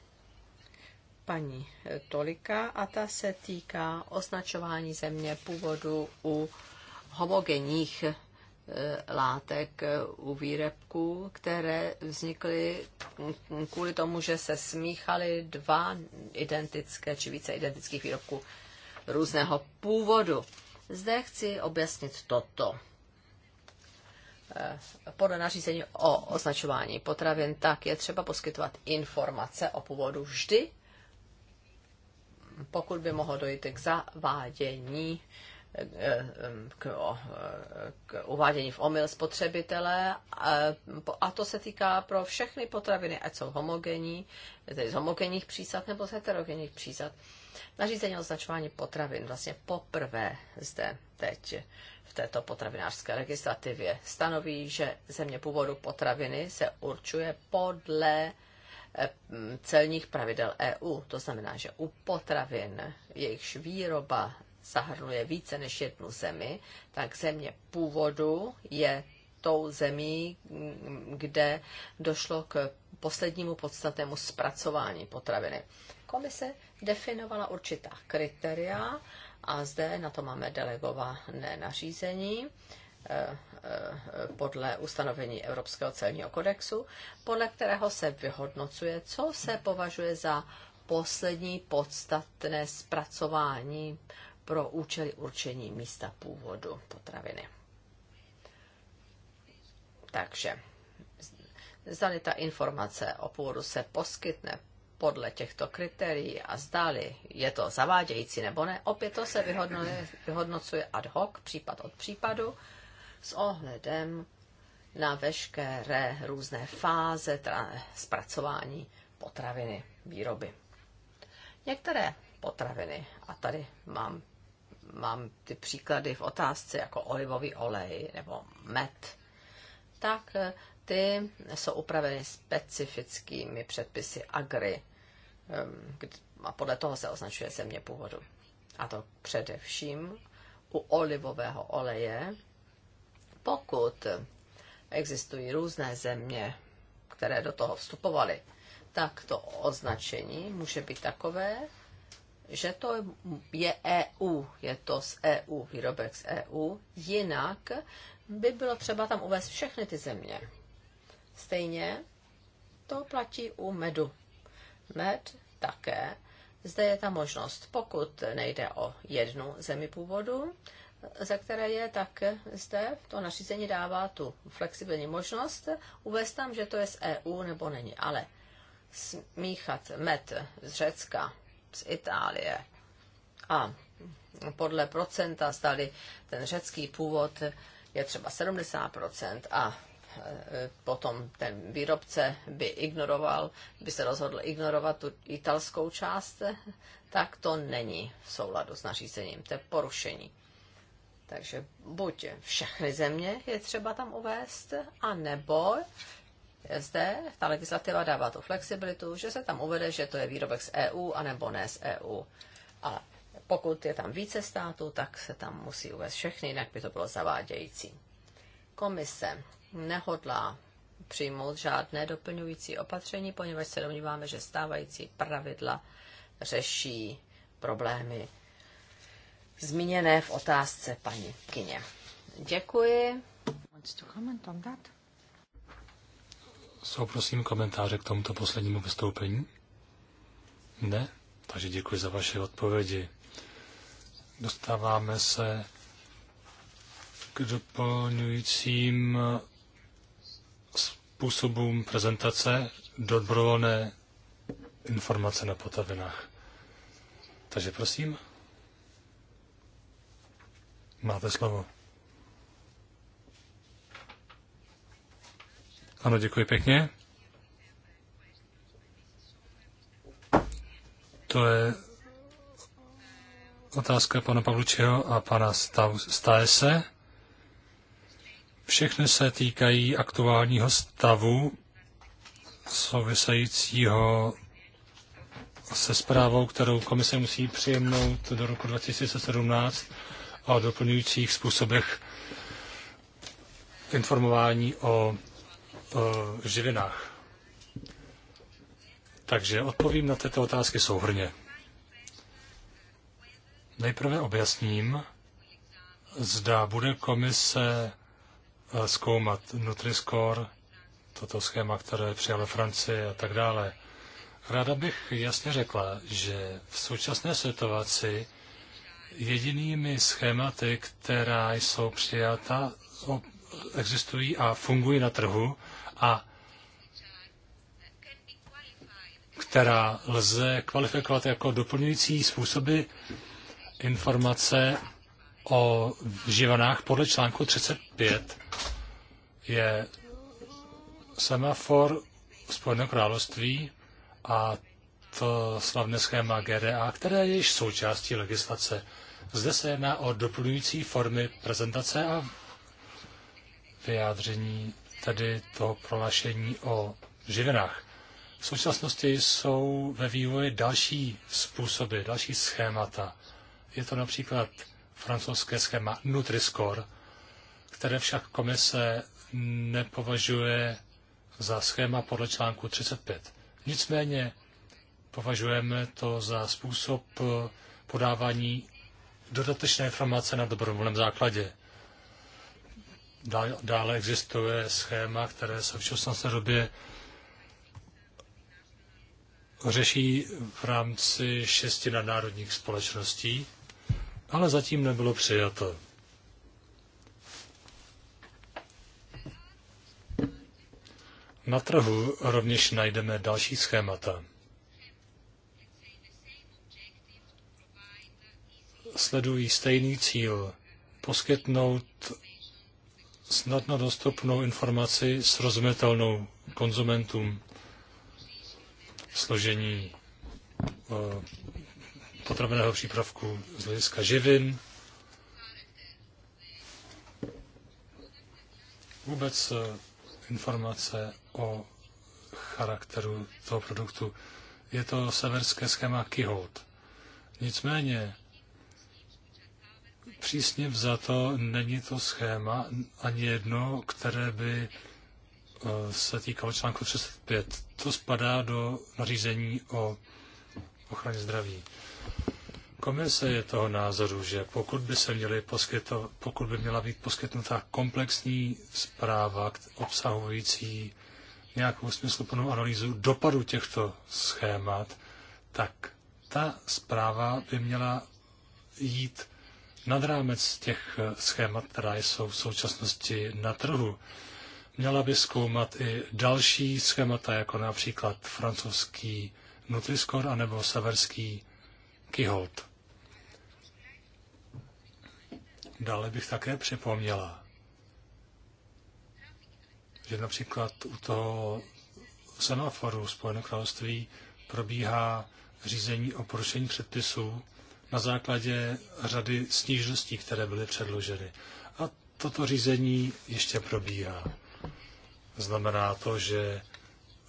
paní Tolika, a ta se týká označování země původu u homogenních e, látek e, u výrobků, které vznikly kvůli tomu, že se smíchaly dva identické či více identických výrobků různého původu. Zde chci objasnit toto. Eh, podle nařízení o označování potravin, tak je třeba poskytovat informace o původu vždy, pokud by mohlo dojít k zavádění, eh, k, eh, k uvádění v omyl spotřebitele. A to se týká pro všechny potraviny, ať jsou homogenní, tedy z homogenních přísad nebo z heterogenních přísad. Nařízení o označování potravin vlastně poprvé zde teď v této potravinářské legislativě stanoví, že země původu potraviny se určuje podle eh, celních pravidel EU. To znamená, že u potravin, jejichž výroba zahrnuje více než jednu zemi, tak země původu je tou zemí, kde došlo k poslednímu podstatnému zpracování potraviny. Komise definovala určitá kritéria a zde na to máme delegované nařízení eh, eh, podle ustanovení Evropského celního kodexu, podle kterého se vyhodnocuje, co se považuje za poslední podstatné zpracování pro účely určení místa původu potraviny. Takže zda ta informace o původu se poskytne podle těchto kritérií a zdáli je to zavádějící nebo ne, opět to se vyhodnocuje ad hoc, případ od případu, s ohledem na veškeré různé fáze zpracování potraviny, výroby. Některé potraviny, a tady mám, mám ty příklady v otázce jako olivový olej nebo med, tak eh, ty jsou upraveny specifickými předpisy agri. Ehm, a podle toho se označuje země původu. A to především u olivového oleje, pokud existují různé země, které do toho vstupovaly, tak to označení může být takové, že to je EU, je to z EU, výrobek z EU, jinak by bylo třeba tam uvést všechny ty země. Stejně to platí u medu med také. Zde je ta možnost, pokud nejde o jednu zemi původu, ze které je, tak zde to nařízení dává tu flexibilní možnost uvést tam, že to je z EU nebo není. Ale smíchat med z Řecka, z Itálie a podle procenta stali ten řecký původ je třeba 70% a Eh, potom ten výrobce by ignoroval, by se rozhodl ignorovat tu italskou část, tak to není v souladu s nařízením, to je porušení. Takže buď všechny země je třeba tam uvést, a je zde ta legislativa dává tu flexibilitu, že se tam uvede, že to je výrobek z EU, anebo ne z EU. A pokud je tam více států, tak se tam musí uvést všechny, jinak by to bylo zavádějící. Komise nehodlá přijmout žádné doplňující opatření, poněvadž se domníváme, že stávající pravidla řeší problémy zmíněné v otázce paní Kyně. Děkuji. Jsou prosím komentáře k tomuto poslednímu vystoupení? Ne? Takže děkuji za vaše odpovědi. Dostáváme se k doplňujícím způsobům prezentace dobrovolné informace na potravinách. Takže prosím, máte slovo. Ano, děkuji pěkně. To je otázka pana Pavlučeho a pana Stajese. Všechny se týkají aktuálního stavu souvisejícího se zprávou, kterou komise musí přijmout do roku 2017 o doplňujících způsobech informování o, o živinách. Takže odpovím na tyto otázky souhrně. Nejprve objasním, zda bude komise zkoumat Nutriscore, toto schéma, které přijala Francie a tak dále. Ráda bych jasně řekla, že v současné situaci jedinými schématy, která jsou přijata, existují a fungují na trhu a která lze kvalifikovat jako doplňující způsoby informace o živinách podle článku 35 je semafor Spojeného království a to slavné schéma GDA, které je již součástí legislace. Zde se jedná o doplňující formy prezentace a vyjádření tedy toho prohlášení o živinách. V současnosti jsou ve vývoji další způsoby, další schémata. Je to například francouzské schéma Nutriscore, které však komise nepovažuje za schéma podle článku 35. Nicméně považujeme to za způsob eh, podávání dodatečné informace na dobrovolném základě. Dále existuje schéma, které se v současné době řeší v rámci šesti nadnárodních společností ale zatím nebylo přijato. Na trhu rovněž najdeme další schémata. Sledují stejný cíl poskytnout snadno dostupnou informaci srozumitelnou konzumentům složení eh, potravinového přípravku z hlediska živin. Vůbec eh, informace o charakteru toho produktu. Je to severské schéma Kihout. Nicméně přísně vzato není to schéma ani jedno, které by eh, se týkalo článku 35. To spadá do nařízení o ochraně zdraví. Komise je toho názoru, že pokud by, se měly poskyto, pokud by měla být poskytnuta komplexní zpráva obsahující nějakou smysluplnou analýzu dopadu těchto schémat, tak ta zpráva by měla jít nad rámec těch schémat, která jsou v současnosti na trhu. Měla by zkoumat i další schémata, jako například francouzský Nutriscore anebo severský Kihold. Dále bych také připomněla, že například u toho semaforu Spojené království probíhá řízení o porušení předpisů na základě řady snížností, které byly předloženy. A toto řízení ještě probíhá. Znamená to, že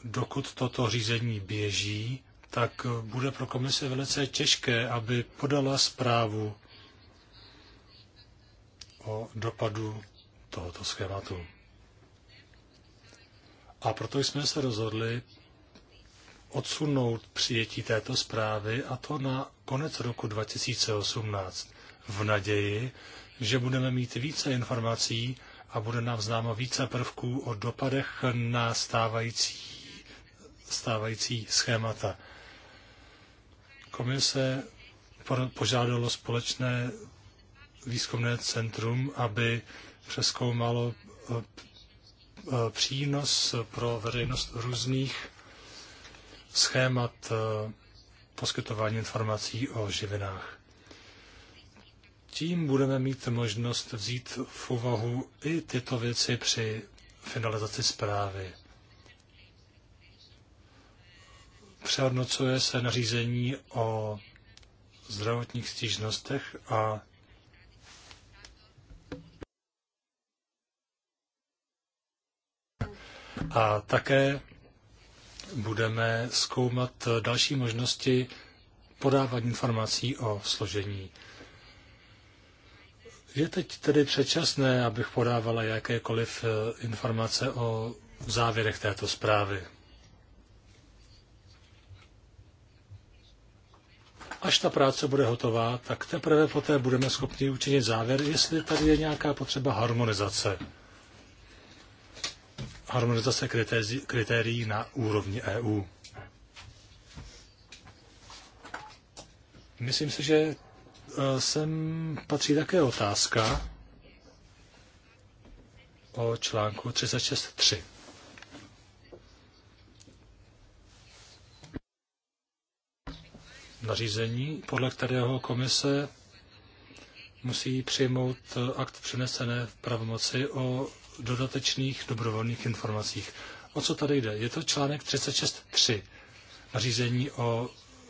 dokud toto řízení běží, tak bude pro komise velice těžké, aby podala zprávu o dopadu tohoto schématu. A proto jsme se rozhodli odsunout přijetí této zprávy a to na konec roku 2018 v naději, že budeme mít více informací a bude nám známo více prvků o dopadech na stávající, stávající schémata. Komise požádalo společné výzkumné centrum, aby přeskoumalo eh, eh, přínos pro veřejnost různých schémat eh, poskytování informací o živinách. Tím budeme mít možnost vzít v úvahu i tyto věci při finalizaci zprávy. Přehodnocuje se nařízení o zdravotních stížnostech a A také budeme zkoumat další možnosti podávat informací o složení. Je teď tedy předčasné, abych podávala jakékoliv eh, informace o závěrech této zprávy. Až ta práce bude hotová, tak teprve poté budeme schopni učinit závěr, jestli tady je nějaká potřeba harmonizace. Harmonizace kritérií, kritérií na úrovni EU. Myslím si, že e, sem patří také otázka o článku 36.3. nařízení, podle kterého komise musí přijmout eh, akt přenesené v pravomoci o dodatečných dobrovolných informacích. O co tady jde? Je to článek 36.3 nařízení o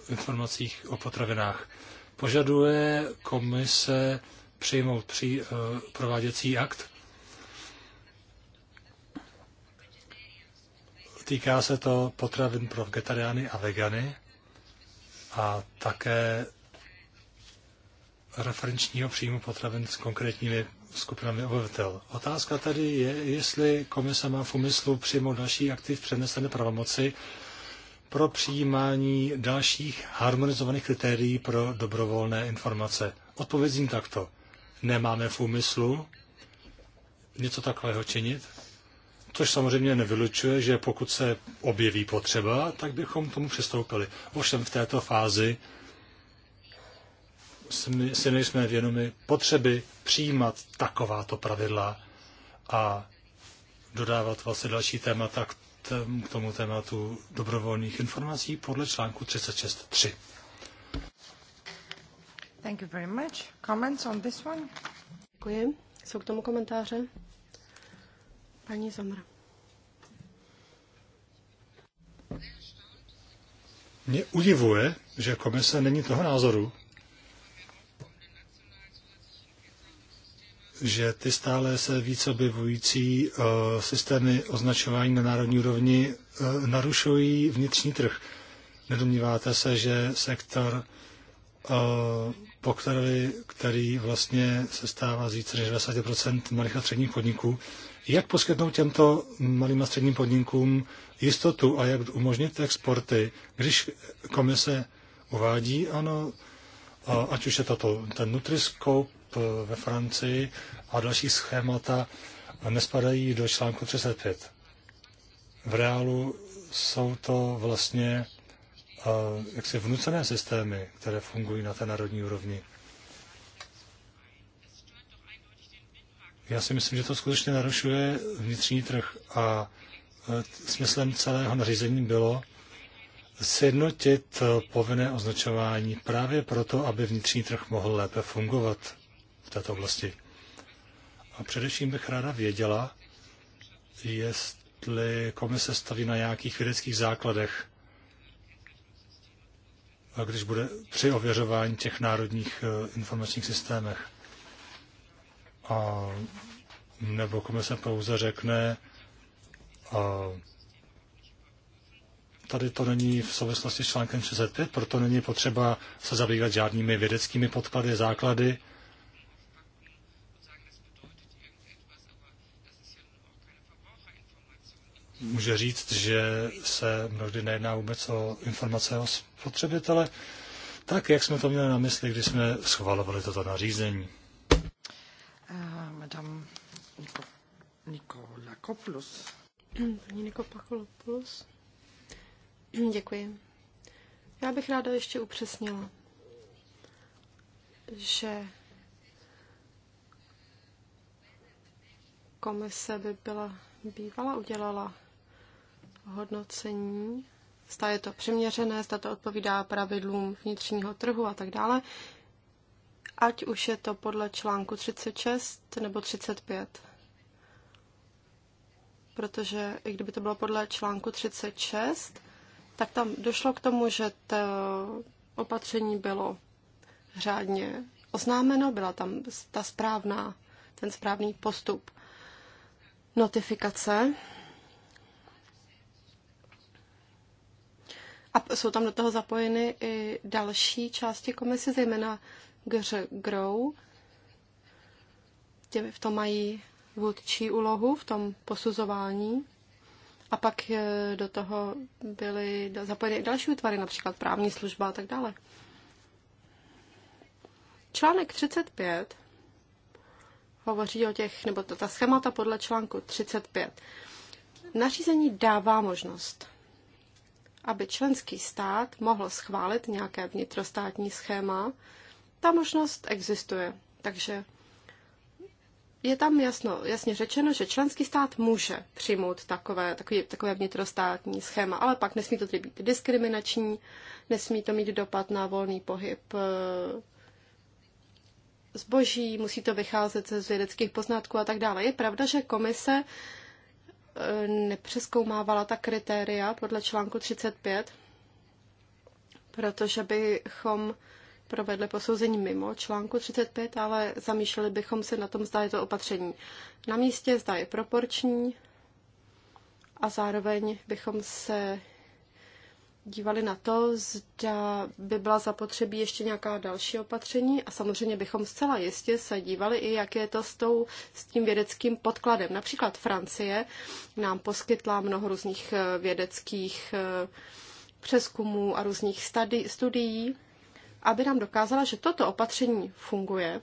informacích o potravinách. Požaduje komise přijmout při, uh, prováděcí akt. Týká se to potravin pro vegetariány a vegany a také referenčního příjmu potravin s konkrétními skupinami obyvatel. Otázka tady je, jestli komise má v úmyslu přijmout další aktiv přenesené pravomoci pro přijímání dalších harmonizovaných kritérií pro dobrovolné informace. Odpovězím takto. Nemáme v úmyslu něco takového činit, což samozřejmě nevylučuje, že pokud se objeví potřeba, tak bychom tomu přistoupili. Ovšem v této fázi si nejsme vědomi potřeby přijímat takováto pravidla a dodávat vlastně další témata k tomu tématu dobrovolných informací podle článku 36.3. Thank you very much. Comments on this one? Děkuji. Jsou k tomu komentáře? Paní Zomra. Mě udivuje, že komise není toho názoru, že ty stále se více objevující uh, systémy označování na národní úrovni uh, narušují vnitřní trh. Nedomníváte se, že sektor uh, eh, poktervy, který vlastně se stává z více než 20 malých a středních podniků, jak poskytnout těmto malým a středním podnikům jistotu a jak umožnit exporty, když komise uvádí, ano, ať už je tato, ten Nutriscope eh, ve Francii a další schémata eh, nespadají do článku 35. V reálu jsou to vlastně eh, jaksi vnucené systémy, které fungují na té národní úrovni. Já si myslím, že to skutečně narušuje vnitřní trh a e, smyslem celého nařízení bylo sjednotit e, povinné označování právě proto, aby vnitřní trh mohl lépe fungovat v této oblasti. A především bych ráda věděla, jestli komise staví na nějakých vědeckých základech, když bude při ověřování těch národních e, informačních systémech a nebo komise pouze řekne, a tady to není v souvislosti s článkem 35, proto není potřeba se zabývat žádnými vědeckými podklady, základy. Může říct, že se mnohdy nejedná vůbec o informace o spotřebitele, tak jak jsme to měli na mysli, když jsme schvalovali toto nařízení. Eh, Paní Děkuji. Já bych ráda ještě upřesnila, že komise by byla bývala udělala hodnocení, zda je to přiměřené, zda to odpovídá pravidlům vnitřního trhu a tak dále ať už je to podle článku 36 nebo 35. Protože i kdyby to bylo podle článku 36, tak tam došlo k tomu, že to opatření bylo řádně oznámeno, byla tam ta správná, ten správný postup notifikace. A jsou tam do toho zapojeny i další části komise, zejména GŘ grou. Těmi v tom mají vůdčí úlohu, v tom posuzování. A pak eh, do toho byly zapojeny další útvary, například právní služba a tak dále. Článek 35 hovoří o těch, nebo ta schémata podle článku 35. Nařízení dává možnost, aby členský stát mohl schválit nějaké vnitrostátní schéma, ta možnost existuje. Takže je tam jasno, jasně řečeno, že členský stát může přijmout takové, takové, takové vnitrostátní schéma, ale pak nesmí to být diskriminační, nesmí to mít dopad na volný pohyb eh, zboží, musí to vycházet ze vědeckých poznatků a tak dále. Je pravda, že komise eh, nepřeskoumávala ta kritéria podle článku 35, protože bychom provedli posouzení mimo článku 35, ale zamýšleli bychom se na tom, zda je to opatření na místě, zda je proporční a zároveň bychom se dívali na to, zda by byla zapotřebí ještě nějaká další opatření a samozřejmě bychom zcela jistě se dívali i, jak je to s, tou, s tím vědeckým podkladem. Například Francie nám poskytla mnoho různých eh, vědeckých eh, přeskumů a různých studií aby nám dokázala, že toto opatření funguje.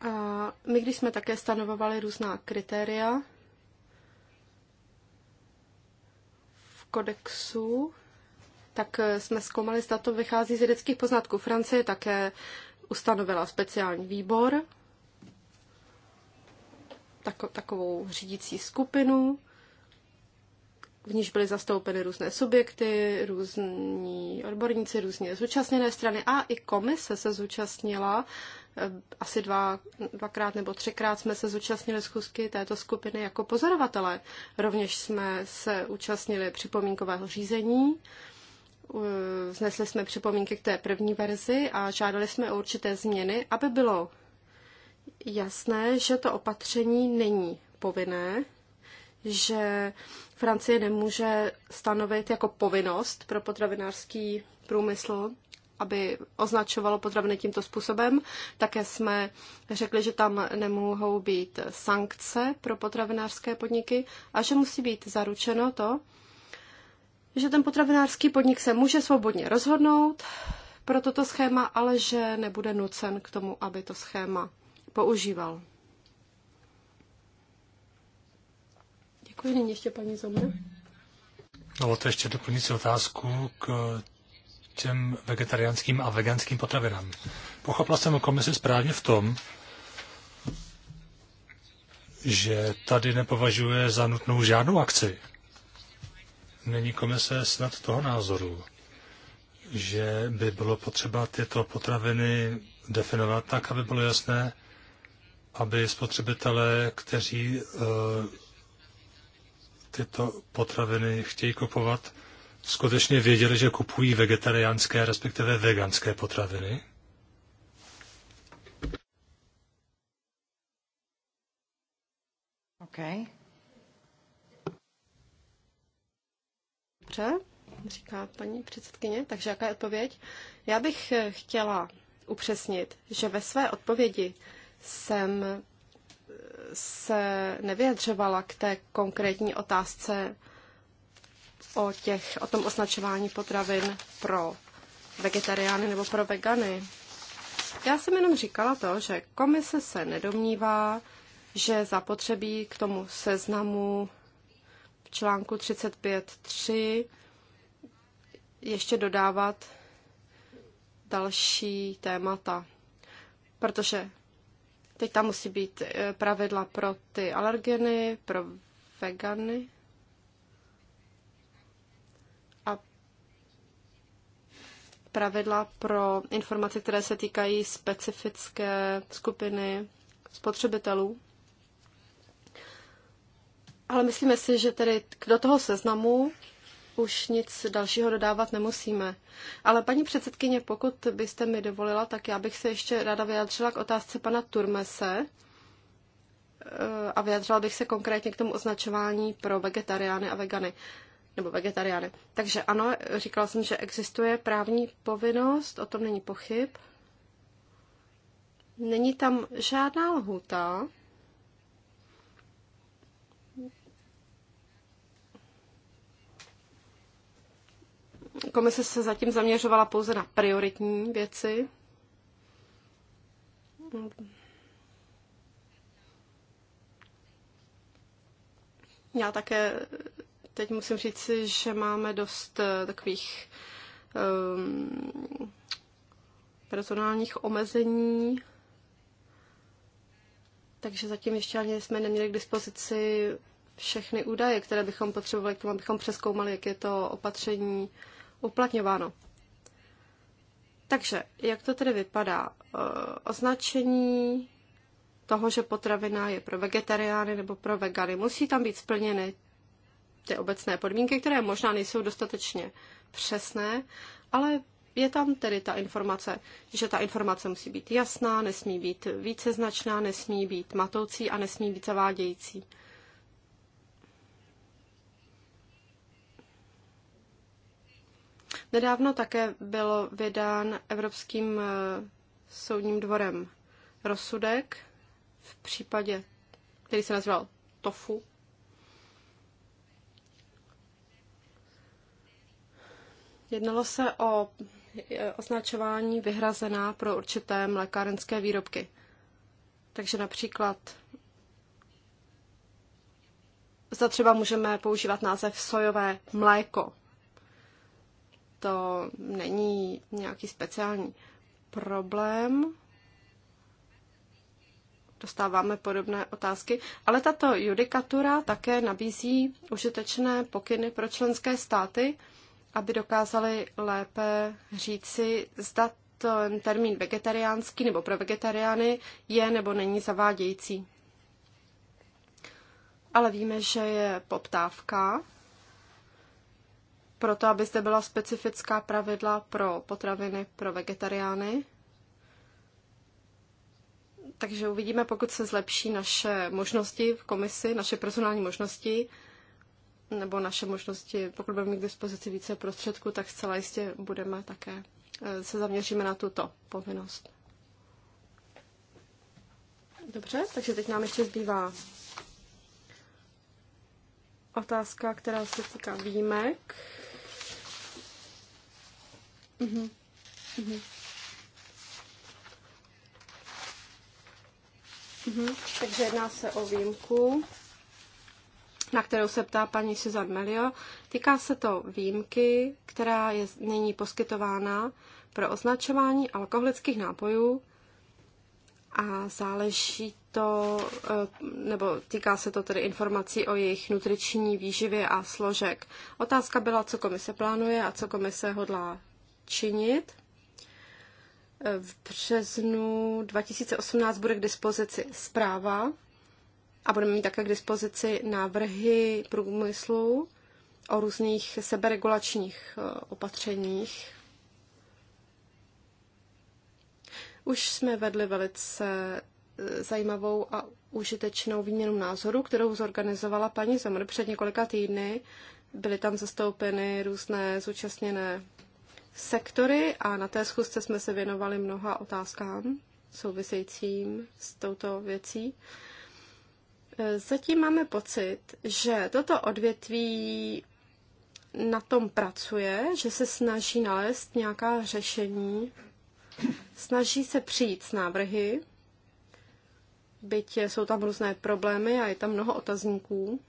A my, když jsme také stanovovali různá kritéria v kodexu, tak jsme zkoumali, zda to vychází z vědeckých poznatků. Francie také ustanovila speciální výbor, takovou řídící skupinu, v níž byly zastoupeny různé subjekty, různí odborníci, různě zúčastněné strany a i komise se zúčastnila. Eh, asi dva, dvakrát nebo třikrát jsme se zúčastnili schůzky této skupiny jako pozorovatelé. Rovněž jsme se účastnili připomínkového řízení, eh, vznesli jsme připomínky k té první verzi a žádali jsme o určité změny, aby bylo jasné, že to opatření není povinné, že Francie nemůže stanovit jako povinnost pro potravinářský průmysl, aby označovalo potraviny tímto způsobem. Také jsme řekli, že tam nemohou být sankce pro potravinářské podniky a že musí být zaručeno to, že ten potravinářský podnik se může svobodně rozhodnout pro toto schéma, ale že nebude nucen k tomu, aby to schéma používal. Děkuji. Nyní ještě paní Zomne. No, Dovolte ještě doplňující otázku k těm vegetariánským a veganským potravinám. Pochopila jsem komisi správně v tom, že tady nepovažuje za nutnou žádnou akci. Není komise snad toho názoru, že by bylo potřeba tyto potraviny definovat tak, aby bylo jasné, aby spotřebitelé, kteří uh, tyto potraviny chtějí kupovat, skutečně věděli, že kupují vegetariánské, respektive veganské potraviny? OK. Dobře, říká paní předsedkyně. Takže jaká je odpověď? Já bych chtěla upřesnit, že ve své odpovědi jsem se nevyjadřovala k té konkrétní otázce o, těch, o tom označování potravin pro vegetariány nebo pro vegany. Já jsem jenom říkala to, že komise se nedomnívá, že zapotřebí k tomu seznamu v článku 35.3 ještě dodávat další témata, protože Teď tam musí být e, pravidla pro ty alergeny, pro vegany. A pravidla pro informace, které se týkají specifické skupiny spotřebitelů. Ale myslíme si, že tedy do toho seznamu už nic dalšího dodávat nemusíme. Ale paní předsedkyně, pokud byste mi dovolila, tak já bych se ještě ráda vyjádřila k otázce pana Turmese eh, a vyjádřila bych se konkrétně k tomu označování pro vegetariány a vegany nebo vegetariány. Takže ano, říkala jsem, že existuje právní povinnost, o tom není pochyb. Není tam žádná lhůta, Komise se zatím zaměřovala pouze na prioritní věci. Já také teď musím říct, že máme dost eh, takových um, personálních omezení, takže zatím ještě ani jsme neměli k dispozici všechny údaje, které bychom potřebovali k tomu, abychom přeskoumali, jak je to opatření uplatňováno. Takže, jak to tedy vypadá? E, označení toho, že potravina je pro vegetariány nebo pro vegany, musí tam být splněny ty obecné podmínky, které možná nejsou dostatečně přesné, ale je tam tedy ta informace, že ta informace musí být jasná, nesmí být víceznačná, nesmí být matoucí a nesmí být zavádějící. Nedávno také byl vydán Evropským eh, soudním dvorem rozsudek v případě, který se nazýval TOFU. Jednalo se o eh, označování vyhrazená pro určité mlékárenské výrobky. Takže například za třeba můžeme používat název sojové mléko to není nějaký speciální problém. Dostáváme podobné otázky, ale tato judikatura také nabízí užitečné pokyny pro členské státy, aby dokázali lépe říci, zda ten termín vegetariánský nebo pro vegetariány je nebo není zavádějící. Ale víme, že je poptávka proto, aby zde byla specifická pravidla pro potraviny pro vegetariány. Takže uvidíme, pokud se zlepší naše možnosti v komisi, naše personální možnosti, nebo naše možnosti, pokud budeme mít k dispozici více prostředků, tak zcela jistě budeme také eh, se zaměříme na tuto povinnost. Dobře, takže teď nám ještě zbývá otázka, která se týká výjimek. Mhm. Mhm. Takže jedná se o výjimku, na kterou se ptá paní Susan Melio. Týká se to výjimky, která je nyní poskytována pro označování alkoholických nápojů a záleží to, eh, nebo týká se to tedy informací o jejich nutriční výživě a složek. Otázka byla, co komise plánuje a co komise hodlá činit. V březnu 2018 bude k dispozici zpráva a budeme mít také k dispozici návrhy průmyslu o různých seberegulačních eh, opatřeních. Už jsme vedli velice eh, zajímavou a užitečnou výměnu názoru, kterou zorganizovala paní Zamr před několika týdny. Byly tam zastoupeny různé zúčastněné sektory a na té schůzce jsme se věnovali mnoha otázkám souvisejícím s touto věcí. Zatím máme pocit, že toto odvětví na tom pracuje, že se snaží nalézt nějaká řešení, snaží se přijít s návrhy, byť jsou tam různé problémy a je tam mnoho otazníků.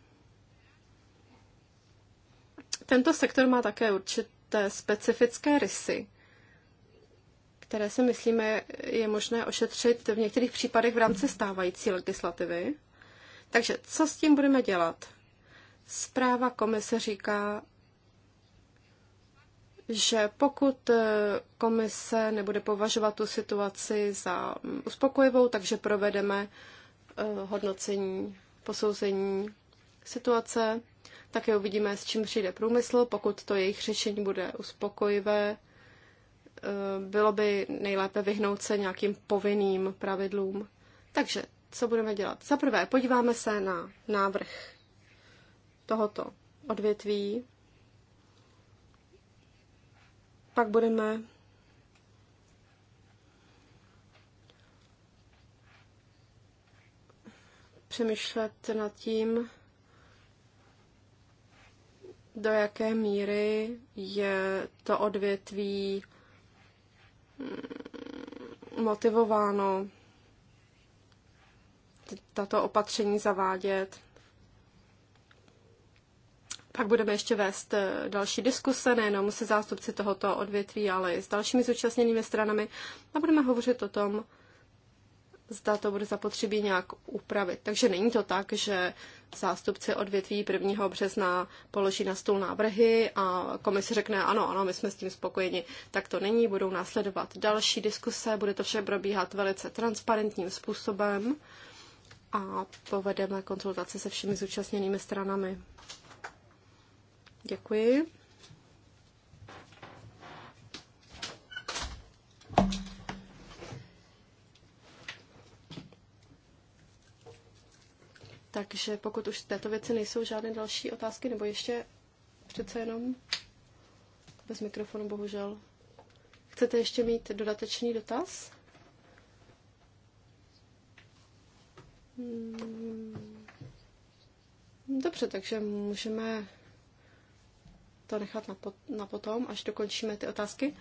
Tento sektor má také určit, té specifické rysy, které si myslíme je možné ošetřit v některých případech v rámci stávající legislativy. Takže co s tím budeme dělat? Zpráva komise říká, že pokud eh, komise nebude považovat tu situaci za mm, uspokojivou, takže provedeme eh, hodnocení, posouzení situace také uvidíme, s čím přijde průmysl, pokud to jejich řešení bude uspokojivé. Eh, bylo by nejlépe vyhnout se nějakým povinným pravidlům. Takže, co budeme dělat? Za prvé, podíváme se na návrh tohoto odvětví. Pak budeme přemýšlet nad tím, do jaké míry je to odvětví mm, motivováno tato opatření zavádět. Pak budeme ještě vést eh, další diskuse, nejenom se zástupci tohoto odvětví, ale i s dalšími zúčastněnými stranami a budeme hovořit o tom, zda to bude zapotřebí nějak upravit. Takže není to tak, že zástupci odvětví 1. března položí na stůl návrhy a komise řekne ano, ano, my jsme s tím spokojeni. Tak to není, budou následovat další diskuse, bude to vše probíhat velice transparentním způsobem a povedeme konzultace se všemi zúčastněnými stranami. Děkuji. Takže pokud už této věci nejsou žádné další otázky, nebo ještě přece jenom bez mikrofonu, bohužel. Chcete ještě mít dodatečný dotaz? Hmm. Dobře, takže můžeme to nechat na, pot, na potom, až dokončíme ty otázky.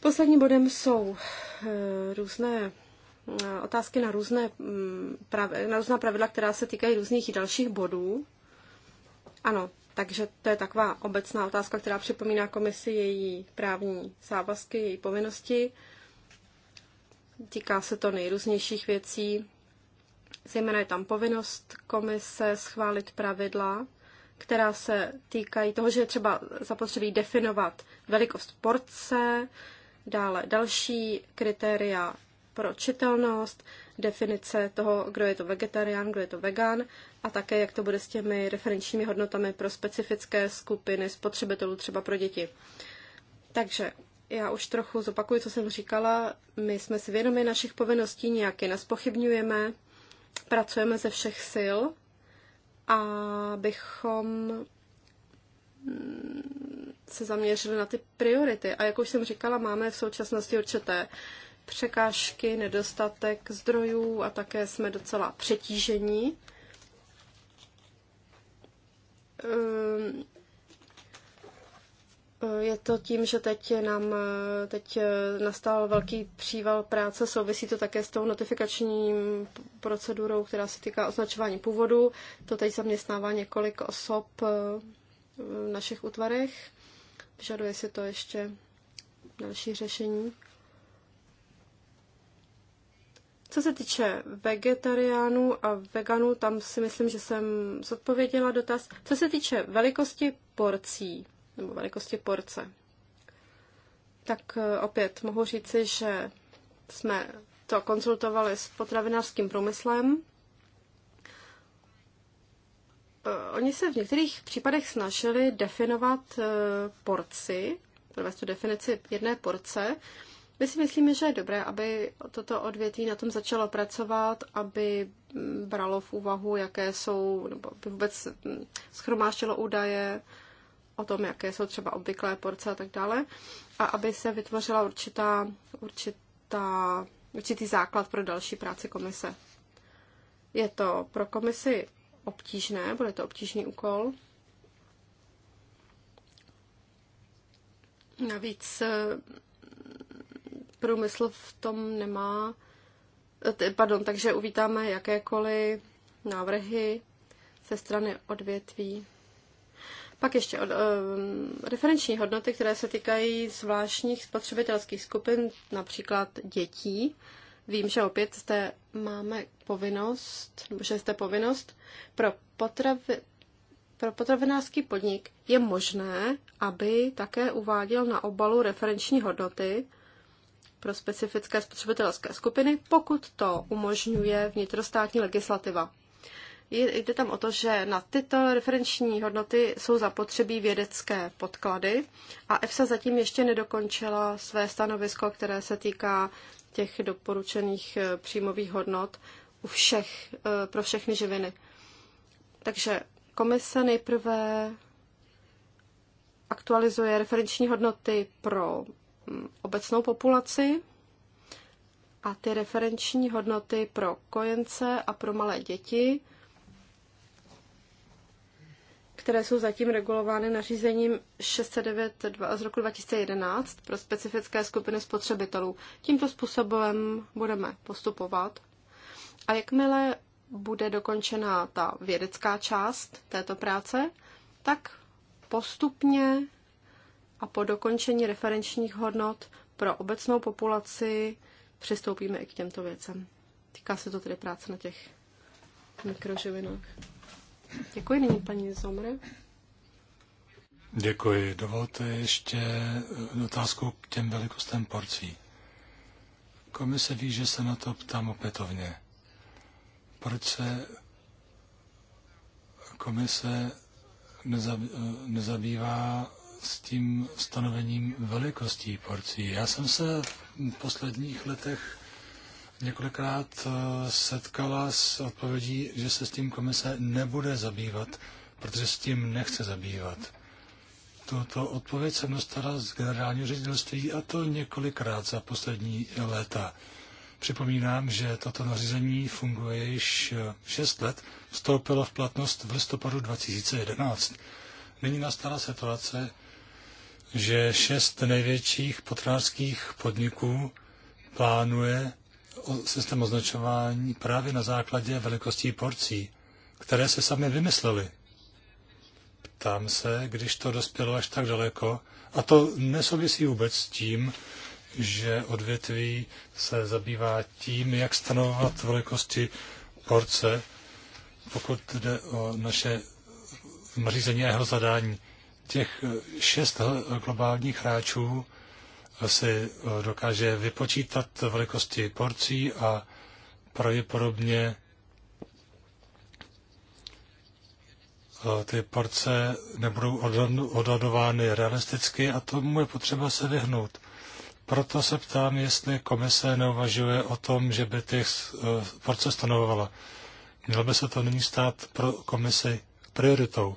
Posledním bodem jsou e, různé Eh, otázky na, různé, mm, na různá pravidla, která se týkají různých dalších bodů. Ano, takže to je taková obecná otázka, která připomíná komisi její právní závazky, její povinnosti. Týká se to nejrůznějších věcí. Zejména je tam povinnost komise schválit pravidla, která se týkají toho, že je třeba zapotřebí definovat velikost porce, dále další kritéria pro čitelnost, definice toho, kdo je to vegetarián, kdo je to vegan a také jak to bude s těmi referenčními hodnotami pro specifické skupiny spotřebitelů, třeba pro děti. Takže já už trochu zopakuju, co jsem říkala. My jsme si vědomi našich povinností, nějak je nespochybňujeme, pracujeme ze všech sil, abychom mm, se zaměřili na ty priority. A jak už jsem říkala, máme v současnosti určité překážky, nedostatek zdrojů a také jsme docela přetížení. Ehm, je to tím, že teď nám teď nastal velký příval práce, souvisí to také s tou notifikační procedurou, která se týká označování původu. To teď zaměstnává několik osob ehm, v našich útvarech. Vyžaduje si to ještě další řešení. Co se týče vegetariánů a veganů, tam si myslím, že jsem zodpověděla dotaz. Co se týče velikosti porcí, nebo velikosti porce, tak e, opět mohu říci, že jsme to konzultovali s potravinářským průmyslem. E, oni se v některých případech snažili definovat e, porci, provést tu definici jedné porce, my si myslíme, že je dobré, aby toto odvětví na tom začalo pracovat, aby bralo v úvahu, jaké jsou, nebo by vůbec mm, schromáštilo údaje o tom, jaké jsou třeba obvyklé porce a tak dále, a aby se vytvořila určitá, určitá, určitý základ pro další práci komise. Je to pro komisi obtížné, bude to obtížný úkol. Navíc průmysl v tom nemá, eh, pardon, takže uvítáme jakékoliv návrhy ze strany odvětví. Pak ještě od, um, referenční hodnoty, které se týkají zvláštních spotřebitelských skupin, například dětí. Vím, že opět zde máme povinnost, nebo že zde povinnost pro, potravi, pro potravinářský podnik je možné, aby také uváděl na obalu referenční hodnoty, pro specifické spotřebitelské skupiny, pokud to umožňuje vnitrostátní legislativa. Jde tam o to, že na tyto referenční hodnoty jsou zapotřebí vědecké podklady a EFSA zatím ještě nedokončila své stanovisko, které se týká těch doporučených eh, příjmových hodnot u všech, eh, pro všechny živiny. Takže komise nejprve aktualizuje referenční hodnoty pro obecnou populaci a ty referenční hodnoty pro kojence a pro malé děti, které jsou zatím regulovány nařízením 609 z roku 2011 pro specifické skupiny spotřebitelů. Tímto způsobem budeme postupovat. A jakmile bude dokončena ta vědecká část této práce, tak postupně a po dokončení referenčních hodnot pro obecnou populaci přistoupíme i k těmto věcem. Týká se to tedy práce na těch mikroživinách. Děkuji nyní paní Zomre. Děkuji. Dovolte ještě otázku k těm velikostem porcí. Komise ví, že se na to ptám opětovně. Proč se komise nezabývá s tím stanovením velikostí porcí. Já jsem se v posledních letech několikrát eh, setkala s odpovědí, že se s tím komise nebude zabývat, protože s tím nechce zabývat. Tuto odpověď jsem dostala z generálního ředitelství a to několikrát za poslední léta. Připomínám, že toto nařízení funguje již 6 eh, let, vstoupilo v platnost v listopadu 2011. Nyní nastala situace, že šest největších potravinářských podniků plánuje systém označování právě na základě velikostí porcí, které se sami vymysleli. Ptám se, když to dospělo až tak daleko, a to nesouvisí vůbec s tím, že odvětví se zabývá tím, jak stanovovat velikosti porce, pokud jde o naše nařízení a jeho zadání těch eh, šest eh, globálních hráčů eh, si dokáže vypočítat velikosti porcí a pravděpodobně ty porce nebudou odhadovány realisticky a tomu je potřeba se vyhnout. Proto se ptám, jestli komise neuvažuje o tom, že by těch porce stanovovala. Mělo by se to nyní stát pro komisi prioritou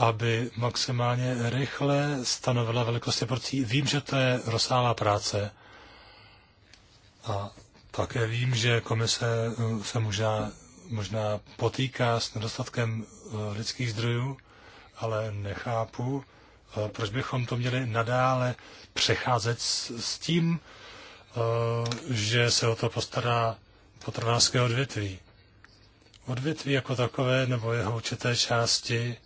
aby maximálně rychle stanovila velikosti porcí. Vím, že to je rozsáhlá práce a také vím, že komise eh, se možná, možná potýká s nedostatkem eh, lidských zdrojů, ale nechápu, eh, proč bychom to měli nadále přecházet s, s tím, že se o to postará potravářské odvětví. Odvětví jako takové nebo jeho určité části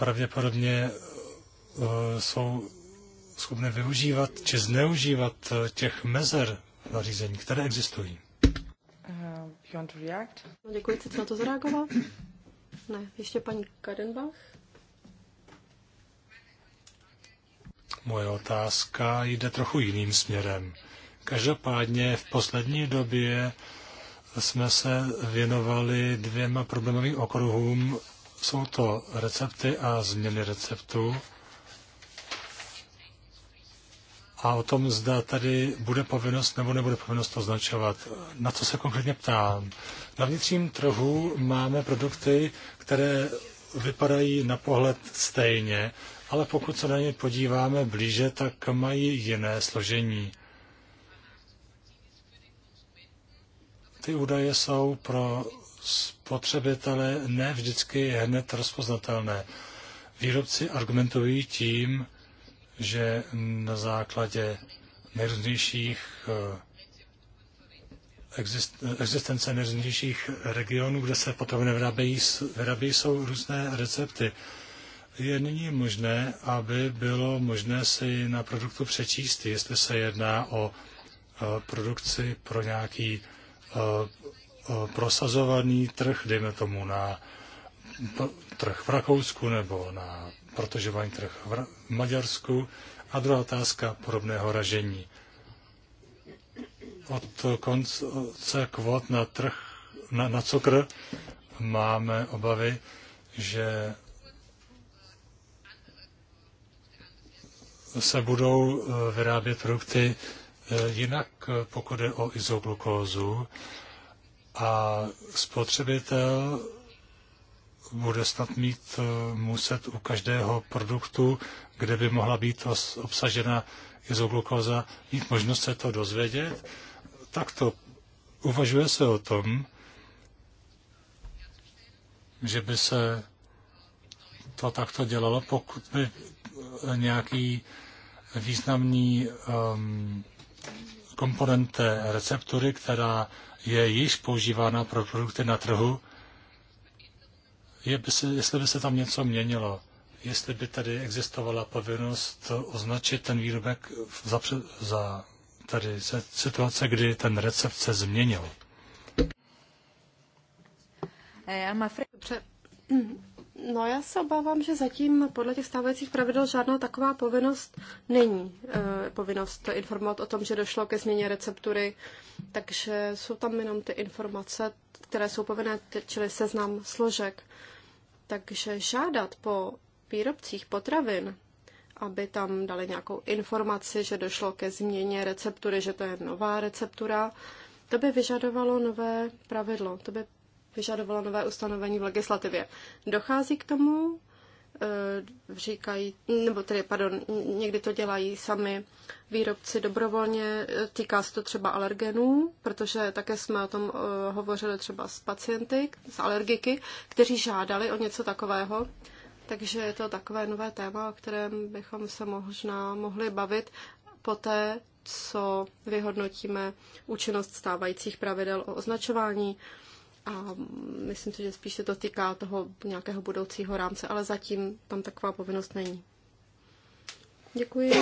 pravděpodobně eh, jsou schopné využívat či zneužívat eh, těch mezer nařízení, které existují. Uh, react? děkuji, chcete na to zareagovat? Ne, ještě paní Kadenbach. Moje otázka jde trochu jiným směrem. Každopádně v poslední době jsme se věnovali dvěma problémovým okruhům jsou to recepty a změny receptů. A o tom, zda tady bude povinnost nebo nebude povinnost označovat. Na co se konkrétně ptám? Na vnitřním trhu máme produkty, které vypadají na pohled stejně, ale pokud se na ně podíváme blíže, tak mají jiné složení. Ty údaje jsou pro spotřebitele ne vždycky je hned rozpoznatelné. Výrobci argumentují tím, že na základě nejrůznějších eh, existence nejrůznějších regionů, kde se potraviny vyrábějí, vyrábějí, jsou různé recepty. Je nyní možné, aby bylo možné si na produktu přečíst, jestli se jedná o eh, produkci pro nějaký eh, Eh, prosazovaný trh, dejme tomu na trh v Rakousku nebo na protežovaný trh v Maďarsku. A druhá otázka podobného ražení. Od konce kvot na trh na, na cukr máme obavy, že se budou eh, vyrábět produkty eh, jinak, pokud je o izoglukózu a spotřebitel bude snad mít eh, muset u každého produktu, kde by mohla být obsažena izoglukoza, mít možnost se to dozvědět. Tak to uvažuje se o tom, že by se to takto dělalo, pokud by eh, nějaký významný um, komponent té receptury, která je již používána pro produkty na trhu, je by se, jestli by se tam něco měnilo, jestli by tady existovala povinnost označit ten výrobek za, za tady situace, kdy ten recept se změnil. Eh, No já se obávám, že zatím podle těch stávajících pravidel žádná taková povinnost není. E, povinnost informovat o tom, že došlo ke změně receptury, takže jsou tam jenom ty informace, které jsou povinné, čili seznam složek. Takže žádat po výrobcích potravin, aby tam dali nějakou informaci, že došlo ke změně receptury, že to je nová receptura, to by vyžadovalo nové pravidlo. To by vyžadovala nové ustanovení v legislativě. Dochází k tomu, eh, říkají, nebo tedy, pardon, někdy to dělají sami výrobci dobrovolně, eh, týká se to třeba alergenů, protože také jsme o tom eh, hovořili třeba s pacienty, s alergiky, kteří žádali o něco takového. Takže je to takové nové téma, o kterém bychom se možná mohli bavit poté, co vyhodnotíme účinnost stávajících pravidel o označování a myslím si, že spíš se to týká toho nějakého budoucího rámce, ale zatím tam taková povinnost není. Děkuji.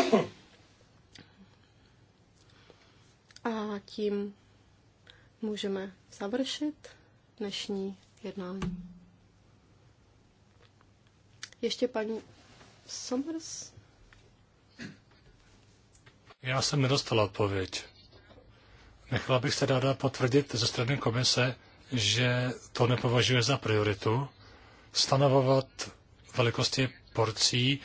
A tím můžeme završit dnešní jednání. Ještě paní Somers? Já jsem nedostal odpověď. Nechala bych se ráda potvrdit ze strany komise, že to nepovažuje za prioritu stanovovat velikosti porcí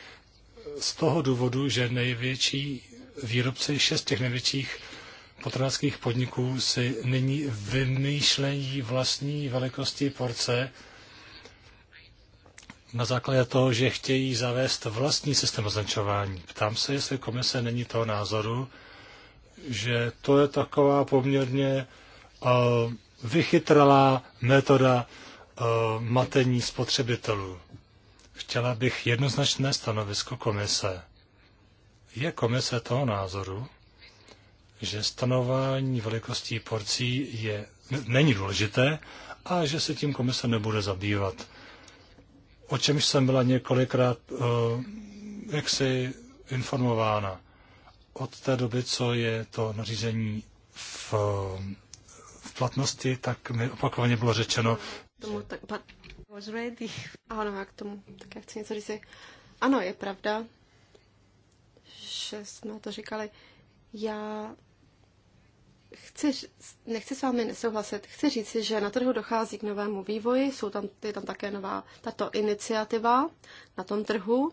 z toho důvodu, že největší výrobci, šest těch největších potravinářských podniků si nyní vymýšlejí vlastní velikosti porce na základě toho, že chtějí zavést vlastní systém označování. Ptám se, jestli komise není toho názoru, že to je taková poměrně uh, vychytralá metoda eh, matení spotřebitelů. Chtěla bych jednoznačné stanovisko komise. Je komise toho názoru, že stanování velikostí porcí je, není důležité a že se tím komise nebude zabývat. O čemž jsem byla několikrát uh, jaksi informována. Od té doby, co je to nařízení v platnosti, tak mi opakovaně bylo řečeno. Tomu tak, was ready. Ano, já k tomu také chci něco říct. Ano, je pravda, že jsme to říkali. Já chci, nechci s vámi nesouhlasit. Chci si, že na trhu dochází k novému vývoji, jsou tam, je tam také nová tato iniciativa na tom trhu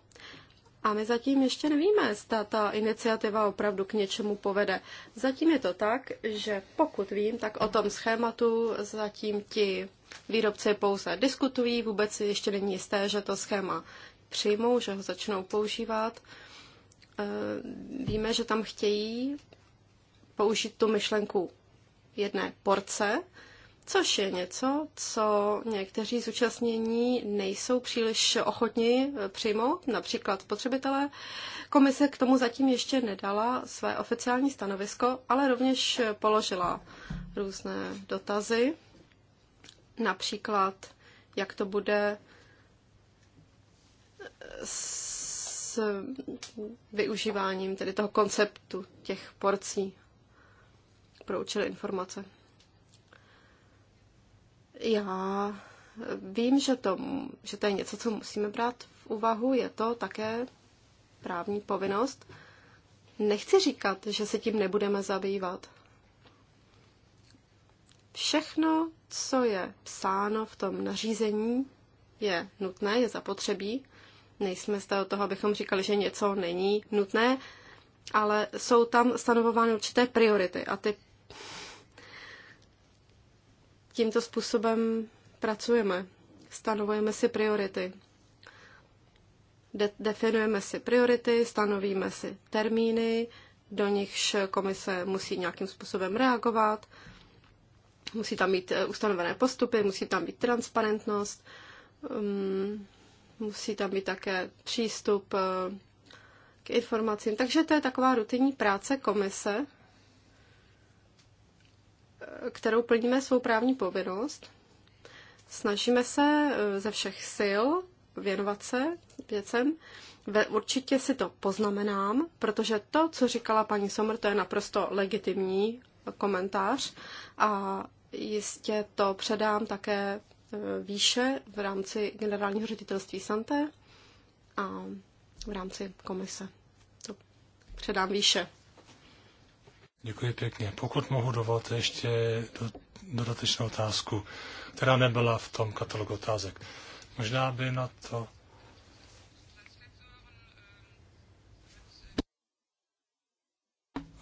a my zatím ještě nevíme, zda ta iniciativa opravdu k něčemu povede. Zatím je to tak, že pokud vím, tak o tom schématu zatím ti výrobci pouze diskutují, vůbec ještě není jisté, že to schéma přijmou, že ho začnou používat. Eh, víme, že tam chtějí použít tu myšlenku jedné porce, což je něco, co někteří zúčastnění nejsou příliš ochotni eh, přijmout, například spotřebitelé. Komise k tomu zatím ještě nedala své oficiální stanovisko, ale rovněž eh, položila různé dotazy, například jak to bude eh, s využíváním tedy toho konceptu těch porcí pro účely informace. Já vím, že to, že to je něco, co musíme brát v úvahu, je to také právní povinnost. Nechci říkat, že se tím nebudeme zabývat. Všechno, co je psáno v tom nařízení, je nutné, je zapotřebí. Nejsme zde od toho, abychom říkali, že něco není nutné, ale jsou tam stanovovány určité priority a ty tímto způsobem pracujeme. Stanovujeme si priority. De- definujeme si priority, stanovíme si termíny, do nichž komise musí nějakým způsobem reagovat, musí tam mít eh, ustanovené postupy, musí tam být transparentnost, um, musí tam být také přístup eh, k informacím. Takže to je taková rutinní práce komise, kterou plníme svou právní povinnost. Snažíme se eh, ze všech sil věnovat se věcem. Určitě si to poznamenám, protože to, co říkala paní Somr, to je naprosto legitimní komentář a jistě to předám také eh, výše v rámci generálního ředitelství Santé a v rámci komise. To předám výše. Děkuji pěkně. Pokud mohu, dovolte ještě do, dodatečnou otázku, která nebyla v tom katalogu otázek. Možná by na to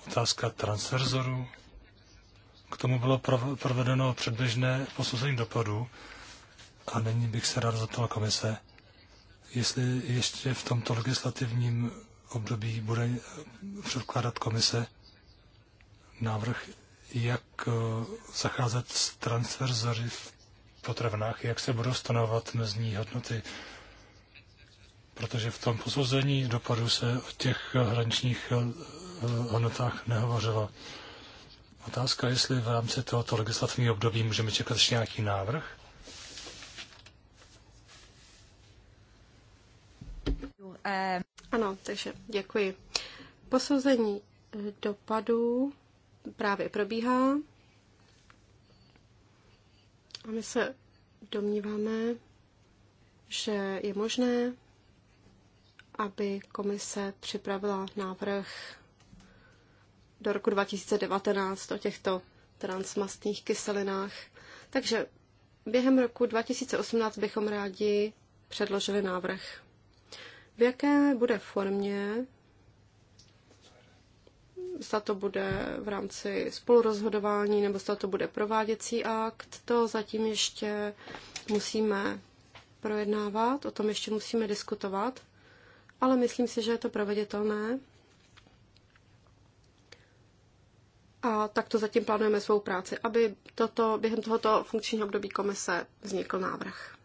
otázka transferzoru, K tomu bylo provedeno předběžné posouzení dopadů a nyní bych se rád zeptal komise, jestli ještě v tomto legislativním období bude předkládat komise návrh, jak eh, zacházet s transverzory v potravinách, jak se budou stanovat mezní hodnoty. Protože v tom posouzení dopadu se o těch eh, hraničních eh, hodnotách nehovořilo. Otázka, jestli v rámci tohoto legislativního období můžeme čekat ještě nějaký návrh? Ano, takže děkuji. Posouzení dopadů právě probíhá. A my se domníváme, že je možné, aby komise připravila návrh do roku 2019 o těchto transmastných kyselinách. Takže během roku 2018 bychom rádi předložili návrh. V jaké bude formě zda to bude v rámci spolurozhodování nebo zda to bude prováděcí akt, to zatím ještě musíme projednávat, o tom ještě musíme diskutovat, ale myslím si, že je to proveditelné. A tak to zatím plánujeme svou práci, aby toto, během tohoto funkčního období komise vznikl návrh.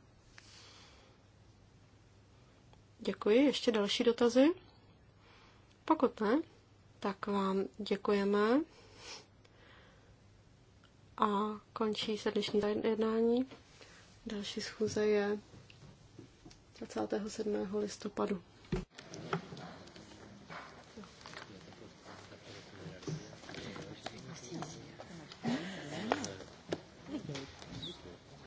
Děkuji. Ještě další dotazy? Pokud ne, tak vám děkujeme a končí se dnešní jednání. Další schůze je 27. listopadu.